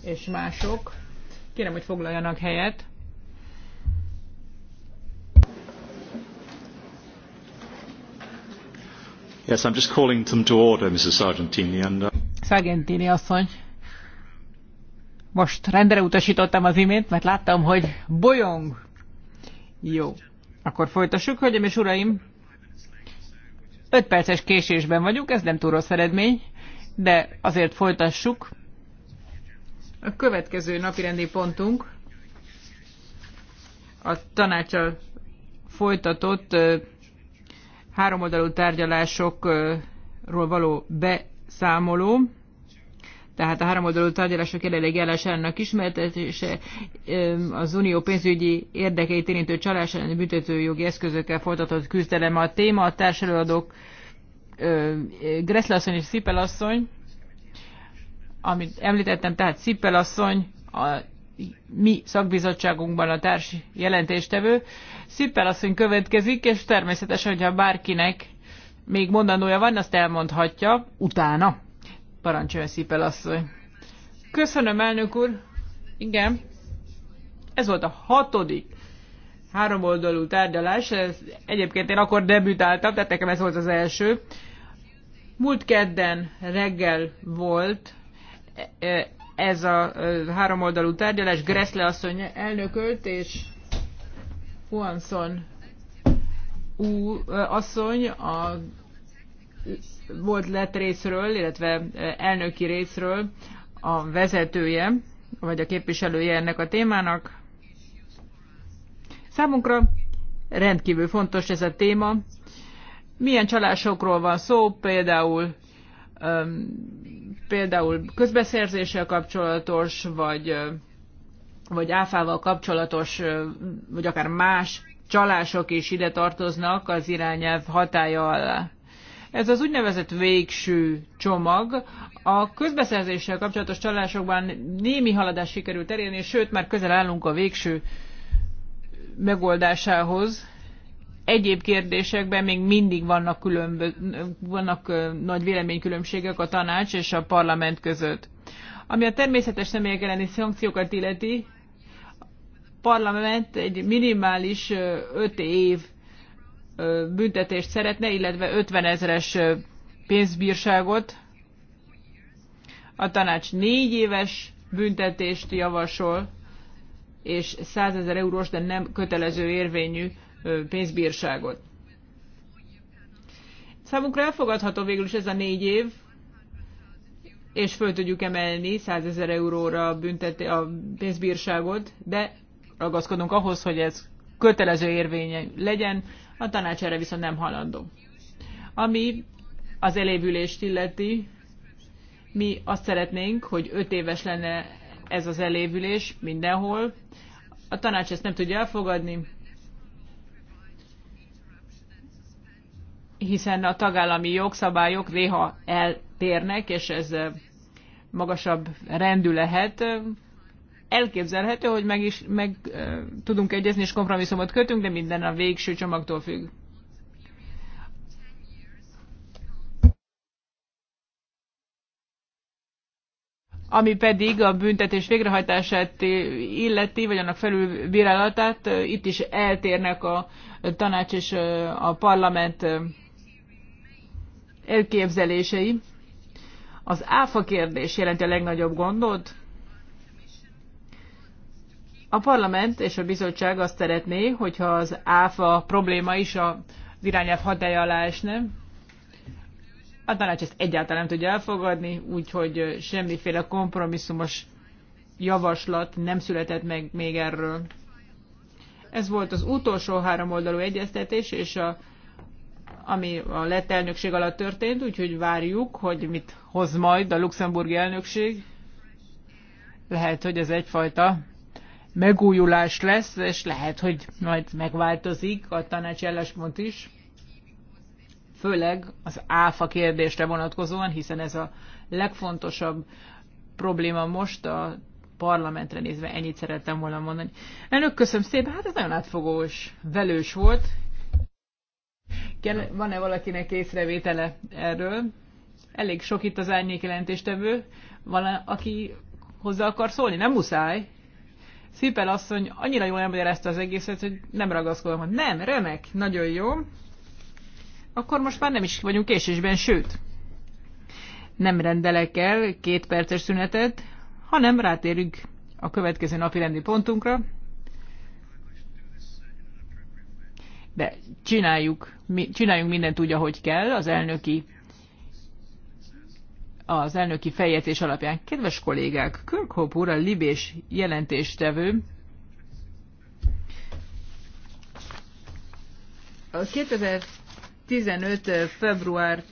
és mások. Kérem, hogy foglaljanak helyet. Yes, I'm just calling them to order, Mrs. Sargentini. And, uh... Sargentini asszony, most rendre utasítottam az imént, mert láttam, hogy bolyong. Jó. Akkor folytassuk, hölgyeim és uraim. 5 perces késésben vagyunk, ez nem túl rossz eredmény, de azért folytassuk. A következő napirendi pontunk a tanácsal folytatott háromoldalú tárgyalásokról való beszámoló, tehát a háromoldalú tárgyalások jelenleg állásának ismertetése az unió pénzügyi érdekeit érintő csalás elleni büntetőjogi eszközökkel folytatott küzdelem a téma. A társadalmadók Gressle asszony és Szipel asszony, amit említettem, tehát Szipel asszony a mi szakbizottságunkban a társ jelentéstevő. Szippel asszony következik, és természetesen, hogyha bárkinek még mondanója van, azt elmondhatja utána. Parancsolja Szippel asszony. Köszönöm, elnök úr. Igen. Ez volt a hatodik háromoldalú tárgyalás. Ez, egyébként én akkor debütáltam, tehát nekem ez volt az első. Múlt kedden reggel volt e, e, ez a háromoldalú tárgyalás. Gressle asszony elnökölt, és Huanson ú, asszony a volt lett részről, illetve elnöki részről a vezetője, vagy a képviselője ennek a témának. Számunkra rendkívül fontos ez a téma. Milyen csalásokról van szó, például például közbeszerzéssel kapcsolatos, vagy, vagy áfával kapcsolatos, vagy akár más csalások is ide tartoznak az irányelv hatája alá. Ez az úgynevezett végső csomag. A közbeszerzéssel kapcsolatos csalásokban némi haladás sikerült elérni, sőt már közel állunk a végső megoldásához egyéb kérdésekben még mindig vannak, különbö- vannak nagy véleménykülönbségek a tanács és a parlament között. Ami a természetes személyek elleni szankciókat illeti, a parlament egy minimális 5 év büntetést szeretne, illetve 50 ezeres pénzbírságot. A tanács 4 éves büntetést javasol, és 100 ezer eurós, de nem kötelező érvényű pénzbírságot. Számunkra elfogadható végül is ez a négy év, és föl tudjuk emelni 100 ezer euróra a, bünteti, a pénzbírságot, de ragaszkodunk ahhoz, hogy ez kötelező érvénye legyen, a tanács erre viszont nem halandó. Ami az elévülést illeti, mi azt szeretnénk, hogy 5 éves lenne ez az elévülés mindenhol. A tanács ezt nem tudja elfogadni, hiszen a tagállami jogszabályok néha eltérnek, és ez magasabb rendű lehet. Elképzelhető, hogy meg is meg tudunk egyezni, és kompromisszumot kötünk, de minden a végső csomagtól függ. ami pedig a büntetés végrehajtását illeti, vagy annak felülbírálatát, itt is eltérnek a tanács és a parlament elképzelései. Az áfa kérdés jelenti a legnagyobb gondot. A parlament és a bizottság azt szeretné, hogyha az áfa probléma is az irányelv hatája alá esne. A tanács ezt egyáltalán nem tudja elfogadni, úgyhogy semmiféle kompromisszumos javaslat nem született meg még erről. Ez volt az utolsó három oldalú egyeztetés, és a ami a lett elnökség alatt történt, úgyhogy várjuk, hogy mit hoz majd a luxemburgi elnökség. Lehet, hogy ez egyfajta megújulás lesz, és lehet, hogy majd megváltozik a tanács álláspont is, főleg az áfa kérdésre vonatkozóan, hiszen ez a legfontosabb probléma most a parlamentre nézve, ennyit szerettem volna mondani. Elnök, köszönöm szépen, hát ez nagyon átfogós, velős volt, van-e valakinek észrevétele erről? Elég sok itt az árnyék jelentéstevő. Van, -e, aki hozzá akar szólni? Nem muszáj. Szipel asszony annyira jól elmagyarázta az egészet, hogy nem ragaszkodom. Nem, remek, nagyon jó. Akkor most már nem is vagyunk késésben, sőt. Nem rendelek el két perces szünetet, hanem rátérünk a következő napi rendi pontunkra, de csináljuk, mi, csináljunk mindent úgy, ahogy kell az elnöki az elnöki feljegyzés alapján. Kedves kollégák, Kirkhope úr a libés jelentéstevő, a 2015. február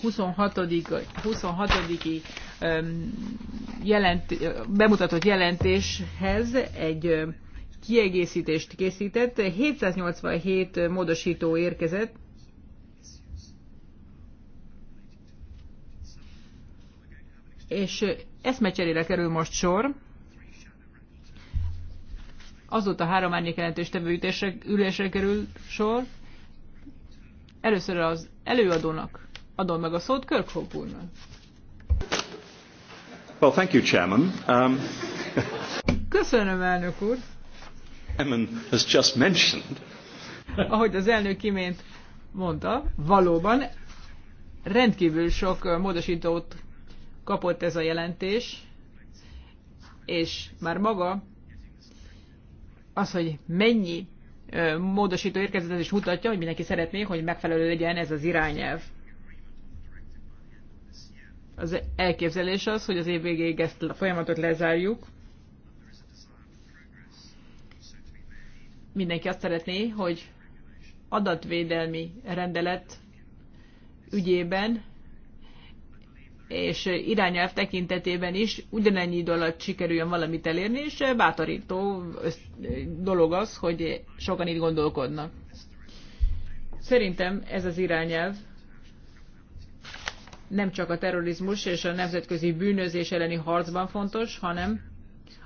26. i jelent, bemutatott jelentéshez egy kiegészítést készített, 787 módosító érkezett, és eszmecserére kerül most sor. Azóta három jelentős tevőütésre, ülésre kerül sor. Először az előadónak adom meg a szót Kirkhope úrnak. Well, thank you, Chairman. Um... Köszönöm, elnök úr. Has just mentioned. Ahogy az elnök imént mondta, valóban rendkívül sok módosítót kapott ez a jelentés, és már maga az, hogy mennyi módosító érkezett, ez is mutatja, hogy mindenki szeretné, hogy megfelelő legyen ez az irányelv. Az elképzelés az, hogy az év végéig ezt a folyamatot lezárjuk, mindenki azt szeretné, hogy adatvédelmi rendelet ügyében és irányelv tekintetében is ugyanennyi idő alatt sikerüljön valamit elérni, és bátorító dolog az, hogy sokan így gondolkodnak. Szerintem ez az irányelv nem csak a terrorizmus és a nemzetközi bűnözés elleni harcban fontos, hanem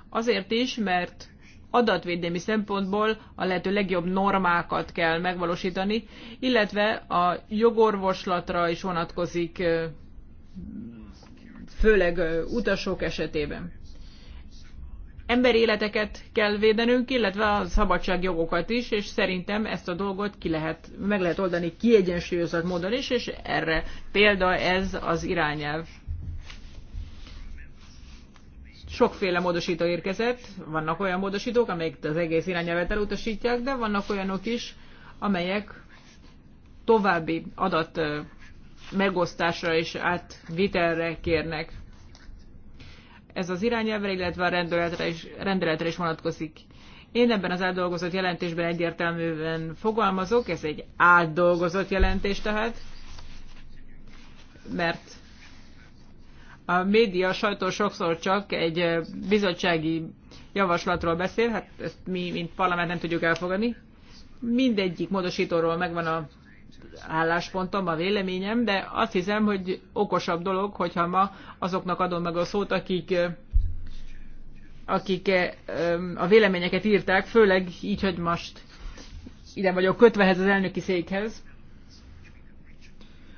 azért is, mert adatvédelmi szempontból a lehető legjobb normákat kell megvalósítani, illetve a jogorvoslatra is vonatkozik főleg utasok esetében. Emberi életeket kell védenünk, illetve a szabadságjogokat is, és szerintem ezt a dolgot ki lehet, meg lehet oldani kiegyensúlyozott módon is, és erre példa ez az irányelv. Sokféle módosító érkezett, vannak olyan módosítók, amelyek az egész irányelvet elutasítják, de vannak olyanok is, amelyek további adat megosztásra és átvitelre kérnek. Ez az irányelvre, illetve a rendeletre is, rendeletre is vonatkozik. Én ebben az átdolgozott jelentésben egyértelműen fogalmazok, ez egy átdolgozott jelentés tehát, mert a média, sajtó sokszor csak egy bizottsági javaslatról beszél, hát ezt mi, mint parlament nem tudjuk elfogadni. Mindegyik módosítóról megvan a álláspontom, a véleményem, de azt hiszem, hogy okosabb dolog, hogyha ma azoknak adom meg a szót, akik akik a véleményeket írták, főleg így, hogy most ide vagyok kötvehez az elnöki székhez.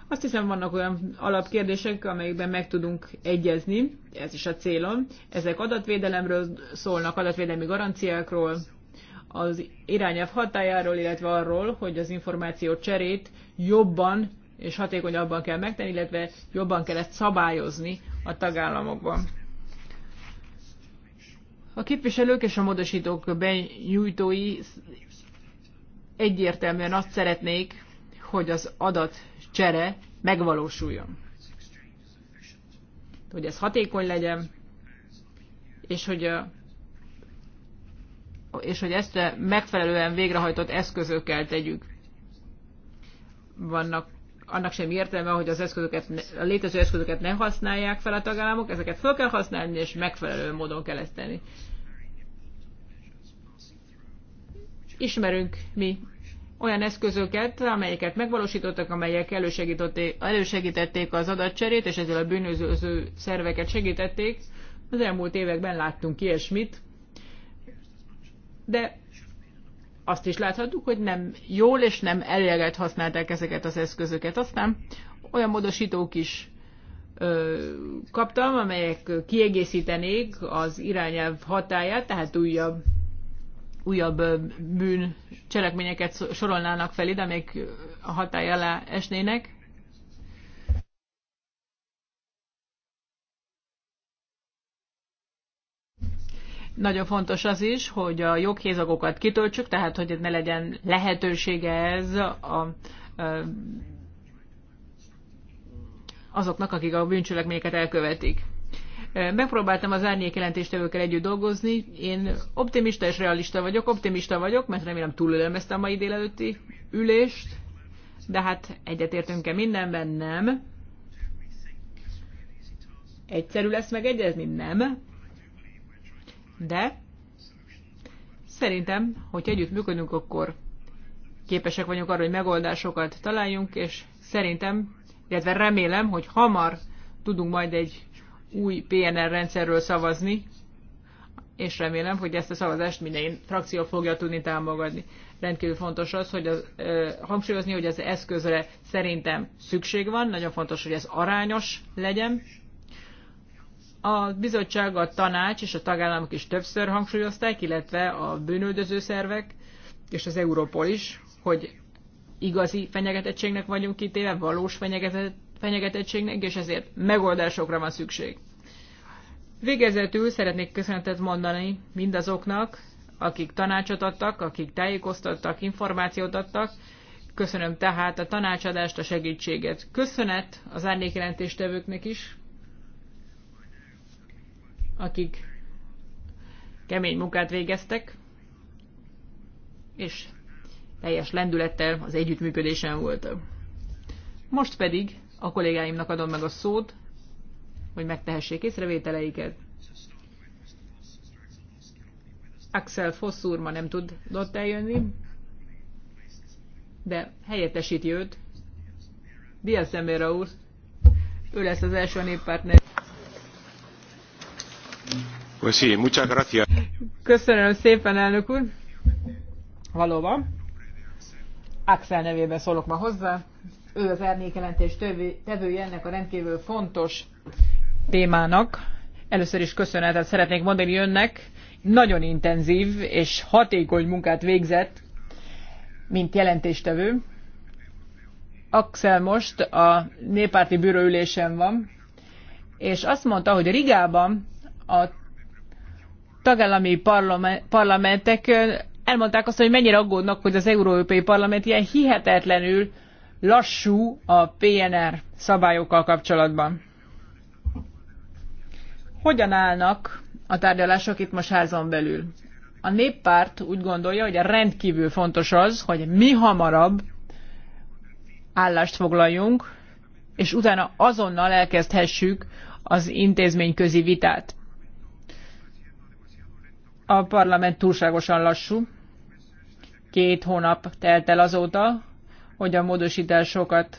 Azt hiszem vannak olyan alapkérdések, amelyekben meg tudunk egyezni, ez is a célom. Ezek adatvédelemről szólnak, adatvédelmi garanciákról, az irányelv hatájáról, illetve arról, hogy az információ cserét jobban és hatékonyabban kell megtenni, illetve jobban kell ezt szabályozni a tagállamokban. A képviselők és a módosítók benyújtói egyértelműen azt szeretnék, hogy az adat csere megvalósuljon. Hogy ez hatékony legyen, és hogy, a, és hogy ezt megfelelően végrehajtott eszközökkel tegyük. Vannak annak sem értelme, hogy az eszközöket, a létező eszközöket ne használják fel a tagállamok, ezeket fel kell használni, és megfelelő módon kell ezt tenni. Ismerünk mi olyan eszközöket, amelyeket megvalósítottak, amelyek elősegítették az adatcserét, és ezzel a bűnöző szerveket segítették. Az elmúlt években láttunk ilyesmit, de azt is láthattuk, hogy nem jól és nem eléget használták ezeket az eszközöket. Aztán olyan módosítók is ö, kaptam, amelyek kiegészítenék az irányelv hatáját, tehát újabb újabb bűn cselekményeket sorolnának fel ide, még a hatály alá esnének. Nagyon fontos az is, hogy a joghézagokat kitöltsük, tehát hogy ne legyen lehetősége ez a, a azoknak, akik a bűncselekményeket elkövetik. Megpróbáltam az árnyék jelentéstevőkkel együtt dolgozni. Én optimista és realista vagyok. Optimista vagyok, mert remélem ezt a mai délelőtti ülést. De hát egyetértünk-e mindenben? Nem. Egyszerű lesz megegyezni? Nem. De szerintem, hogy együtt működünk, akkor képesek vagyunk arra, hogy megoldásokat találjunk, és szerintem, illetve remélem, hogy hamar tudunk majd egy új PNR rendszerről szavazni, és remélem, hogy ezt a szavazást minden frakció fogja tudni támogatni. Rendkívül fontos az, hogy az, ö, hangsúlyozni, hogy az eszközre szerintem szükség van, nagyon fontos, hogy ez arányos legyen. A bizottság, a tanács és a tagállamok is többször hangsúlyozták, illetve a bűnöldöző szervek és az Európol is, hogy igazi fenyegetettségnek vagyunk kitéve, valós fenyegetett fenyegetettségnek, és ezért megoldásokra van szükség. Végezetül szeretnék köszönetet mondani mindazoknak, akik tanácsot adtak, akik tájékoztattak, információt adtak. Köszönöm tehát a tanácsadást, a segítséget. Köszönet az árnyékjelentéstevőknek is, akik kemény munkát végeztek, és teljes lendülettel az együttműködésen voltak. Most pedig a kollégáimnak adom meg a szót, hogy megtehessék észrevételeiket. Axel Foss úr ma nem tudott eljönni, de helyettesíti őt. Diaz Szeméra úr, ő lesz az első néppártner. Köszönöm szépen, elnök úr. Valóban. Axel nevében szólok ma hozzá ő az árnyékjelentés tevője ennek a rendkívül fontos témának. Először is köszönetet szeretnék mondani önnek. Nagyon intenzív és hatékony munkát végzett, mint jelentéstevő. Axel most a néppárti bűrőülésen van, és azt mondta, hogy Rigában a tagállami parlamentek elmondták azt, hogy mennyire aggódnak, hogy az Európai Parlament ilyen hihetetlenül lassú a PNR szabályokkal kapcsolatban. Hogyan állnak a tárgyalások itt most házon belül? A néppárt úgy gondolja, hogy rendkívül fontos az, hogy mi hamarabb állást foglaljunk, és utána azonnal elkezdhessük az intézményközi vitát. A parlament túlságosan lassú. Két hónap telt el azóta, hogy a módosításokat,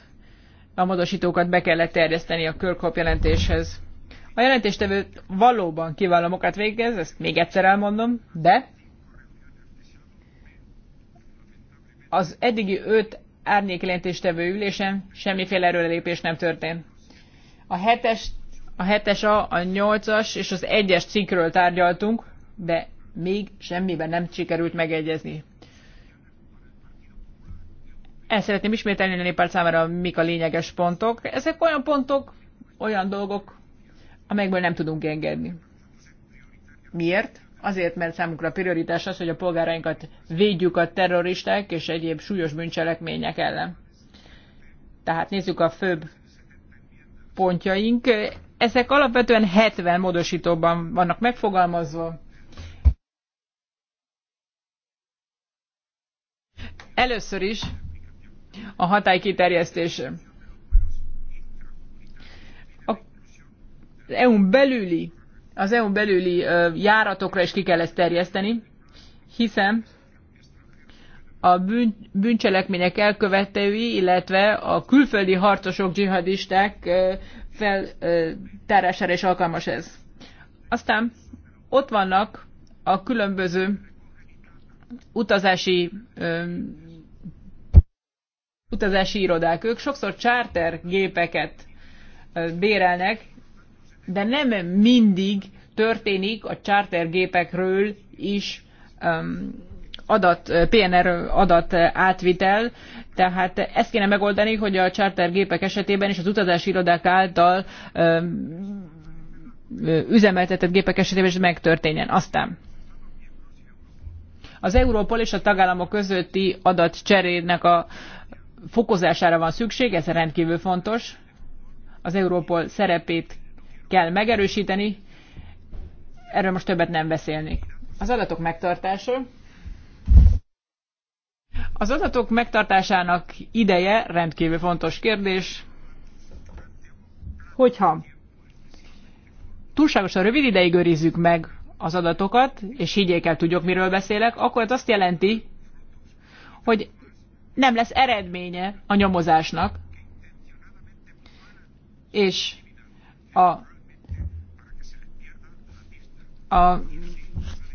a módosítókat be kellett terjeszteni a Körkop jelentéshez. A jelentéstevő valóban kiváló munkát végez, ezt még egyszer elmondom, de az eddigi öt árnyék jelentéstevő ülésen semmiféle erőrelépés nem történt. A hetes, a hetes A, a nyolcas és az egyes cikkről tárgyaltunk, de még semmiben nem sikerült megegyezni. El szeretném ismételni a néppárt számára, mik a lényeges pontok. Ezek olyan pontok, olyan dolgok, amelyekből nem tudunk engedni. Miért? Azért, mert számukra prioritás az, hogy a polgárainkat védjük a terroristák és egyéb súlyos bűncselekmények ellen. Tehát nézzük a főbb pontjaink. Ezek alapvetően 70 módosítóban vannak megfogalmazva. Először is a hatály kiterjesztése. Az EU-n belüli, az EU belüli járatokra is ki kell ezt terjeszteni, hiszen a bűn, bűncselekmények elkövetői, illetve a külföldi harcosok, dzsihadisták feltárására is alkalmas ez. Aztán ott vannak a különböző utazási utazási irodák. Ők sokszor charter gépeket bérelnek, de nem mindig történik a charter gépekről is um, adat, PNR adat átvitel, tehát ezt kéne megoldani, hogy a charter gépek esetében és az utazási irodák által um, üzemeltetett gépek esetében is megtörténjen. Aztán az Európol és a tagállamok közötti adatcserének a fokozására van szükség, ez rendkívül fontos. Az Európol szerepét kell megerősíteni, erről most többet nem beszélni. Az adatok megtartása. Az adatok megtartásának ideje rendkívül fontos kérdés. Hogyha túlságosan rövid ideig őrizzük meg az adatokat, és higgyék el, tudjuk, miről beszélek, akkor ez azt jelenti, hogy nem lesz eredménye a nyomozásnak, és a, a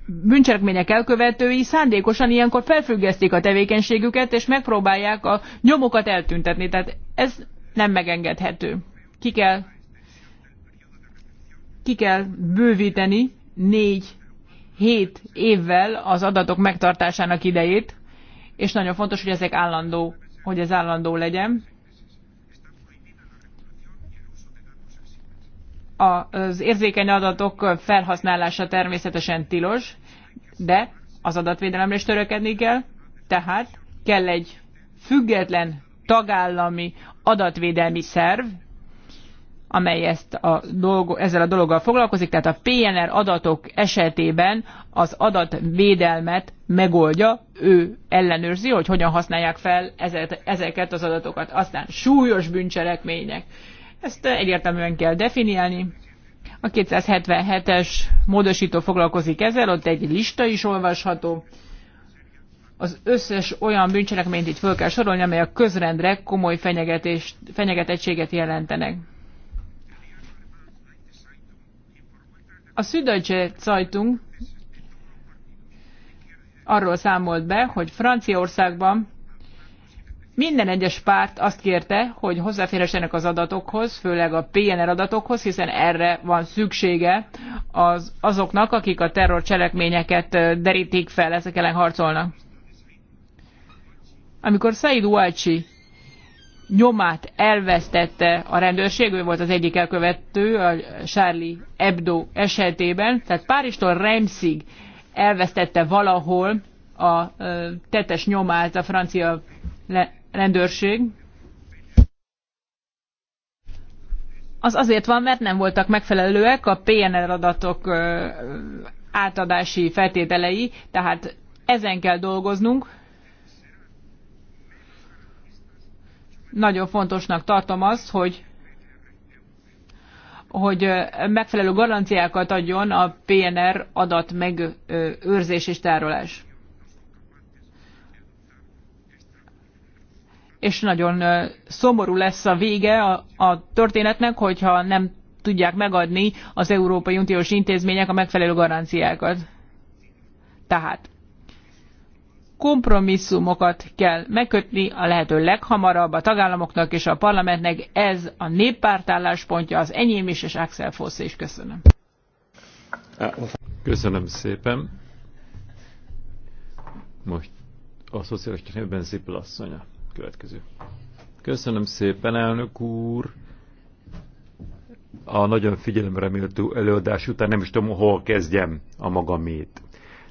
bűncselekmények elkövetői szándékosan ilyenkor felfüggesztik a tevékenységüket, és megpróbálják a nyomokat eltüntetni. Tehát ez nem megengedhető. Ki kell, ki kell bővíteni négy hét évvel az adatok megtartásának idejét, és nagyon fontos, hogy ezek állandó, hogy ez állandó legyen. Az érzékeny adatok felhasználása természetesen tilos, de az adatvédelemre is törekedni kell, tehát kell egy független tagállami adatvédelmi szerv, amely ezt a dolgo, ezzel a dologgal foglalkozik, tehát a PNR adatok esetében az adatvédelmet megoldja, ő ellenőrzi, hogy hogyan használják fel ezeket az adatokat. Aztán súlyos bűncselekmények. Ezt egyértelműen kell definiálni. A 277-es módosító foglalkozik ezzel, ott egy lista is olvasható. Az összes olyan bűncselekményt itt föl kell sorolni, amely a közrendre komoly fenyegetést, fenyegetettséget jelentenek. A Süddeutsche Zeitung arról számolt be, hogy Franciaországban minden egyes párt azt kérte, hogy hozzáférhessenek az adatokhoz, főleg a PNR adatokhoz, hiszen erre van szüksége az, azoknak, akik a terrorcselekményeket derítik fel, ezek ellen harcolnak. Amikor Said Uácsi nyomát elvesztette a rendőrség, ő volt az egyik elkövető a Charlie Hebdo esetében, tehát Párizstól Remszig elvesztette valahol a tetes nyomát a francia rendőrség. Az azért van, mert nem voltak megfelelőek a PNR adatok átadási feltételei, tehát ezen kell dolgoznunk, Nagyon fontosnak tartom azt, hogy hogy megfelelő garanciákat adjon a PNR adat megőrzés és tárolás. És nagyon szomorú lesz a vége a, a történetnek, hogyha nem tudják megadni az Európai Uniós intézmények a megfelelő garanciákat. Tehát kompromisszumokat kell megkötni a lehető leghamarabb a tagállamoknak és a parlamentnek. Ez a néppárt álláspontja, az enyém is, és Axel Foss is. Köszönöm. Köszönöm szépen. Most a szociális nevben Zipl asszonya. Következő. Köszönöm szépen, elnök úr. A nagyon figyelemre méltó előadás után nem is tudom, hol kezdjem a magamét.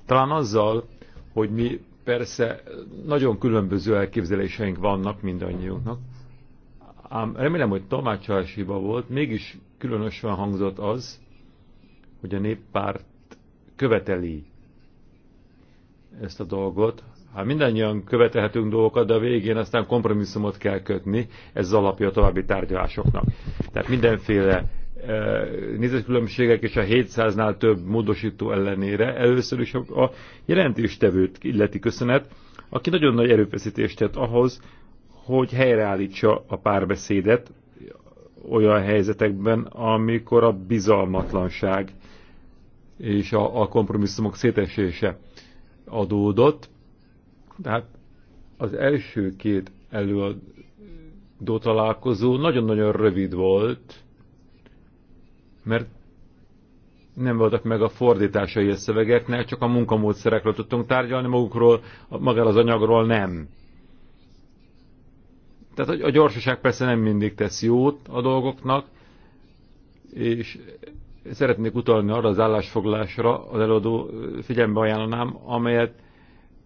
Talán azzal, hogy mi Persze nagyon különböző elképzeléseink vannak mindannyiunknak, ám remélem, hogy Tomács hiba volt, mégis különösen hangzott az, hogy a néppárt követeli ezt a dolgot. Hát mindannyian követelhetünk dolgokat, de a végén aztán kompromisszumot kell kötni, ez az alapja a további tárgyalásoknak. Tehát mindenféle nézetkülönbségek és a 700-nál több módosító ellenére először is a jelentéstevőt illeti köszönet, aki nagyon nagy erőfeszítést tett ahhoz, hogy helyreállítsa a párbeszédet olyan helyzetekben, amikor a bizalmatlanság és a, a kompromisszumok szétesése adódott. Tehát az első két előadó találkozó nagyon-nagyon rövid volt, mert nem voltak meg a fordításai a szövegeknek, csak a munkamódszerekről tudtunk tárgyalni magukról, magáról az anyagról nem. Tehát a gyorsaság persze nem mindig tesz jót a dolgoknak, és szeretnék utalni arra az állásfoglásra, az előadó figyelme ajánlanám, amelyet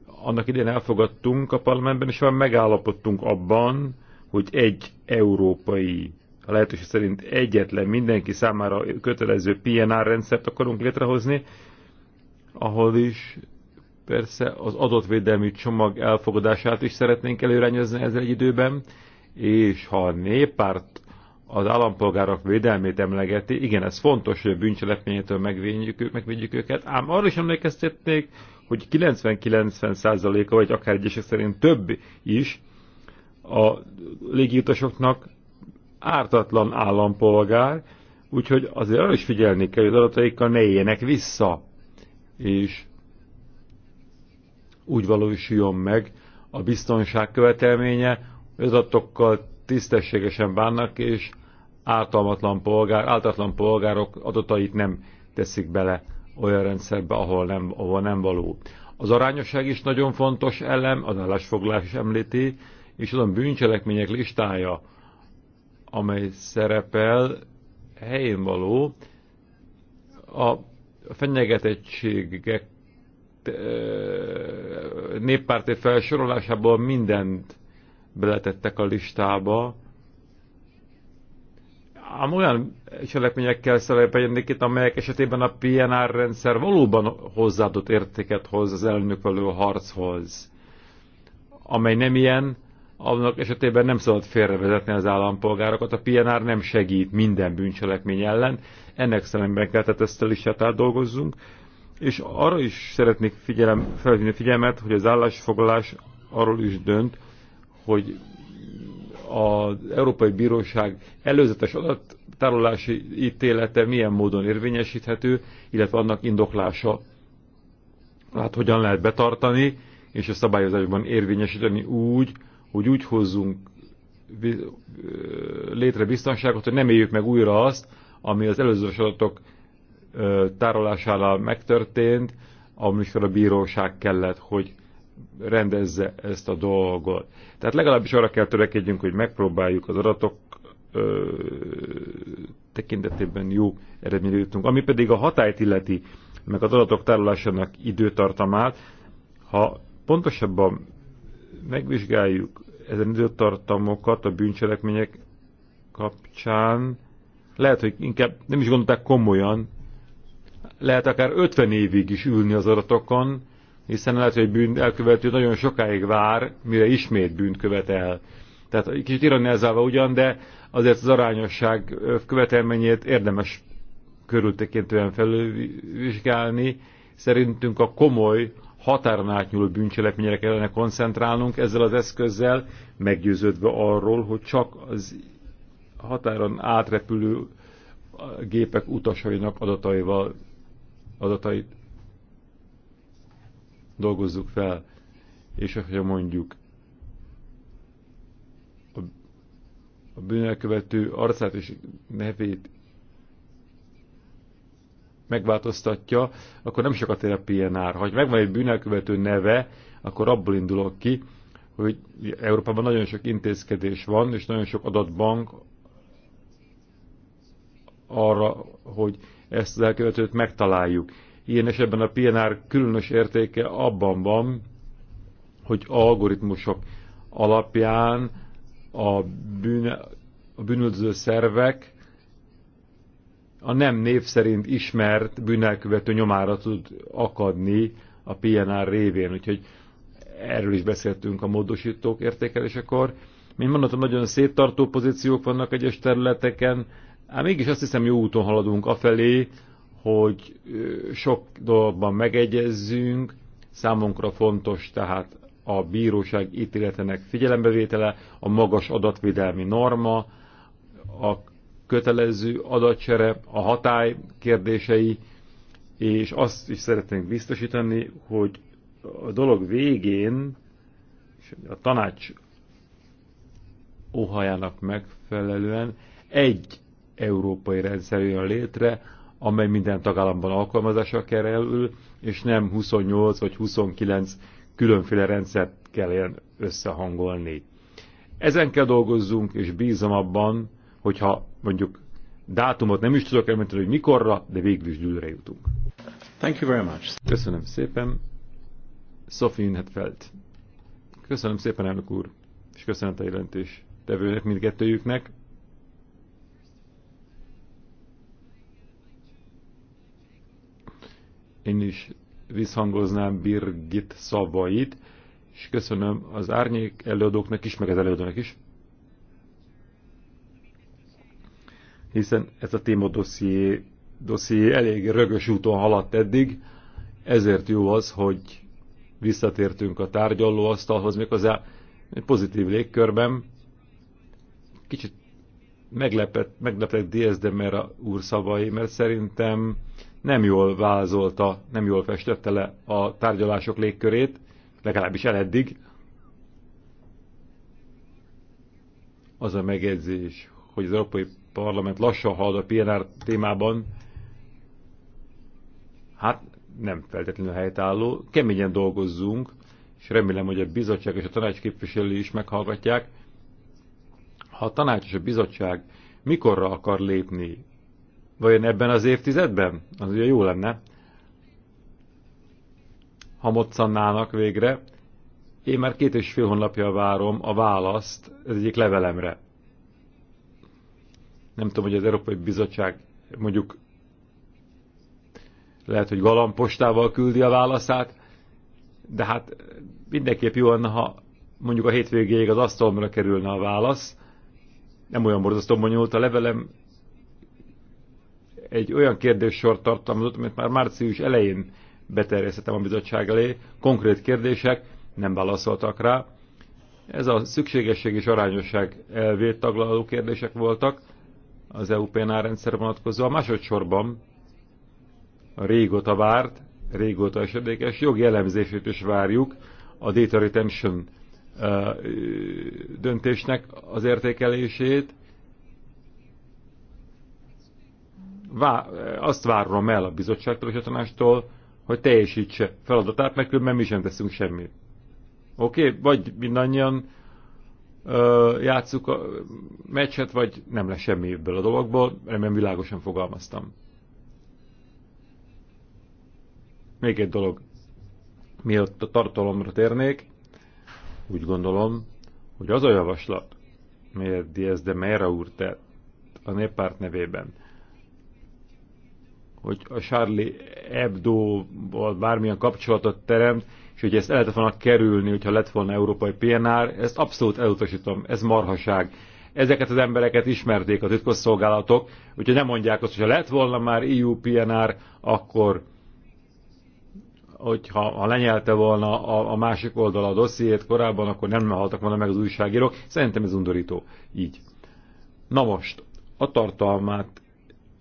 annak idén elfogadtunk a parlamentben, és már megállapodtunk abban, hogy egy európai a lehetőség szerint egyetlen mindenki számára kötelező PNR rendszert akarunk létrehozni, ahol is persze az adott védelmi csomag elfogadását is szeretnénk előrányozni ezzel egy időben, és ha a néppárt az állampolgárok védelmét emlegeti, igen, ez fontos, hogy a bűncselekményétől megvédjük, megvédjük őket, ám arra is emlékeztetnék, hogy 90-90%-a, vagy akár egyesek szerint több is a légiutasoknak ártatlan állampolgár, úgyhogy azért arra is figyelni kell, hogy az adataikkal ne éljenek vissza, és úgy valósuljon meg a biztonság követelménye, hogy az adatokkal tisztességesen bánnak, és ártalmatlan polgár, ártatlan polgárok adatait nem teszik bele olyan rendszerbe, ahol nem, ahol nem való. Az arányosság is nagyon fontos elem, az állásfoglalás is említi, és azon bűncselekmények listája, amely szerepel, helyén való, a fenyegetettségek eh, néppárti felsorolásából mindent beletettek a listába, ám olyan cselekményekkel szerepeljenek itt, amelyek esetében a PNR rendszer valóban hozzáadott értéket hoz az elnök való harchoz, amely nem ilyen, annak esetében nem szabad félrevezetni az állampolgárokat, a PNR nem segít minden bűncselekmény ellen, ennek szemben kell, tehát ezt a listát átdolgozzunk, és arra is szeretnék figyelem, felhívni figyelmet, hogy az állásfoglalás arról is dönt, hogy az Európai Bíróság előzetes adattárolási ítélete milyen módon érvényesíthető, illetve annak indoklása, hát hogyan lehet betartani, és a szabályozásban érvényesíteni úgy, hogy úgy hozzunk létre biztonságot, hogy nem éljük meg újra azt, ami az előző adatok tárolásánál megtörtént, amikor a bíróság kellett, hogy rendezze ezt a dolgot. Tehát legalábbis arra kell törekedjünk, hogy megpróbáljuk az adatok ö, tekintetében jó eredményre jutunk. Ami pedig a hatályt illeti, meg az adatok tárolásának időtartamát, ha pontosabban megvizsgáljuk ezen időtartamokat a bűncselekmények kapcsán lehet, hogy inkább nem is gondolták komolyan, lehet akár 50 évig is ülni az adatokon, hiszen lehet, hogy bűn elkövető nagyon sokáig vár, mire ismét bűnt követ el. Tehát egy kicsit ironizálva ugyan, de azért az arányosság követelményét érdemes körültekintően felülvizsgálni. Szerintünk a komoly határon átnyúló bűncselekményre kellene koncentrálnunk ezzel az eszközzel, meggyőződve arról, hogy csak az határon átrepülő gépek utasainak adataival adatait dolgozzuk fel. És hogyha mondjuk a bűnelkövető arcát és nevét megváltoztatja, akkor nem sokat ér a PNR. Ha megvan egy bűnelkövető neve, akkor abból indulok ki, hogy Európában nagyon sok intézkedés van, és nagyon sok adatbank arra, hogy ezt az elkövetőt megtaláljuk. Ilyen esetben a PNR különös értéke abban van, hogy algoritmusok alapján a, bűn, a bűnöző szervek a nem név szerint ismert bűnelkövető nyomára tud akadni a PNR révén. Úgyhogy erről is beszéltünk a módosítók értékelésekor. Mint mondhatom, nagyon széttartó pozíciók vannak egyes területeken, ám mégis azt hiszem jó úton haladunk afelé, hogy sok dologban megegyezzünk, számunkra fontos tehát a bíróság ítéletenek figyelembevétele, a magas adatvédelmi norma, a kötelező adatcsere, a hatály kérdései, és azt is szeretnénk biztosítani, hogy a dolog végén a tanács óhajának megfelelően egy európai rendszer jön létre, amely minden tagállamban alkalmazásra kerül, és nem 28 vagy 29 különféle rendszert kelljen összehangolni. Ezen kell dolgozzunk, és bízom abban, hogyha mondjuk dátumot nem is tudok elmondani, hogy mikorra, de végül is dűlre jutunk. Thank you very much. Köszönöm szépen. Sophie Inhetfeld. Köszönöm szépen, elnök úr, és köszönöm a jelentés tevőnek mindkettőjüknek. Én is visszhangoznám Birgit szavait, és köszönöm az árnyék előadóknak is, meg az előadónak is, hiszen ez a téma dosszié, dosszié elég rögös úton haladt eddig, ezért jó az, hogy visszatértünk a tárgyalóasztalhoz, méghozzá egy pozitív légkörben. Kicsit meglepett, meglepett Diaz de Mera úr szavai, mert szerintem nem jól vázolta, nem jól festette le a tárgyalások légkörét, legalábbis eleddig. Az a megjegyzés, hogy az Európai parlament lassan halad a PNR témában, hát nem feltétlenül helytálló, keményen dolgozzunk, és remélem, hogy a bizottság és a tanács képviselői is meghallgatják. Ha a tanács és a bizottság mikorra akar lépni, vajon ebben az évtizedben? Az ugye jó lenne, ha moccannának végre. Én már két és fél hónapja várom a választ az egyik levelemre nem tudom, hogy az Európai Bizottság mondjuk lehet, hogy galampostával küldi a válaszát, de hát mindenképp jó lenne, ha mondjuk a hétvégéig az asztalomra kerülne a válasz. Nem olyan borzasztó bonyolult a levelem. Egy olyan kérdéssort tartalmazott, amit már március elején beterjesztettem a bizottság elé. Konkrét kérdések, nem válaszoltak rá. Ez a szükségesség és arányosság elvét taglaló kérdések voltak az EU PNR rendszer A másodszorban a régóta várt, régóta esedékes jogi elemzését is várjuk a data retention döntésnek az értékelését. Vá azt várom el a bizottságtól és a tanástól, hogy teljesítse feladatát, mert különben mi sem teszünk semmit. Oké? Okay? Vagy mindannyian játsszuk a meccset, vagy nem lesz semmi ebből a dologból, remélem világosan fogalmaztam. Még egy dolog, mielőtt a tartalomra térnék, úgy gondolom, hogy az a javaslat, melyet Diaz de Mera úr tett a néppárt nevében, hogy a Charlie Hebdo-val bármilyen kapcsolatot teremt, és hogy ezt el lehetett volna kerülni, hogyha lett volna európai PNR, ezt abszolút elutasítom, ez marhaság. Ezeket az embereket ismerték a titkosszolgálatok, úgyhogy nem mondják azt, hogyha lett volna már EU PNR, akkor hogyha ha lenyelte volna a, a másik oldal a dossziét korábban, akkor nem haltak volna meg az újságírók. Szerintem ez undorító. Így. Na most, a tartalmát,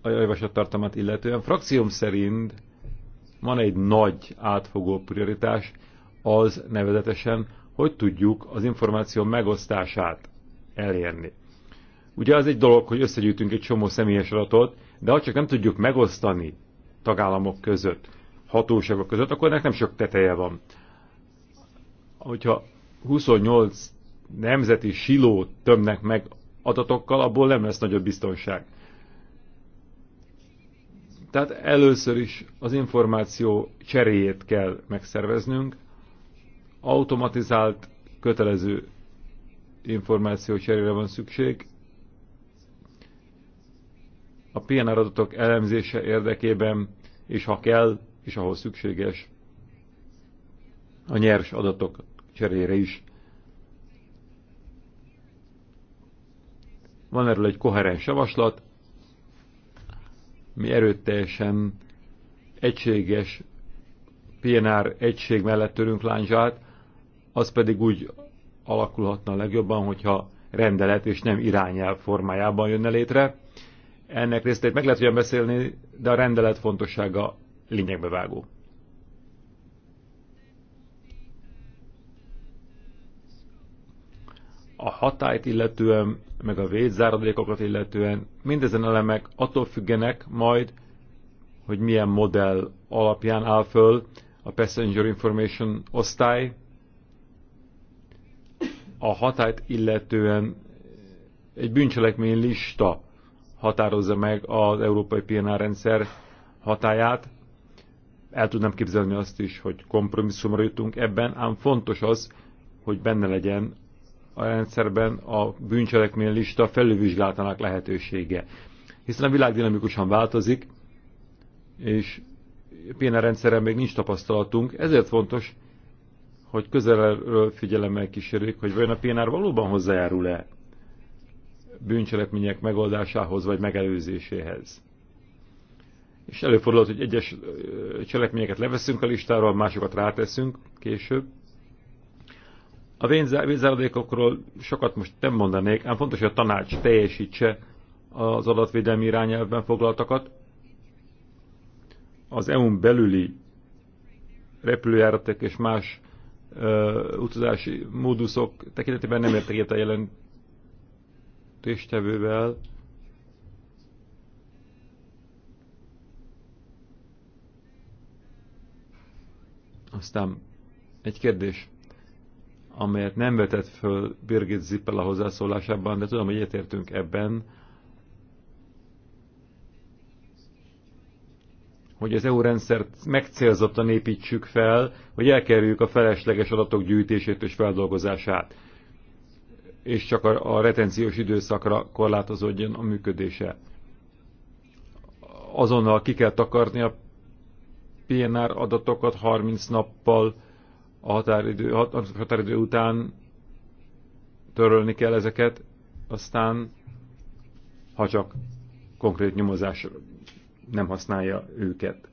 a javaslat tartalmát illetően frakcióm szerint van egy nagy átfogó prioritás, az nevezetesen, hogy tudjuk az információ megosztását elérni. Ugye az egy dolog, hogy összegyűjtünk egy csomó személyes adatot, de ha csak nem tudjuk megosztani tagállamok között, hatóságok között, akkor ennek nem sok teteje van. Hogyha 28 nemzeti silót tömnek meg adatokkal, abból nem lesz nagyobb biztonság. Tehát először is az információ cseréjét kell megszerveznünk, automatizált, kötelező információ cserére van szükség. A PNR adatok elemzése érdekében, és ha kell, és ahol szükséges, a nyers adatok cserére is. Van erről egy koherens javaslat, mi erőteljesen egységes PNR egység mellett törünk lányzsát, az pedig úgy alakulhatna a legjobban, hogyha rendelet és nem irányelv formájában jönne létre. Ennek részét meg lehet ugyan beszélni, de a rendelet fontossága lényegbe vágó. a hatályt illetően, meg a védzáradékokat illetően, mindezen elemek attól függenek majd, hogy milyen modell alapján áll föl a Passenger Information osztály, a hatályt illetően egy bűncselekmény lista határozza meg az európai PNR rendszer hatáját. El tudnám képzelni azt is, hogy kompromisszumra jutunk ebben, ám fontos az, hogy benne legyen a rendszerben a bűncselekmény lista felülvizsgálatának lehetősége. Hiszen a világ dinamikusan változik, és PNR rendszerrel még nincs tapasztalatunk, ezért fontos, hogy közelről figyelemmel kísérjük, hogy vajon a pénár valóban hozzájárul-e bűncselekmények megoldásához vagy megelőzéséhez. És előfordulhat, hogy egyes cselekményeket leveszünk a listáról, másokat ráteszünk később. A vénzáradékokról sokat most nem mondanék, ám fontos, hogy a tanács teljesítse az adatvédelmi irányelvben foglaltakat. Az EU-n belüli repülőjáratok és más ö, utazási móduszok tekintetében nem értek egyet a jelentéstevővel. Aztán egy kérdés, amelyet nem vetett föl Birgit Zippel a hozzászólásában, de tudom, hogy egyetértünk ebben, hogy az EU rendszert megcélzottan építsük fel, hogy elkerüljük a felesleges adatok gyűjtését és feldolgozását, és csak a, a retenciós időszakra korlátozódjon a működése. Azonnal ki kell takarni a PNR adatokat 30 nappal a határidő, határidő után törölni kell ezeket, aztán ha csak konkrét nyomozás nem használja őket.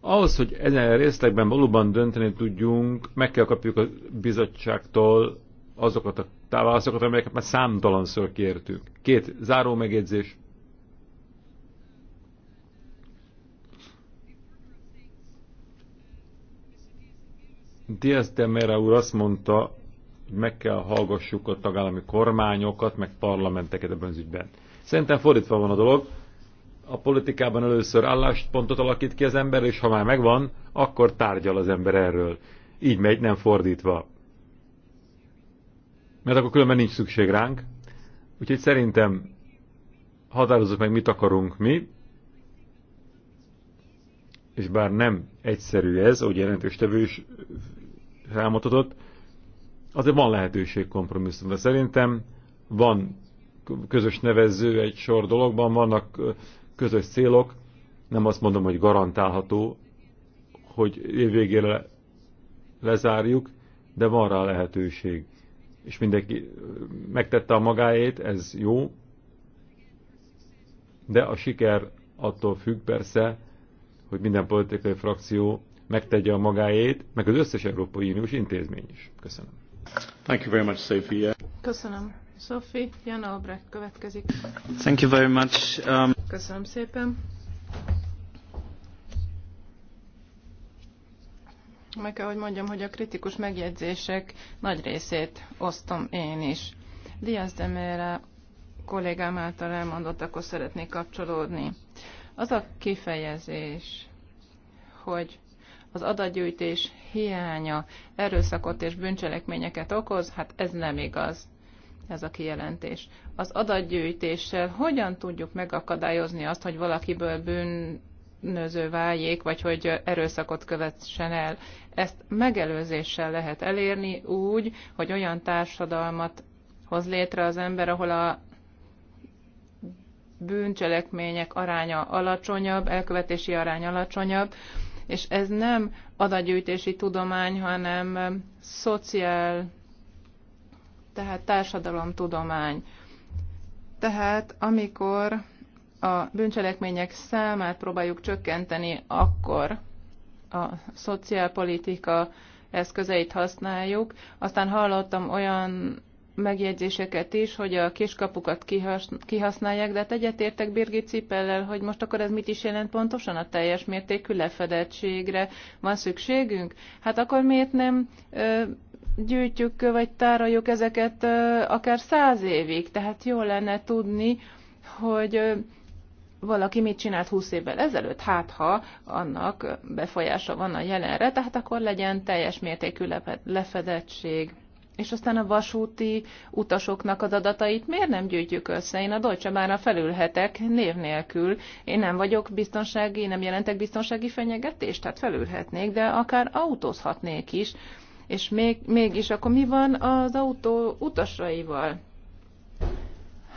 Ahhoz, hogy ezen a részlegben valóban dönteni tudjunk, meg kell kapjuk a bizottságtól azokat a válaszokat, amelyeket már számtalanszor kértünk. Két záró megjegyzés. Diaz de Mera úr azt mondta, hogy meg kell hallgassuk a tagállami kormányokat, meg parlamenteket ebben az ügyben. Szerintem fordítva van a dolog a politikában először álláspontot alakít ki az ember, és ha már megvan, akkor tárgyal az ember erről. Így megy, nem fordítva. Mert akkor különben nincs szükség ránk. Úgyhogy szerintem határozott meg, mit akarunk mi, és bár nem egyszerű ez, ahogy tevő is rámutatott, azért van lehetőség kompromisszumra. Szerintem van közös nevező egy sor dologban, vannak közös célok, nem azt mondom, hogy garantálható, hogy évvégére lezárjuk, de van rá lehetőség. És mindenki megtette a magáét, ez jó, de a siker attól függ persze, hogy minden politikai frakció megtegye a magáét, meg az összes Európai Uniós intézmény is. Köszönöm. Thank you very much, Sophia. Köszönöm. Sophie, Jan Albrecht következik. Thank you very much. Um... Köszönöm szépen. Meg kell, hogy mondjam, hogy a kritikus megjegyzések nagy részét osztom én is. Diaz de Mera kollégám által akkor szeretnék kapcsolódni. Az a kifejezés, hogy az adatgyűjtés hiánya erőszakot és bűncselekményeket okoz, hát ez nem igaz ez a kijelentés. Az adatgyűjtéssel hogyan tudjuk megakadályozni azt, hogy valakiből bűnöző váljék, vagy hogy erőszakot követsen el. Ezt megelőzéssel lehet elérni úgy, hogy olyan társadalmat hoz létre az ember, ahol a bűncselekmények aránya alacsonyabb, elkövetési arány alacsonyabb, és ez nem adatgyűjtési tudomány, hanem szociál tehát társadalomtudomány. Tehát amikor a bűncselekmények számát próbáljuk csökkenteni, akkor a szociálpolitika eszközeit használjuk. Aztán hallottam olyan megjegyzéseket is, hogy a kiskapukat kihasználják, de hát egyetértek Birgit Cipellel, hogy most akkor ez mit is jelent pontosan a teljes mértékű lefedettségre van szükségünk? Hát akkor miért nem ö, gyűjtjük vagy tároljuk ezeket akár száz évig, tehát jó lenne tudni, hogy valaki mit csinált 20 évvel ezelőtt, hát ha annak befolyása van a jelenre, tehát akkor legyen teljes mértékű lefedettség. És aztán a vasúti utasoknak az adatait miért nem gyűjtjük össze? Én a Deutsche bahn felülhetek név nélkül. Én nem vagyok biztonsági, nem jelentek biztonsági fenyegetést, tehát felülhetnék, de akár autózhatnék is. És még, mégis akkor mi van az autó utasaival?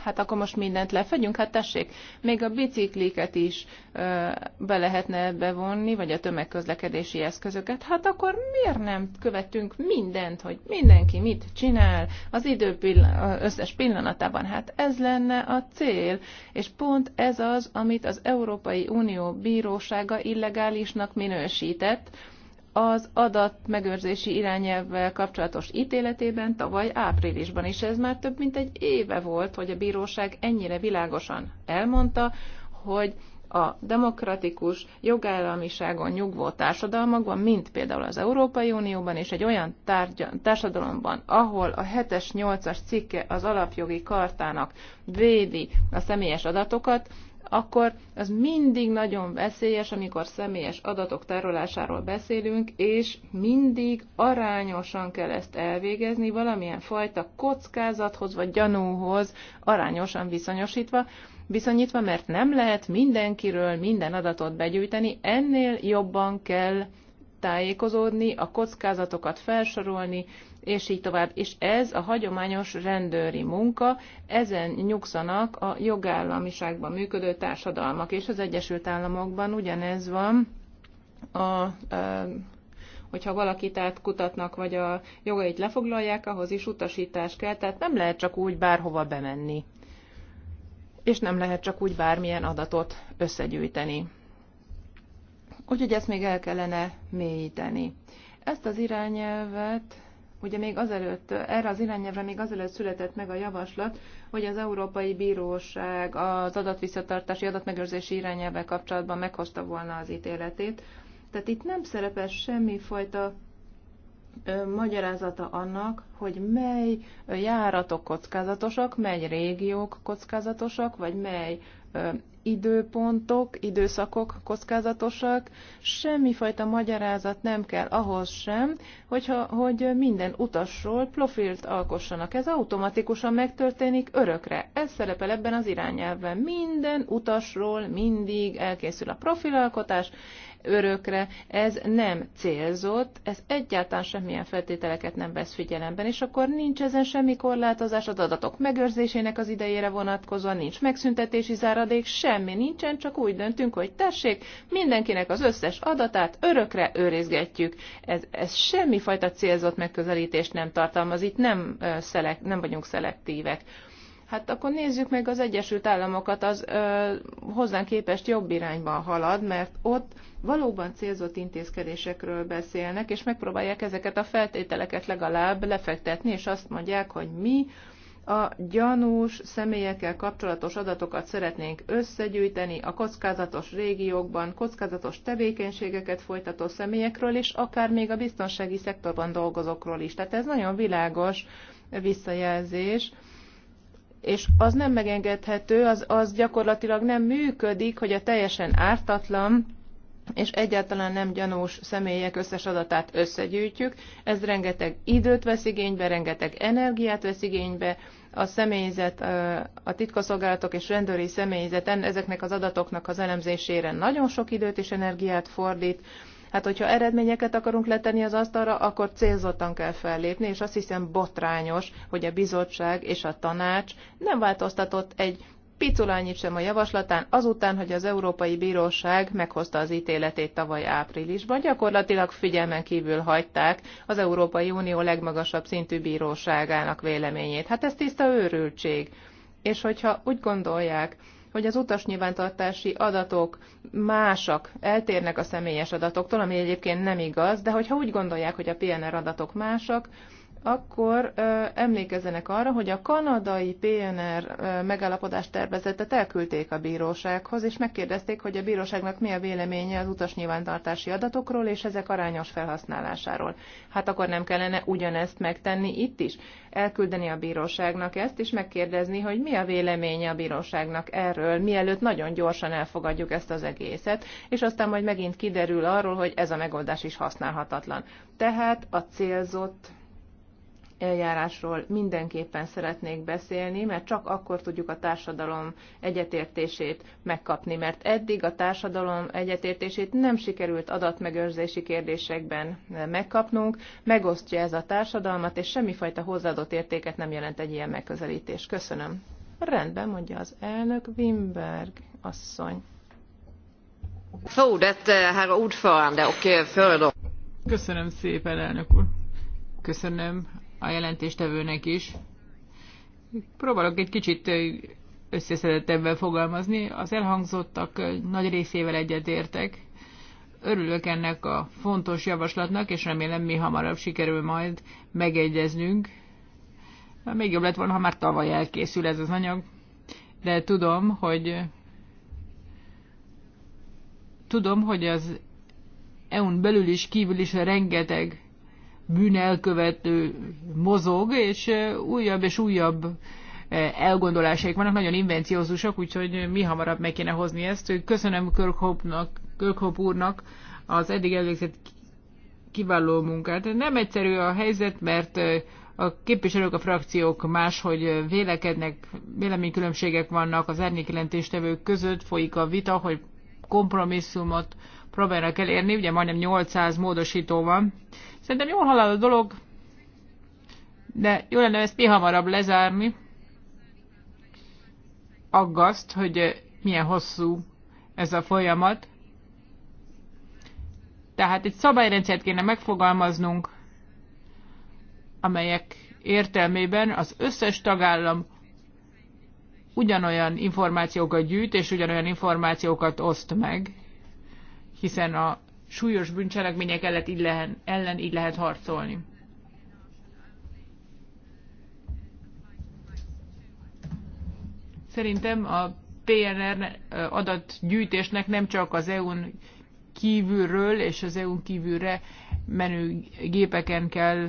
Hát akkor most mindent lefegyünk, Hát tessék, még a bicikliket is ö, be lehetne bevonni, vagy a tömegközlekedési eszközöket. Hát akkor miért nem követünk mindent, hogy mindenki mit csinál az idő pillan- összes pillanatában? Hát ez lenne a cél, és pont ez az, amit az Európai Unió bírósága illegálisnak minősített, az adatmegőrzési irányelvvel kapcsolatos ítéletében tavaly áprilisban is. Ez már több mint egy éve volt, hogy a bíróság ennyire világosan elmondta, hogy a demokratikus jogállamiságon nyugvó társadalmakban, mint például az Európai Unióban és egy olyan tárgya, társadalomban, ahol a 7-es, 8-as cikke az alapjogi kartának védi a személyes adatokat, akkor az mindig nagyon veszélyes, amikor személyes adatok tárolásáról beszélünk, és mindig arányosan kell ezt elvégezni, valamilyen fajta kockázathoz vagy gyanúhoz arányosan viszonyosítva, viszonyítva, mert nem lehet mindenkiről minden adatot begyűjteni, ennél jobban kell tájékozódni, a kockázatokat felsorolni, és így tovább. És ez a hagyományos rendőri munka, ezen nyugszanak a jogállamiságban működő társadalmak, és az Egyesült Államokban ugyanez van, a, a, hogyha valakit átkutatnak, vagy a jogait lefoglalják, ahhoz is utasítás kell, tehát nem lehet csak úgy bárhova bemenni, és nem lehet csak úgy bármilyen adatot összegyűjteni. Úgyhogy ezt még el kellene mélyíteni. Ezt az irányelvet Ugye még azelőtt, erre az irányelvre még azelőtt született meg a javaslat, hogy az Európai Bíróság az adatvisszatartási adatmegőrzési irányelvvel kapcsolatban meghozta volna az ítéletét. Tehát itt nem szerepel semmifajta magyarázata annak, hogy mely járatok kockázatosak, mely régiók kockázatosak, vagy mely időpontok, időszakok kockázatosak, semmifajta magyarázat nem kell ahhoz sem, hogyha, hogy minden utasról profilt alkossanak. Ez automatikusan megtörténik örökre. Ez szerepel ebben az irányelvben. Minden utasról mindig elkészül a profilalkotás, örökre. Ez nem célzott, ez egyáltalán semmilyen feltételeket nem vesz figyelemben, és akkor nincs ezen semmi korlátozás az adatok megőrzésének az idejére vonatkozóan, nincs megszüntetési záradék, semmi nincsen, csak úgy döntünk, hogy tessék, mindenkinek az összes adatát örökre őrizgetjük. Ez, ez semmifajta célzott megközelítést nem tartalmaz, itt nem, szelek, nem vagyunk szelektívek. Hát akkor nézzük meg az Egyesült Államokat, az ö, hozzánk képest jobb irányban halad, mert ott valóban célzott intézkedésekről beszélnek, és megpróbálják ezeket a feltételeket legalább lefektetni, és azt mondják, hogy mi a gyanús személyekkel kapcsolatos adatokat szeretnénk összegyűjteni a kockázatos régiókban, kockázatos tevékenységeket folytató személyekről, és akár még a biztonsági szektorban dolgozókról is. Tehát ez nagyon világos visszajelzés és az nem megengedhető, az, az gyakorlatilag nem működik, hogy a teljesen ártatlan és egyáltalán nem gyanús személyek összes adatát összegyűjtjük. Ez rengeteg időt vesz igénybe, rengeteg energiát vesz igénybe, a személyzet, a titkosszolgálatok és rendőri személyzet ezeknek az adatoknak az elemzésére nagyon sok időt és energiát fordít, Hát, hogyha eredményeket akarunk letenni az asztalra, akkor célzottan kell fellépni, és azt hiszem botrányos, hogy a bizottság és a tanács nem változtatott egy piculányit sem a javaslatán, azután, hogy az Európai Bíróság meghozta az ítéletét tavaly áprilisban, gyakorlatilag figyelmen kívül hagyták az Európai Unió legmagasabb szintű bíróságának véleményét. Hát ez tiszta őrültség. És hogyha úgy gondolják, hogy az utas nyilvántartási adatok másak, eltérnek a személyes adatoktól, ami egyébként nem igaz, de hogyha úgy gondolják, hogy a PNR adatok másak, akkor ö, emlékezzenek arra, hogy a kanadai PNR ö, megállapodás tervezetet elküldték a bírósághoz, és megkérdezték, hogy a bíróságnak mi a véleménye az utas nyilvántartási adatokról és ezek arányos felhasználásáról. Hát akkor nem kellene ugyanezt megtenni itt is? Elküldeni a bíróságnak ezt, és megkérdezni, hogy mi a véleménye a bíróságnak erről, mielőtt nagyon gyorsan elfogadjuk ezt az egészet, és aztán majd megint kiderül arról, hogy ez a megoldás is használhatatlan. Tehát a célzott eljárásról mindenképpen szeretnék beszélni, mert csak akkor tudjuk a társadalom egyetértését megkapni, mert eddig a társadalom egyetértését nem sikerült adatmegőrzési kérdésekben megkapnunk, megosztja ez a társadalmat, és semmifajta hozzáadott értéket nem jelent egy ilyen megközelítés. Köszönöm. Rendben, mondja az elnök Wimberg asszony. Köszönöm szépen, elnök úr. Köszönöm a jelentéstevőnek is. Próbálok egy kicsit összeszedettebben fogalmazni. Az elhangzottak nagy részével egyetértek. Örülök ennek a fontos javaslatnak, és remélem mi hamarabb sikerül majd megegyeznünk. Még jobb lett volna, ha már tavaly elkészül ez az anyag, de tudom, hogy tudom, hogy az EU-n belül is, kívül is rengeteg bűnelkövető mozog, és újabb és újabb elgondolásaik vannak, nagyon invenciózusok, úgyhogy mi hamarabb meg kéne hozni ezt. Köszönöm Körkhop úrnak az eddig elvégzett kiváló munkát. Nem egyszerű a helyzet, mert a képviselők, a frakciók máshogy vélekednek, véleménykülönbségek vannak az árnyékjelentéstevők között, folyik a vita, hogy kompromisszumot próbálnak elérni, ugye majdnem 800 módosító van, Szerintem jól halad a dolog, de jó lenne ezt mi hamarabb lezárni. Aggaszt, hogy milyen hosszú ez a folyamat. Tehát egy szabályrendszert kéne megfogalmaznunk, amelyek értelmében az összes tagállam ugyanolyan információkat gyűjt és ugyanolyan információkat oszt meg, hiszen a súlyos bűncselekmények ellen így, lehet, ellen így lehet harcolni. Szerintem a PNR adatgyűjtésnek nem csak az EU-n kívülről és az EU-n kívülre menő gépeken kell,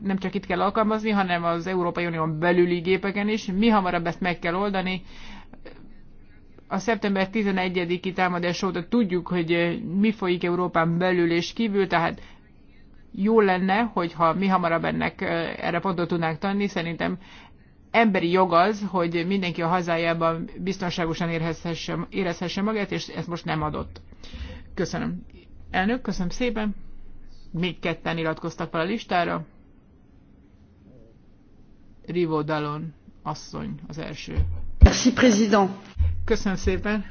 nem csak itt kell alkalmazni, hanem az Európai Unión belüli gépeken is. Mi hamarabb ezt meg kell oldani, a szeptember 11-i támadás óta tudjuk, hogy eh, mi folyik Európán belül és kívül, tehát jó lenne, hogyha mi hamarabb ennek eh, erre pontot tudnánk tanni. Szerintem emberi jog az, hogy mindenki a hazájában biztonságosan érezhesse, érezhesse magát, és ez most nem adott. Köszönöm. Elnök, köszönöm szépen. Még ketten iratkoztak fel a listára. Rivo dalon, asszony az első. Merci, président. Köszönöm szépen.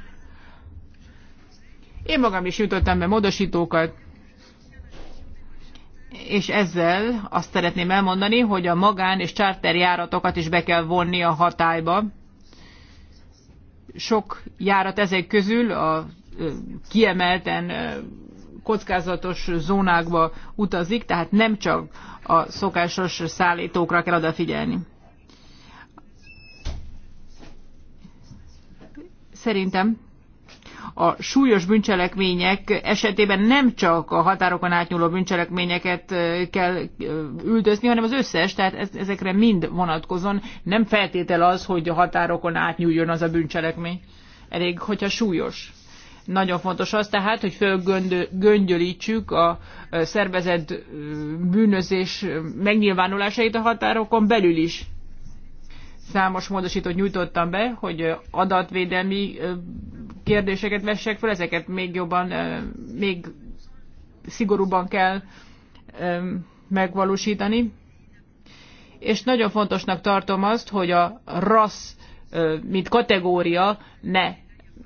Én magam is jutottam be módosítókat, és ezzel azt szeretném elmondani, hogy a magán és charter járatokat is be kell vonni a hatályba. Sok járat ezek közül a kiemelten kockázatos zónákba utazik, tehát nem csak a szokásos szállítókra kell odafigyelni. Szerintem a súlyos bűncselekmények esetében nem csak a határokon átnyúló bűncselekményeket kell üldözni, hanem az összes, tehát ezekre mind vonatkozon. Nem feltétel az, hogy a határokon átnyúljon az a bűncselekmény. Elég, hogyha súlyos. Nagyon fontos az tehát, hogy fölgöngyölítsük a szervezett bűnözés megnyilvánulásait a határokon belül is. Számos módosítót nyújtottam be, hogy adatvédelmi kérdéseket vessek fel, ezeket még jobban, még szigorúban kell megvalósítani. És nagyon fontosnak tartom azt, hogy a rassz, mint kategória ne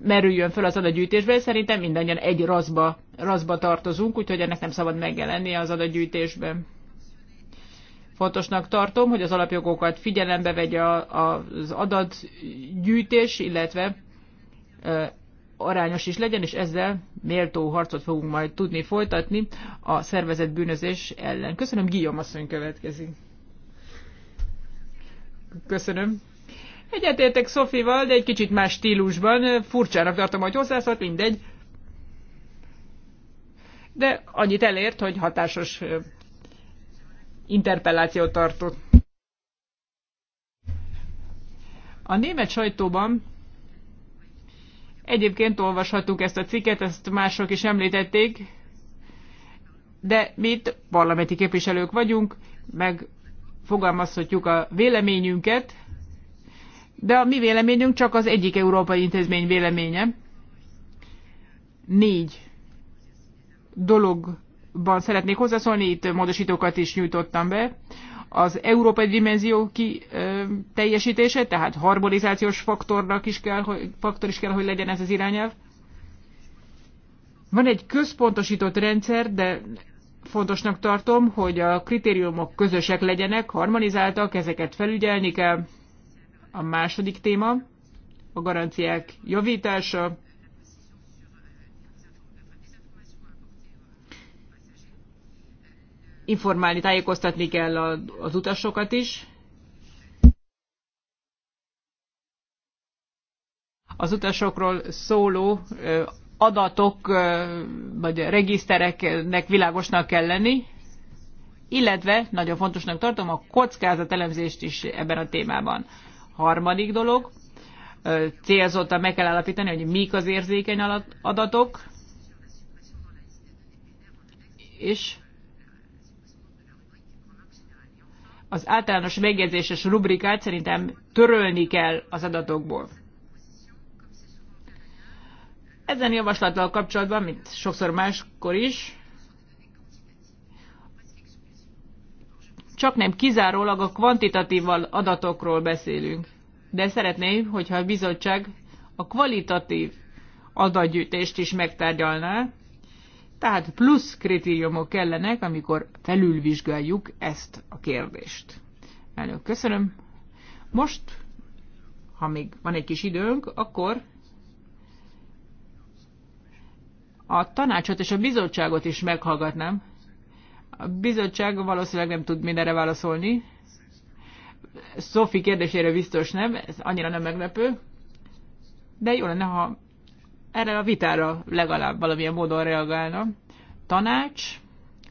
merüljön föl az adatgyűjtésbe. Szerintem mindannyian egy raszba, raszba tartozunk, úgyhogy ennek nem szabad megjelenni az adatgyűjtésben. Fontosnak tartom, hogy az alapjogokat figyelembe vegye az adatgyűjtés, illetve arányos is legyen, és ezzel méltó harcot fogunk majd tudni folytatni a szervezett bűnözés ellen. Köszönöm, Guillaume asszony következik. Köszönöm. Egyetértek Szofival, de egy kicsit más stílusban. Furcsának tartom, hogy hozzászólt, mindegy. De annyit elért, hogy hatásos interpellációt tartott. A német sajtóban egyébként olvashattuk ezt a cikket, ezt mások is említették, de mi itt parlamenti képviselők vagyunk, meg fogalmazhatjuk a véleményünket, de a mi véleményünk csak az egyik európai intézmény véleménye. Négy dolog ban szeretnék hozzászólni, itt módosítókat is nyújtottam be. Az európai dimenzió ki ö, teljesítése, tehát harmonizációs faktornak is kell, hogy, faktor is kell, hogy legyen ez az irányelv. Van egy központosított rendszer, de fontosnak tartom, hogy a kritériumok közösek legyenek, harmonizáltak, ezeket felügyelni kell. A második téma a garanciák javítása, informálni, tájékoztatni kell az utasokat is. Az utasokról szóló adatok vagy regisztereknek világosnak kell lenni, illetve nagyon fontosnak tartom a kockázatelemzést is ebben a témában. Harmadik dolog, célzottan meg kell állapítani, hogy mik az érzékeny adatok, és az általános megjegyzéses rubrikát szerintem törölni kell az adatokból. Ezen javaslattal kapcsolatban, mint sokszor máskor is, csak nem kizárólag a kvantitatív adatokról beszélünk. De szeretném, hogyha a bizottság a kvalitatív adatgyűjtést is megtárgyalná, tehát plusz kritériumok kellenek, amikor felülvizsgáljuk ezt a kérdést. Elnök, köszönöm. Most, ha még van egy kis időnk, akkor a tanácsot és a bizottságot is meghallgatnám. A bizottság valószínűleg nem tud mindenre válaszolni. Sophie kérdésére biztos nem, ez annyira nem meglepő. De jó lenne, ha erre a vitára legalább valamilyen módon reagálna. Tanács?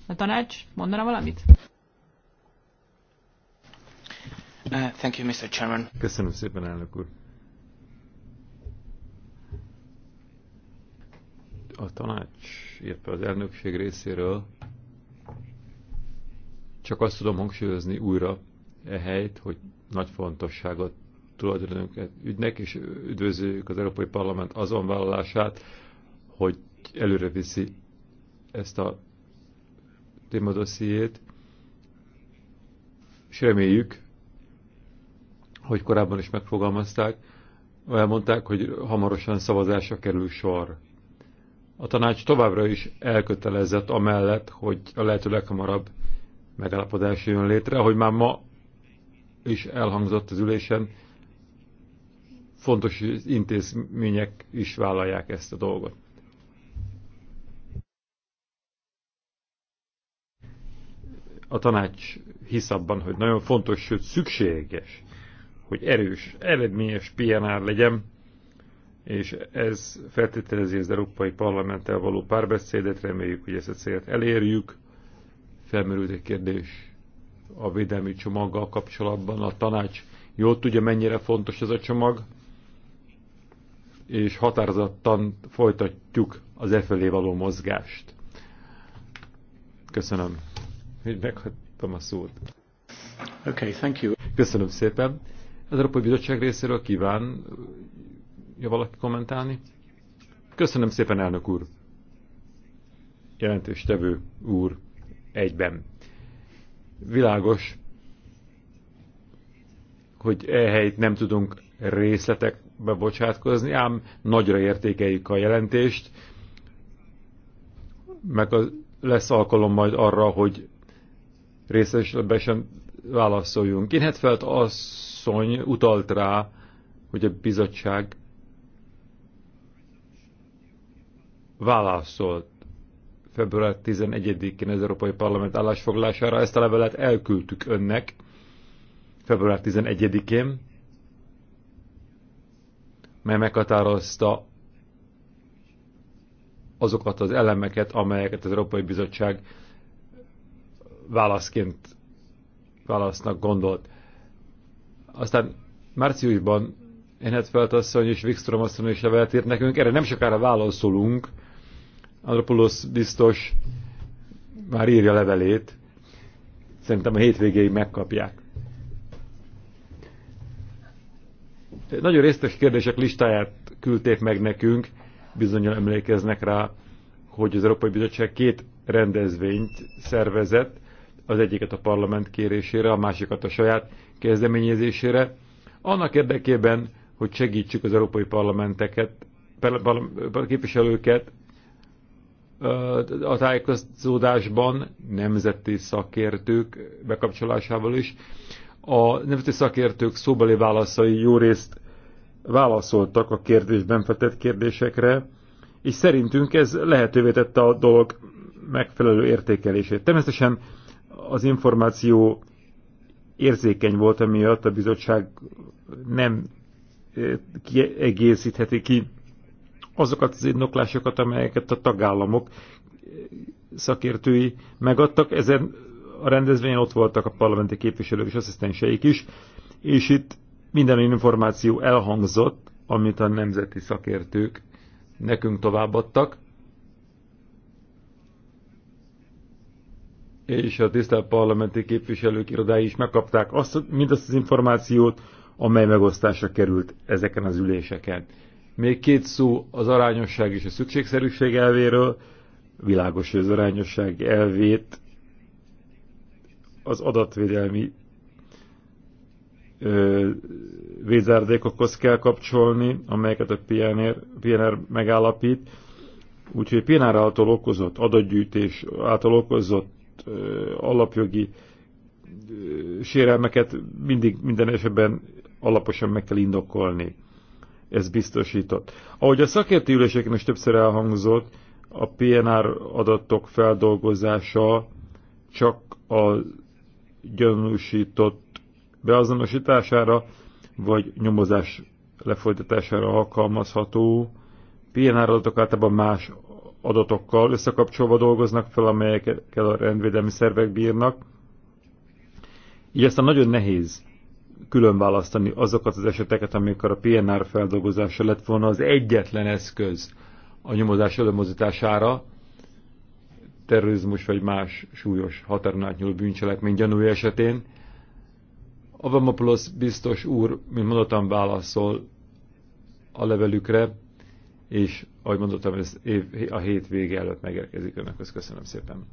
A tanács mondaná valamit? Uh, thank you, Mr. Chairman. Köszönöm szépen, elnök úr. A tanács, illetve az elnökség részéről csak azt tudom hangsúlyozni újra e helyt, hogy nagy fontosságot tulajdonunk ügynek, és üdvözlőjük az Európai Parlament azon vállalását, hogy előre viszi ezt a témadossziét, és reméljük, hogy korábban is megfogalmazták, elmondták, hogy hamarosan szavazásra kerül sor. A tanács továbbra is elkötelezett amellett, hogy a lehető leghamarabb megállapodás jön létre, hogy már ma is elhangzott az ülésen, fontos intézmények is vállalják ezt a dolgot. A tanács hisz abban, hogy nagyon fontos, sőt szükséges, hogy erős, eredményes PNR legyen, és ez feltételezi az Európai Parlamenttel való párbeszédet, reméljük, hogy ezt a célt elérjük. Felmerült egy kérdés a védelmi csomaggal kapcsolatban. A tanács jól tudja, mennyire fontos ez a csomag és határozottan folytatjuk az e felé való mozgást. Köszönöm, hogy meghagytam a szót. Okay, thank you. Köszönöm szépen. Az Európai Bizottság részéről kíván ja, valaki kommentálni? Köszönöm szépen, elnök úr. Jelentéstevő úr egyben. Világos, hogy ehelyt nem tudunk részletek bebocsátkozni, ám nagyra értékeljük a jelentést, meg az, lesz alkalom majd arra, hogy részesebben válaszoljunk. Én Hetfeld asszony utalt rá, hogy a bizottság válaszolt február 11-én az Európai Parlament állásfoglására. Ezt a levelet elküldtük önnek február 11-én mely meghatározta azokat az elemeket, amelyeket az Európai Bizottság válaszként válasznak gondolt. Aztán márciusban Enhetfeld asszony és Wikström asszony is levelet írt nekünk, erre nem sokára válaszolunk. Andropoulos biztos már írja levelét, szerintem a hétvégéig megkapják. Nagyon részletes kérdések listáját küldték meg nekünk, bizonyan emlékeznek rá, hogy az Európai Bizottság két rendezvényt szervezett, az egyiket a parlament kérésére, a másikat a saját kezdeményezésére, annak érdekében, hogy segítsük az európai parlamenteket, képviselőket a tájékozódásban nemzeti szakértők bekapcsolásával is. A nemzeti szakértők szóbeli válaszai jó részt válaszoltak a kérdésben feltett kérdésekre, és szerintünk ez lehetővé tette a dolog megfelelő értékelését. Természetesen az információ érzékeny volt, emiatt a bizottság nem kiegészítheti ki azokat az indoklásokat, amelyeket a tagállamok szakértői megadtak. Ezen a rendezvényen ott voltak a parlamenti képviselők és asszisztenseik is, és itt minden információ elhangzott, amit a nemzeti szakértők nekünk továbbadtak, és a tisztelt parlamenti képviselők irodái is megkapták azt, mindazt az információt, amely megosztásra került ezeken az üléseken. Még két szó az arányosság és a szükségszerűség elvéről. Világos, hogy az arányosság elvét az adatvédelmi vízárdékokhoz kell kapcsolni, amelyeket a PNR, PNR megállapít. Úgyhogy PNR által okozott, adatgyűjtés által okozott alapjogi sérelmeket mindig minden esetben alaposan meg kell indokolni. Ez biztosított. Ahogy a szakértői üléseken is többször elhangzott, a PNR adatok feldolgozása csak a gyanúsított beazonosítására, vagy nyomozás lefolytatására alkalmazható. PNR adatok általában más adatokkal összekapcsolva dolgoznak fel, amelyekkel a rendvédelmi szervek bírnak. Így aztán nagyon nehéz különválasztani azokat az eseteket, amikor a PNR feldolgozása lett volna az egyetlen eszköz a nyomozás előmozítására, terrorizmus vagy más súlyos határon átnyúló bűncselekmény gyanúja esetén, Avamopoulos biztos úr, mint mondottam, válaszol a levelükre, és ahogy mondottam, ez év, a hét vége előtt megérkezik önökhöz. Köszönöm szépen.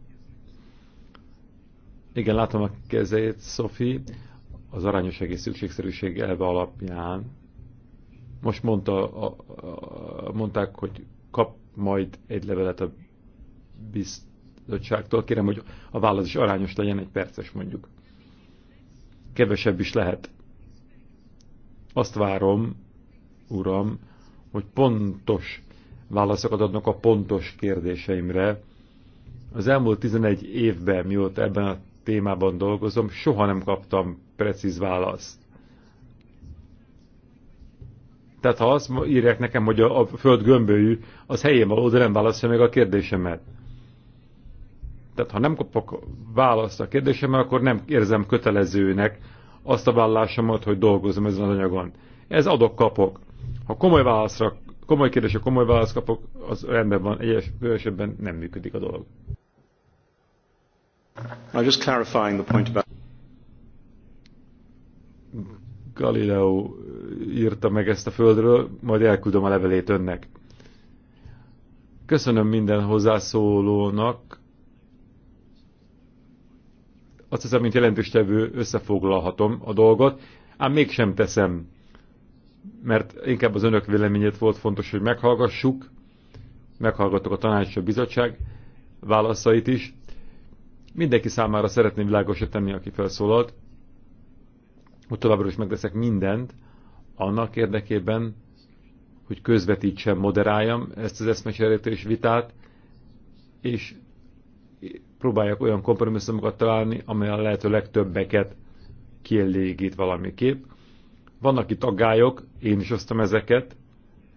Igen, látom a kezét, Szofi, az arányosság és szükségszerűség elve alapján. Most mondta, a, a, mondták, hogy kap majd egy levelet a biztonságtól. Kérem, hogy a válasz is arányos legyen, egy perces mondjuk kevesebb is lehet. Azt várom, Uram, hogy pontos válaszokat adnak a pontos kérdéseimre. Az elmúlt 11 évben, mióta ebben a témában dolgozom, soha nem kaptam precíz választ. Tehát ha azt írják nekem, hogy a, a föld gömbölyű, az helyén való, de nem válaszolja meg a kérdésemet. Tehát ha nem kapok választ a kérdésemre, akkor nem érzem kötelezőnek azt a vállásomat, hogy dolgozom ezen az anyagon. Ez adok-kapok. Ha komoly válaszra, komoly kérdésre komoly választ kapok, az rendben van, egyes bősebben nem működik a dolog. I'm just clarifying the point about... Galileo írta meg ezt a földről, majd elküldöm a levelét önnek. Köszönöm minden hozzászólónak azt hiszem, mint tevő összefoglalhatom a dolgot, ám mégsem teszem, mert inkább az önök véleményét volt fontos, hogy meghallgassuk, meghallgattuk a tanács a bizottság válaszait is. Mindenki számára szeretném világosra tenni, aki felszólalt, hogy továbbra is megteszek mindent annak érdekében, hogy közvetítsem, moderáljam ezt az eszmecserét és vitát, és próbálják olyan kompromisszumokat találni, amely a lehető legtöbbeket kielégít valamiképp. Vannak itt aggályok, én is osztom ezeket,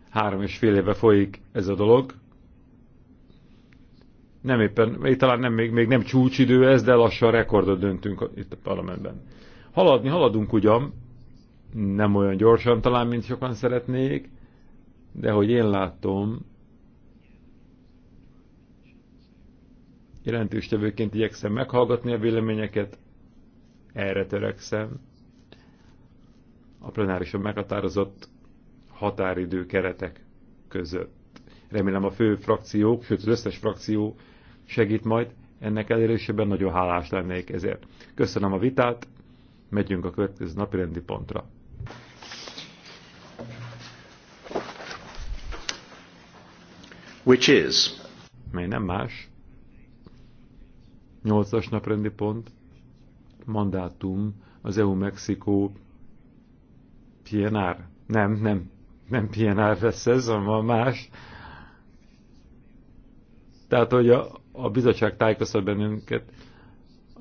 három és fél éve folyik ez a dolog. Nem éppen, még talán nem, még, még nem csúcsidő ez, de lassan rekordot döntünk itt a parlamentben. Haladni haladunk ugyan, nem olyan gyorsan talán, mint sokan szeretnék, de hogy én látom, jelentős tevőként igyekszem meghallgatni a véleményeket, erre törekszem. A plenárisan meghatározott határidő keretek között. Remélem a fő frakciók, sőt az összes frakció segít majd ennek elérésében, nagyon hálás lennék ezért. Köszönöm a vitát, megyünk a következő napi rendi pontra. Which is? Mely nem más, Nyolcas naprendi pont, mandátum az EU-Mexikó PNR. Nem, nem, nem PNR lesz ez, hanem más. Tehát, hogy a, a bizottság tájékoztat bennünket,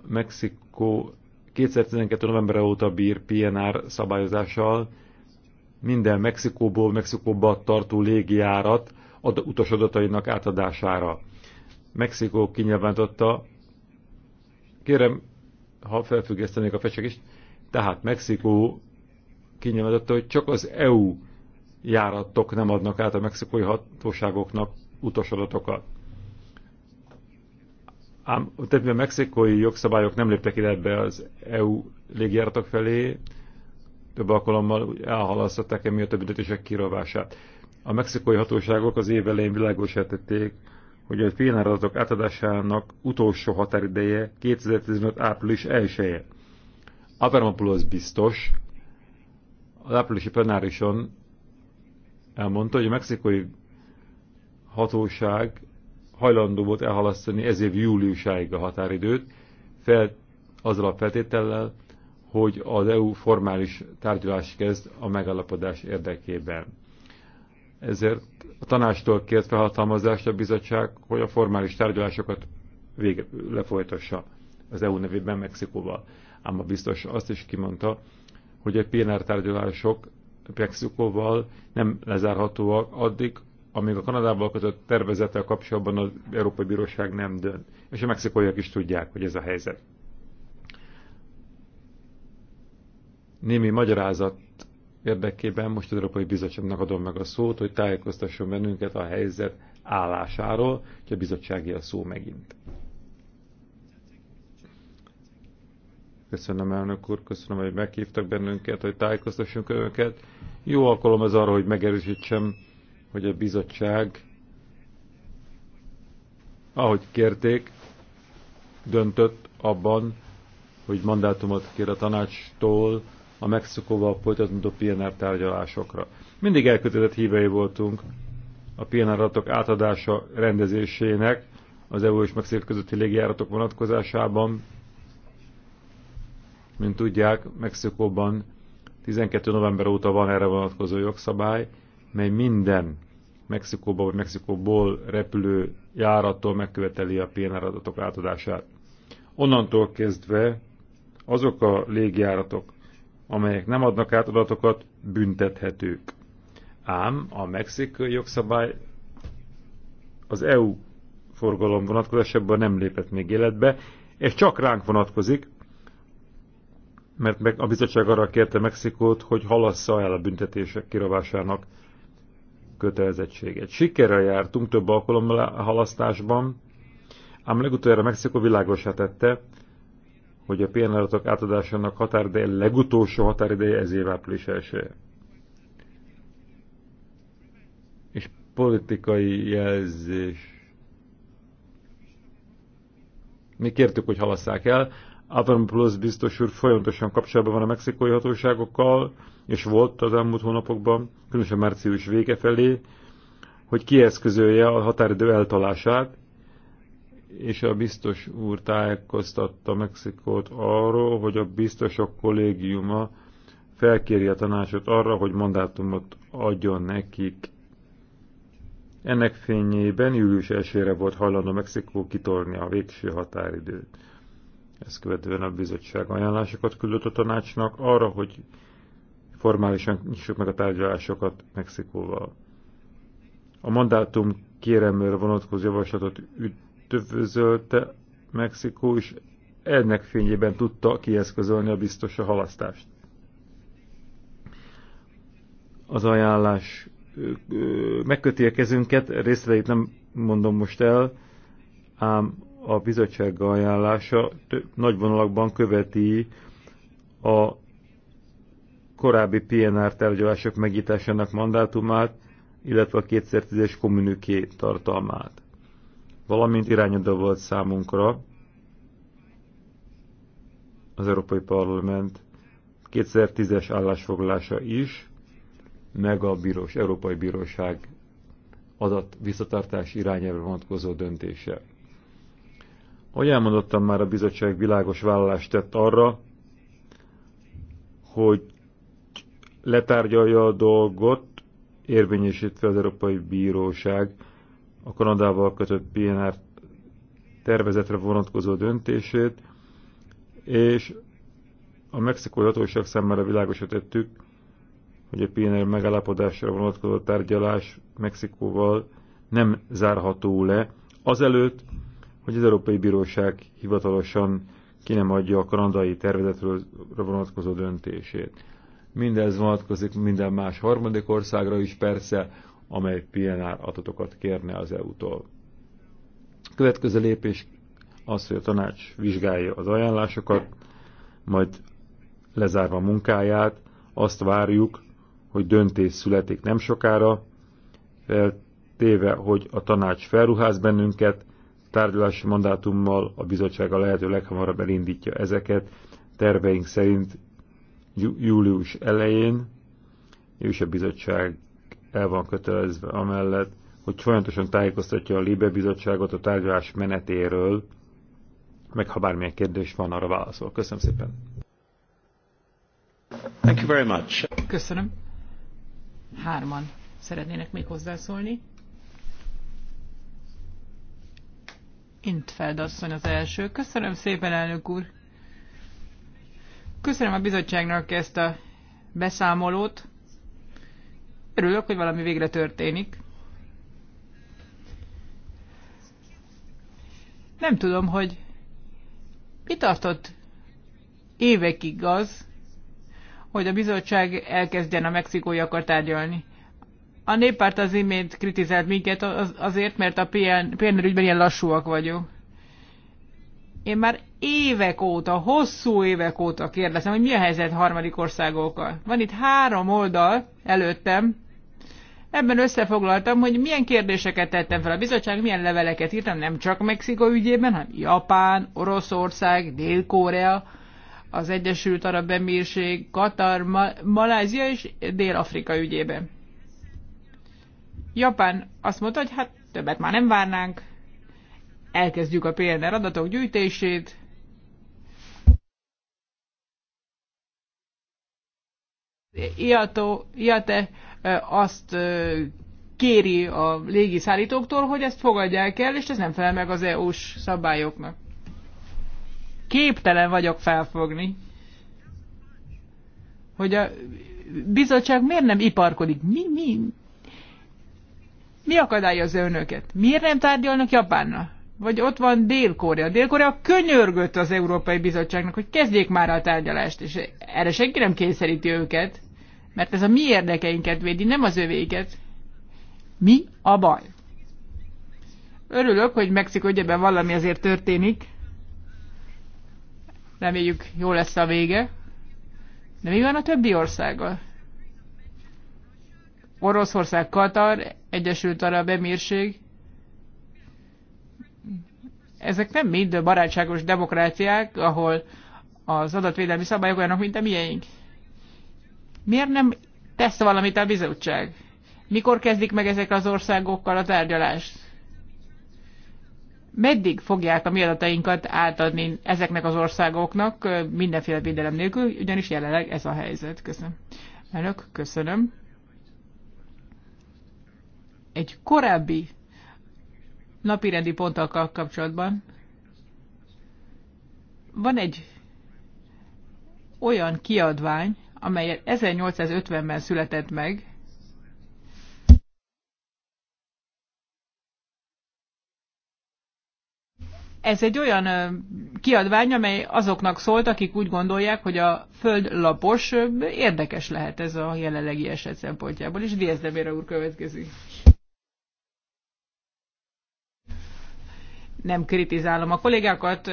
Mexikó 2012. november óta bír PNR szabályozással minden Mexikóból Mexikóba tartó légiárat utas adatainak átadására. Mexikó kinyilvántotta, Kérem, ha felfüggesztenék a fecsegést, tehát Mexikó kinyilvánította, hogy csak az EU járatok nem adnak át a mexikói hatóságoknak utasadatokat. Ám, tehát mivel mexikói jogszabályok nem léptek illetve az EU légjáratok felé, több alkalommal elhalasztották emiatt a büntetések kirovását. A mexikói hatóságok az év elején világosítették, hogy a pénáradatok átadásának utolsó határideje 2015. április 1-e. Avramopoulos biztos az áprilisi plenárison elmondta, hogy a mexikói hatóság hajlandó volt elhalasztani ez év júliusáig a határidőt, fel, azzal a feltétellel, hogy az EU formális tárgyalás kezd a megállapodás érdekében. Ezért a tanástól kért felhatalmazást a bizottság, hogy a formális tárgyalásokat vége, lefolytassa az EU nevében Mexikóval. Ám a biztos azt is kimondta, hogy a PNR tárgyalások Mexikóval nem lezárhatóak addig, amíg a Kanadával kötött tervezettel kapcsolatban az Európai Bíróság nem dönt. És a mexikóiak is tudják, hogy ez a helyzet. Némi magyarázat érdekében most az Európai Bizottságnak adom meg a szót, hogy tájékoztasson bennünket a helyzet állásáról, hogy a bizottsági a szó megint. Köszönöm, elnök úr, köszönöm, hogy meghívtak bennünket, hogy tájékoztassunk önöket. Jó alkalom ez arra, hogy megerősítsem, hogy a bizottság, ahogy kérték, döntött abban, hogy mandátumot kér a tanácstól, a Mexikóval folytatódó PNR tárgyalásokra. Mindig elkötelezett hívei voltunk a PNR adatok átadása rendezésének az EU és Mexikó közötti légjáratok vonatkozásában. Mint tudják, Mexikóban 12. november óta van erre vonatkozó jogszabály, mely minden Mexikóba vagy Mexikóból repülő járattól megköveteli a PNR adatok átadását. Onnantól kezdve azok a légjáratok, amelyek nem adnak át adatokat, büntethetők. Ám a mexikai jogszabály az EU forgalom vonatkozásában nem lépett még életbe, és csak ránk vonatkozik, mert a bizottság arra kérte Mexikót, hogy halassza el a büntetések kirovásának kötelezettséget. Sikerrel jártunk több alkalommal a halasztásban, ám legutoljára Mexikó világosá tette, hogy a pénzadatok átadásának határideje, legutolsó határideje ez év április első. És politikai jelzés. Mi kértük, hogy halasszák el. Plus biztos úr folyamatosan kapcsolatban van a mexikói hatóságokkal, és volt az elmúlt hónapokban, különösen március vége felé, hogy kieszközölje a határidő eltalását, és a biztos úr tájékoztatta Mexikót arról, hogy a biztosok kollégiuma felkéri a tanácsot arra, hogy mandátumot adjon nekik. Ennek fényében július elsőre volt hajlandó Mexikó kitolni a végső határidőt. Ezt követően a bizottság ajánlásokat küldött a tanácsnak arra, hogy formálisan nyissuk meg a tárgyalásokat Mexikóval. A mandátum kéremről vonatkozó javaslatot üdvözölte Mexikó, és ennek fényében tudta kieszközölni a biztos a halasztást. Az ajánlás megköti a kezünket, részleteit nem mondom most el, ám a bizottság ajánlása nagy vonalakban követi a korábbi PNR tárgyalások megításának mandátumát, illetve a 2010-es kommunikét tartalmát valamint irányadó volt számunkra az Európai Parlament 2010-es állásfoglalása is, meg a bírós, Európai Bíróság adat visszatartás irányelvre vonatkozó döntése. Ahogy elmondottam már, a bizottság világos vállalást tett arra, hogy letárgyalja a dolgot, érvényesítve az Európai Bíróság a Kanadával kötött PNR tervezetre vonatkozó döntését, és a mexikói hatóság számára világosítottuk, hogy a PNR megállapodásra vonatkozó tárgyalás Mexikóval nem zárható le, azelőtt, hogy az Európai Bíróság hivatalosan ki nem adja a kanadai tervezetről vonatkozó döntését. Mindez vonatkozik minden más harmadik országra is persze, amely PNR adatokat kérne az EU-tól. Következő lépés az, hogy a tanács vizsgálja az ajánlásokat, majd lezárva a munkáját, azt várjuk, hogy döntés születik nem sokára, Téve, hogy a tanács felruház bennünket, tárgyalási mandátummal a bizottság a lehető leghamarabb elindítja ezeket, terveink szerint július elején, és a bizottság el van kötelezve amellett, hogy folyamatosan tájékoztatja a Libe Bizottságot a tárgyalás menetéről, meg ha bármilyen kérdés van, arra válaszol. Köszönöm szépen. Thank you very much. Köszönöm. Hárman szeretnének még hozzászólni. Intfeld asszony az első. Köszönöm szépen, elnök úr. Köszönöm a bizottságnak ezt a beszámolót. Örülök, hogy valami végre történik. Nem tudom, hogy mi tartott évekig az, hogy a bizottság elkezdjen a mexikói tárgyalni. A néppárt az imént kritizált minket azért, mert a PNR ügyben ilyen lassúak vagyunk. Én már évek óta, hosszú évek óta kérdezem, hogy mi a helyzet harmadik országokkal. Van itt három oldal előttem, Ebben összefoglaltam, hogy milyen kérdéseket tettem fel a bizottság, milyen leveleket írtam, nem csak Mexikó ügyében, hanem Japán, Oroszország, Dél-Korea, az Egyesült Arab Emírség, Katar, Ma- Malázia és Dél-Afrika ügyében. Japán azt mondta, hogy hát többet már nem várnánk, elkezdjük a PNR adatok gyűjtését, Iato, Iate azt kéri a légiszállítóktól, hogy ezt fogadják el, és ez nem felel meg az EU-s szabályoknak. Képtelen vagyok felfogni, hogy a bizottság miért nem iparkodik. Mi, mi, mi akadályozza önöket? Miért nem tárgyalnak Japánnal? Vagy ott van Dél-Korea. Dél-Korea könyörgött az Európai Bizottságnak, hogy kezdjék már a tárgyalást, és erre senki nem kényszeríti őket mert ez a mi érdekeinket védi, nem az övéket. Mi a baj? Örülök, hogy Mexikó ügyeben valami azért történik. Reméljük, jó lesz a vége. De mi van a többi országgal? Oroszország, Katar, Egyesült Arab Emírség. Ezek nem mind barátságos demokráciák, ahol az adatvédelmi szabályok olyanok, mint a miénk. Miért nem tesz valamit a bizottság? Mikor kezdik meg ezek az országokkal a tárgyalást? Meddig fogják a mi adatainkat átadni ezeknek az országoknak mindenféle védelem nélkül, ugyanis jelenleg ez a helyzet. Köszönöm. Elnök, köszönöm. Egy korábbi napirendi ponttal kapcsolatban van egy olyan kiadvány, amely 1850-ben született meg, ez egy olyan kiadvány, amely azoknak szólt, akik úgy gondolják, hogy a föld lapos érdekes lehet ez a jelenlegi eset szempontjából, és Diaz Demére úr következik. Nem kritizálom a kollégákat,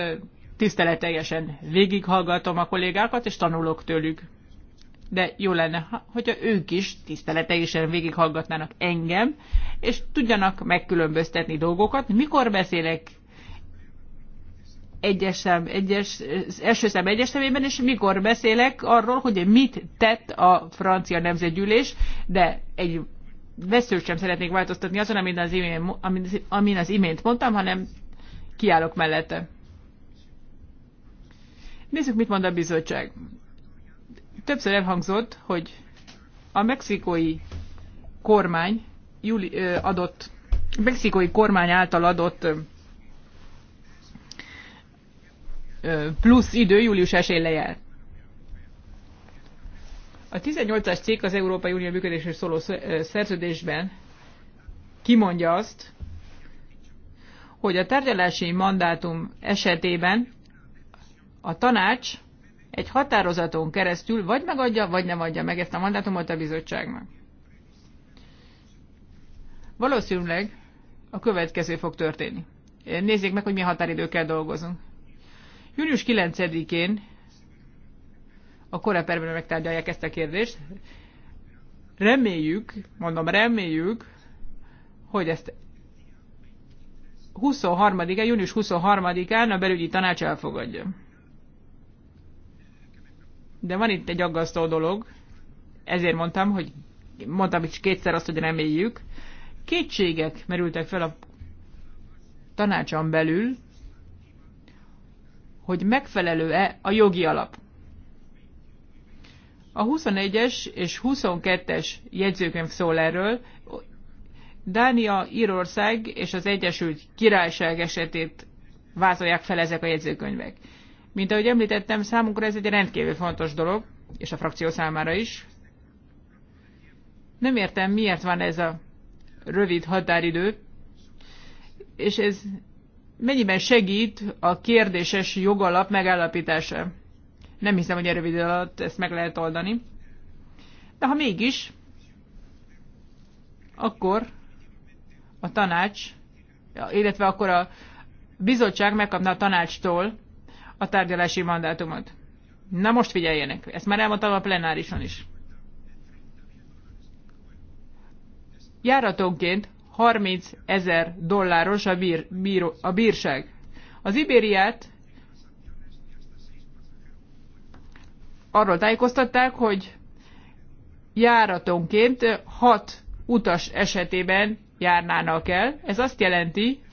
tiszteleteljesen végighallgatom a kollégákat, és tanulok tőlük de jó lenne, hogyha ők is tiszteleteisen végighallgatnának engem, és tudjanak megkülönböztetni dolgokat, mikor beszélek egyes szem, egyes, első szem egyes szemében, és mikor beszélek arról, hogy mit tett a francia nemzetgyűlés, de egy veszőt sem szeretnék változtatni azon, amin az, imént, amin az imént mondtam, hanem kiállok mellette. Nézzük, mit mond a bizottság. Többször elhangzott, hogy a mexikói kormány júli, adott, a mexikói kormány által adott plusz idő július 1 lejel. A 18-as cikk az Európai Unió működésről szóló szerződésben kimondja azt, hogy a tárgyalási mandátum esetében a tanács egy határozaton keresztül vagy megadja, vagy nem adja meg ezt a mandátumot a bizottságnak. Valószínűleg a következő fog történni. Nézzék meg, hogy milyen határidőkkel dolgozunk. Június 9-én a koreperben megtárgyalják ezt a kérdést. Reméljük, mondom, reméljük, hogy ezt 23-án, június 23-án a belügyi tanács elfogadja. De van itt egy aggasztó dolog, ezért mondtam, hogy mondtam is kétszer azt, hogy reméljük. Kétségek merültek fel a tanácson belül, hogy megfelelő-e a jogi alap. A 21-es és 22-es jegyzőkönyv szól erről. Dánia, Írország és az Egyesült Királyság esetét vázolják fel ezek a jegyzőkönyvek. Mint ahogy említettem, számunkra ez egy rendkívül fontos dolog, és a frakció számára is. Nem értem, miért van ez a rövid határidő, és ez mennyiben segít a kérdéses jogalap megállapítása. Nem hiszem, hogy rövid alatt ezt meg lehet oldani. De ha mégis, akkor a tanács, illetve akkor a bizottság megkapna a tanácstól a tárgyalási mandátumot. Na most figyeljenek, ezt már elmondtam a plenárison is. Járatonként 30 ezer dolláros a, bír, bíró, a bírság. Az Ibériát arról tájékoztatták, hogy járatonként 6 utas esetében járnának el. Ez azt jelenti,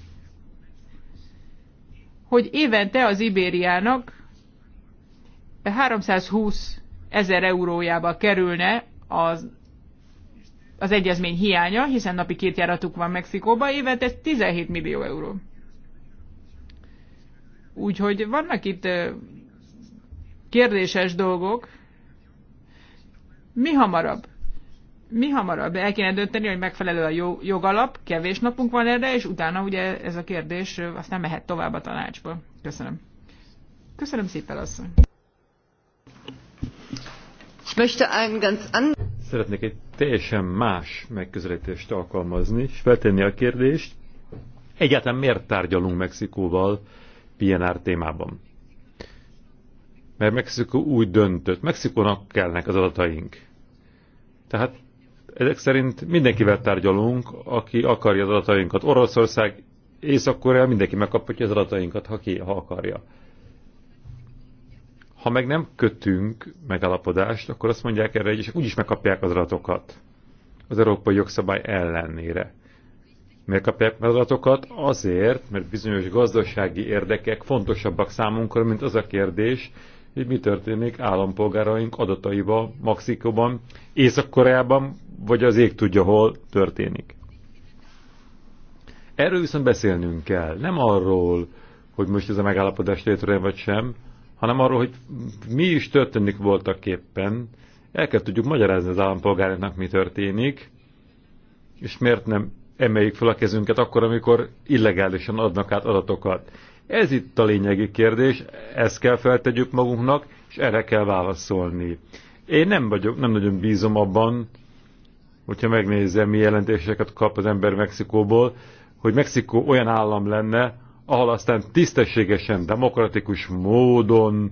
hogy évente az Ibériának 320 ezer eurójába kerülne az, az egyezmény hiánya, hiszen napi két járatuk van Mexikóba, évente ez 17 millió euró. Úgyhogy vannak itt kérdéses dolgok. Mi hamarabb mi hamarabb el kéne dönteni, hogy megfelelő a jó, jogalap, kevés napunk van erre, és utána ugye ez a kérdés aztán mehet tovább a tanácsba. Köszönöm. Köszönöm szépen, asszony. Szeretnék egy teljesen más megközelítést alkalmazni, és feltenni a kérdést, egyáltalán miért tárgyalunk Mexikóval PNR témában? Mert Mexikó úgy döntött, Mexikónak kellnek az adataink. Tehát ezek szerint mindenkivel tárgyalunk, aki akarja az adatainkat. Oroszország, Észak-Korea, mindenki megkaphatja az adatainkat, ha ki, ha akarja. Ha meg nem kötünk megállapodást, akkor azt mondják erre, és úgyis megkapják az adatokat az európai jogszabály ellenére. Miért kapják meg az adatokat? Azért, mert bizonyos gazdasági érdekek fontosabbak számunkra, mint az a kérdés, hogy mi történik állampolgáraink adataiba, Maxikóban, Észak-Koreában vagy az ég tudja hol történik. Erről viszont beszélnünk kell. Nem arról, hogy most ez a megállapodás létre vagy sem, hanem arról, hogy mi is történik voltak éppen. El kell tudjuk magyarázni az állampolgárnak, mi történik, és miért nem emeljük fel a kezünket akkor, amikor illegálisan adnak át adatokat. Ez itt a lényegi kérdés, ezt kell feltegyük magunknak, és erre kell válaszolni. Én nem vagyok, nem nagyon bízom abban, hogyha megnézem, mi jelentéseket kap az ember Mexikóból, hogy Mexikó olyan állam lenne, ahol aztán tisztességesen, demokratikus módon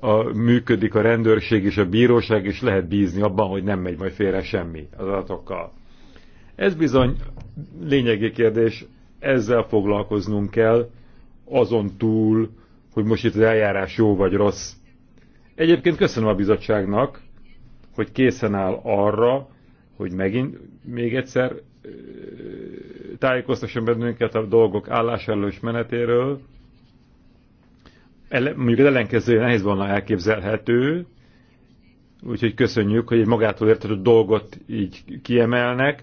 a, működik a rendőrség és a bíróság, és lehet bízni abban, hogy nem megy majd félre semmi az adatokkal. Ez bizony lényegi kérdés, ezzel foglalkoznunk kell, azon túl, hogy most itt az eljárás jó vagy rossz. Egyébként köszönöm a bizottságnak, hogy készen áll arra, hogy megint még egyszer tájékoztasson bennünket a dolgok álláselős menetéről. Ele, mondjuk az ellenkezője nehéz volna elképzelhető, úgyhogy köszönjük, hogy egy magától értető dolgot így kiemelnek.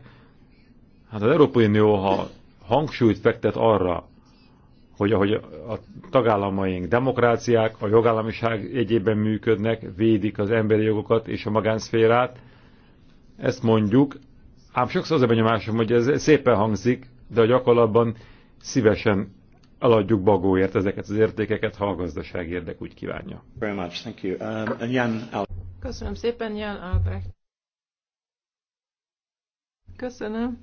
Hát az Európai Unió, ha hangsúlyt fektet arra, hogy ahogy a tagállamaink demokráciák, a jogállamiság egyében működnek, védik az emberi jogokat és a magánszférát, ezt mondjuk, ám sokszor az a benyomásom, hogy ez szépen hangzik, de a gyakorlatban szívesen eladjuk bagóért ezeket az értékeket, ha a gazdaság érdek úgy kívánja. Very much, thank you. Um, Köszönöm szépen, Jan Albrecht. Köszönöm.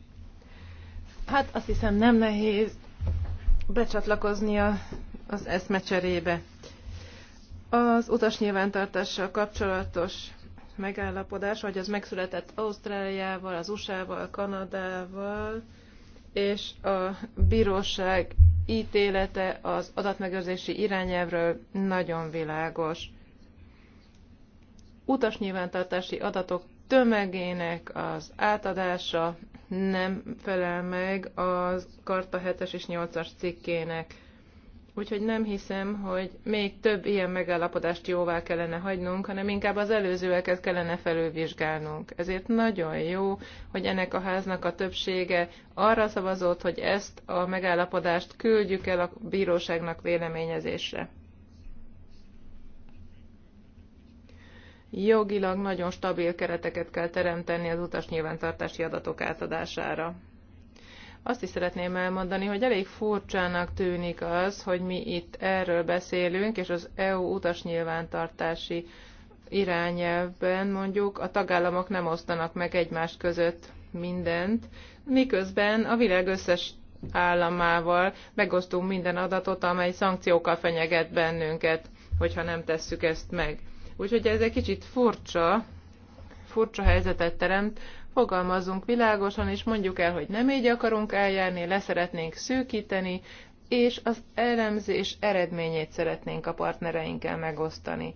Hát azt hiszem nem nehéz becsatlakozni a, az eszmecserébe. Az utas nyilvántartással kapcsolatos megállapodás, hogy az megszületett Ausztráliával, az USA-val, Kanadával, és a bíróság ítélete az adatmegőrzési irányelvről nagyon világos. Utasnyilvántartási adatok tömegének az átadása nem felel meg az Karta 7-es és 8-as cikkének. Úgyhogy nem hiszem, hogy még több ilyen megállapodást jóvá kellene hagynunk, hanem inkább az előzőeket kellene felülvizsgálnunk. Ezért nagyon jó, hogy ennek a háznak a többsége arra szavazott, hogy ezt a megállapodást küldjük el a bíróságnak véleményezésre. Jogilag nagyon stabil kereteket kell teremteni az utas nyilvántartási adatok átadására. Azt is szeretném elmondani, hogy elég furcsának tűnik az, hogy mi itt erről beszélünk, és az EU nyilvántartási irányelvben mondjuk a tagállamok nem osztanak meg egymás között mindent, miközben a világ összes államával megosztunk minden adatot, amely szankciókkal fenyeget bennünket, hogyha nem tesszük ezt meg. Úgyhogy ez egy kicsit furcsa, furcsa helyzetet teremt, fogalmazzunk világosan, és mondjuk el, hogy nem így akarunk eljárni, leszeretnénk szűkíteni, és az elemzés eredményét szeretnénk a partnereinkkel megosztani.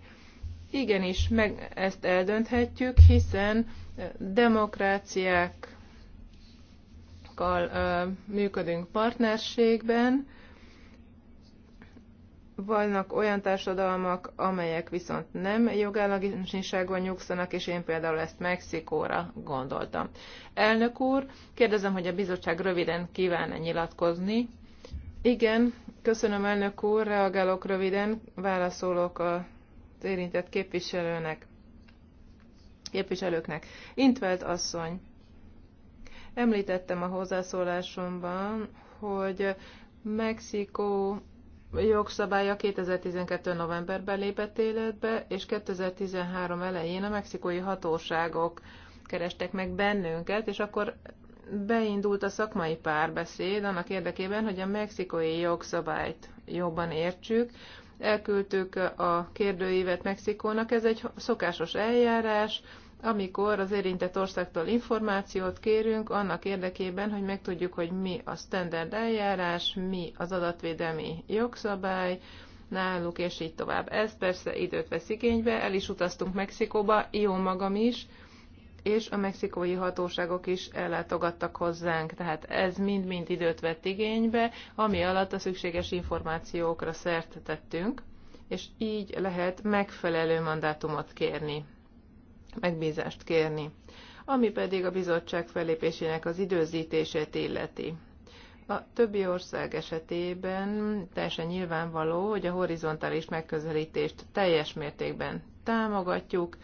Igenis, meg ezt eldönthetjük, hiszen demokráciákkal működünk partnerségben, vannak olyan társadalmak, amelyek viszont nem jogállamiságban nyugszanak, és én például ezt Mexikóra gondoltam. Elnök úr, kérdezem, hogy a bizottság röviden kíván-e nyilatkozni. Igen, köszönöm elnök úr, reagálok röviden, válaszolok az érintett képviselőnek, képviselőknek. Intvelt asszony, említettem a hozzászólásomban, hogy Mexikó jogszabálya 2012. novemberben lépett életbe, és 2013 elején a mexikói hatóságok kerestek meg bennünket, és akkor beindult a szakmai párbeszéd annak érdekében, hogy a mexikói jogszabályt jobban értsük. Elküldtük a kérdőívet Mexikónak, ez egy szokásos eljárás, amikor az érintett országtól információt kérünk, annak érdekében, hogy megtudjuk, hogy mi a standard eljárás, mi az adatvédelmi jogszabály, náluk, és így tovább. Ez persze időt vesz igénybe, el is utaztunk Mexikóba, jó magam is, és a mexikói hatóságok is ellátogattak hozzánk, tehát ez mind-mind időt vett igénybe, ami alatt a szükséges információkra szert tettünk, és így lehet megfelelő mandátumot kérni megbízást kérni. Ami pedig a bizottság felépésének az időzítését illeti. A többi ország esetében teljesen nyilvánvaló, hogy a horizontális megközelítést teljes mértékben támogatjuk,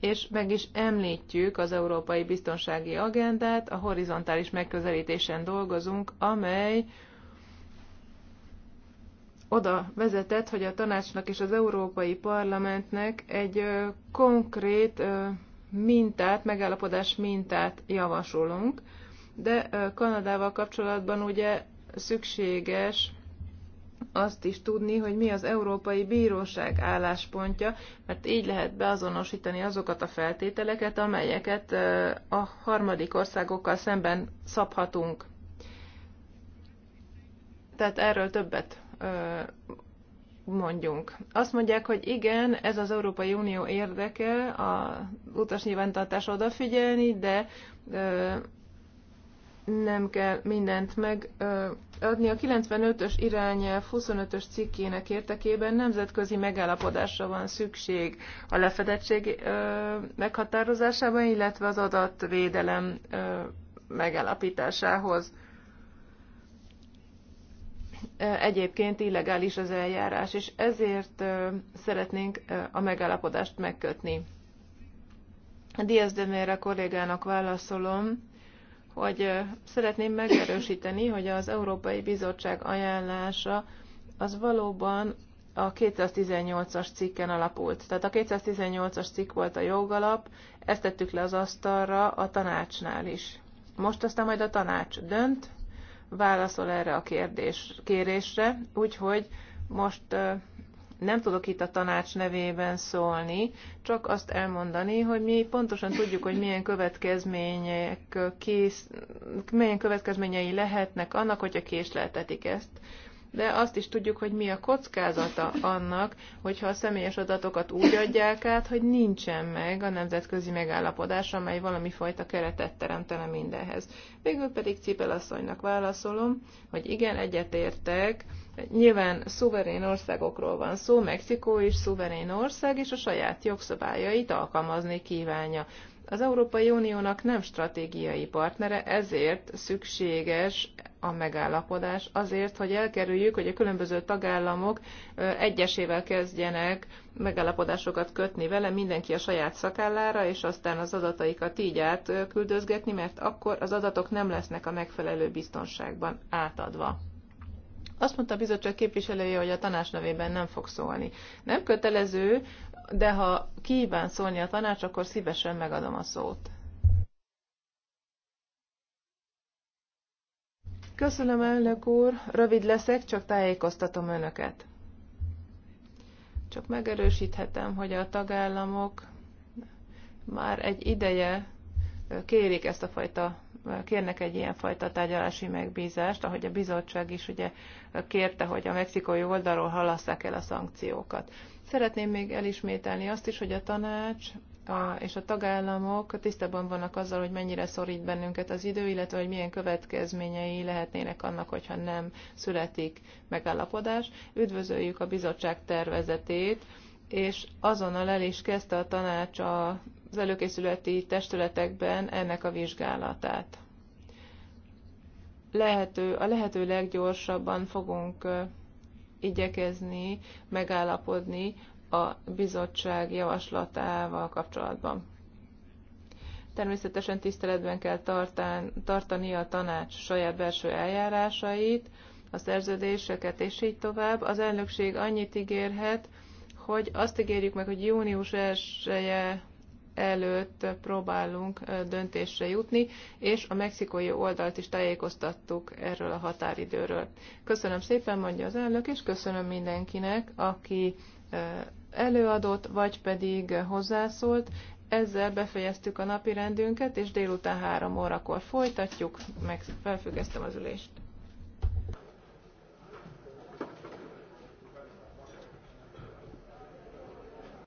és meg is említjük az Európai Biztonsági Agendát, a horizontális megközelítésen dolgozunk, amely oda vezetett, hogy a tanácsnak és az Európai Parlamentnek egy konkrét mintát, megállapodás mintát javasolunk, de Kanadával kapcsolatban ugye szükséges azt is tudni, hogy mi az Európai Bíróság álláspontja, mert így lehet beazonosítani azokat a feltételeket, amelyeket a harmadik országokkal szemben szabhatunk. Tehát erről többet mondjunk. Azt mondják, hogy igen, ez az Európai Unió érdeke, a utas nyilvántartás odafigyelni, de ö, nem kell mindent megadni. A 95-ös irányelv 25-ös cikkének értekében nemzetközi megállapodásra van szükség a lefedettség ö, meghatározásában, illetve az adatvédelem ö, megállapításához egyébként illegális az eljárás, és ezért szeretnénk a megállapodást megkötni. Díaz de Mera kollégának válaszolom, hogy szeretném megerősíteni, hogy az Európai Bizottság ajánlása az valóban a 218-as cikken alapult. Tehát a 218-as cikk volt a jogalap, ezt tettük le az asztalra a tanácsnál is. Most aztán majd a tanács dönt, válaszol erre a kérdés, kérésre, úgyhogy most nem tudok itt a tanács nevében szólni, csak azt elmondani, hogy mi pontosan tudjuk, hogy milyen következmények kész, milyen következményei lehetnek annak, hogyha késleltetik ezt de azt is tudjuk, hogy mi a kockázata annak, hogyha a személyes adatokat úgy adják át, hogy nincsen meg a nemzetközi megállapodás, amely valami fajta keretet teremtene mindenhez. Végül pedig Cipel asszonynak válaszolom, hogy igen, egyetértek, Nyilván szuverén országokról van szó, Mexikó is szuverén ország, és a saját jogszabályait alkalmazni kívánja. Az Európai Uniónak nem stratégiai partnere, ezért szükséges a megállapodás, azért, hogy elkerüljük, hogy a különböző tagállamok egyesével kezdjenek megállapodásokat kötni vele, mindenki a saját szakállára, és aztán az adataikat így átküldözgetni, mert akkor az adatok nem lesznek a megfelelő biztonságban átadva. Azt mondta a bizottság képviselője, hogy a tanács nevében nem fog szólni. Nem kötelező de ha kíván szólni a tanács, akkor szívesen megadom a szót. Köszönöm, elnök úr. Rövid leszek, csak tájékoztatom önöket. Csak megerősíthetem, hogy a tagállamok már egy ideje kérik ezt a fajta, kérnek egy ilyen fajta tárgyalási megbízást, ahogy a bizottság is ugye kérte, hogy a mexikói oldalról halasszák el a szankciókat. Szeretném még elismételni azt is, hogy a tanács a, és a tagállamok tisztában vannak azzal, hogy mennyire szorít bennünket az idő, illetve hogy milyen következményei lehetnének annak, hogyha nem születik megállapodás. Üdvözöljük a bizottság tervezetét, és azonnal el is kezdte a tanács az előkészületi testületekben ennek a vizsgálatát. Lehető, a lehető leggyorsabban fogunk igyekezni megállapodni a bizottság javaslatával kapcsolatban. Természetesen tiszteletben kell tartán, tartani a tanács saját belső eljárásait, a szerződéseket, és így tovább. Az elnökség annyit ígérhet, hogy azt ígérjük meg, hogy június 1 előtt próbálunk döntésre jutni, és a mexikói oldalt is tájékoztattuk erről a határidőről. Köszönöm szépen, mondja az elnök, és köszönöm mindenkinek, aki előadott, vagy pedig hozzászólt. Ezzel befejeztük a napi rendünket, és délután három órakor folytatjuk, meg felfüggesztem az ülést.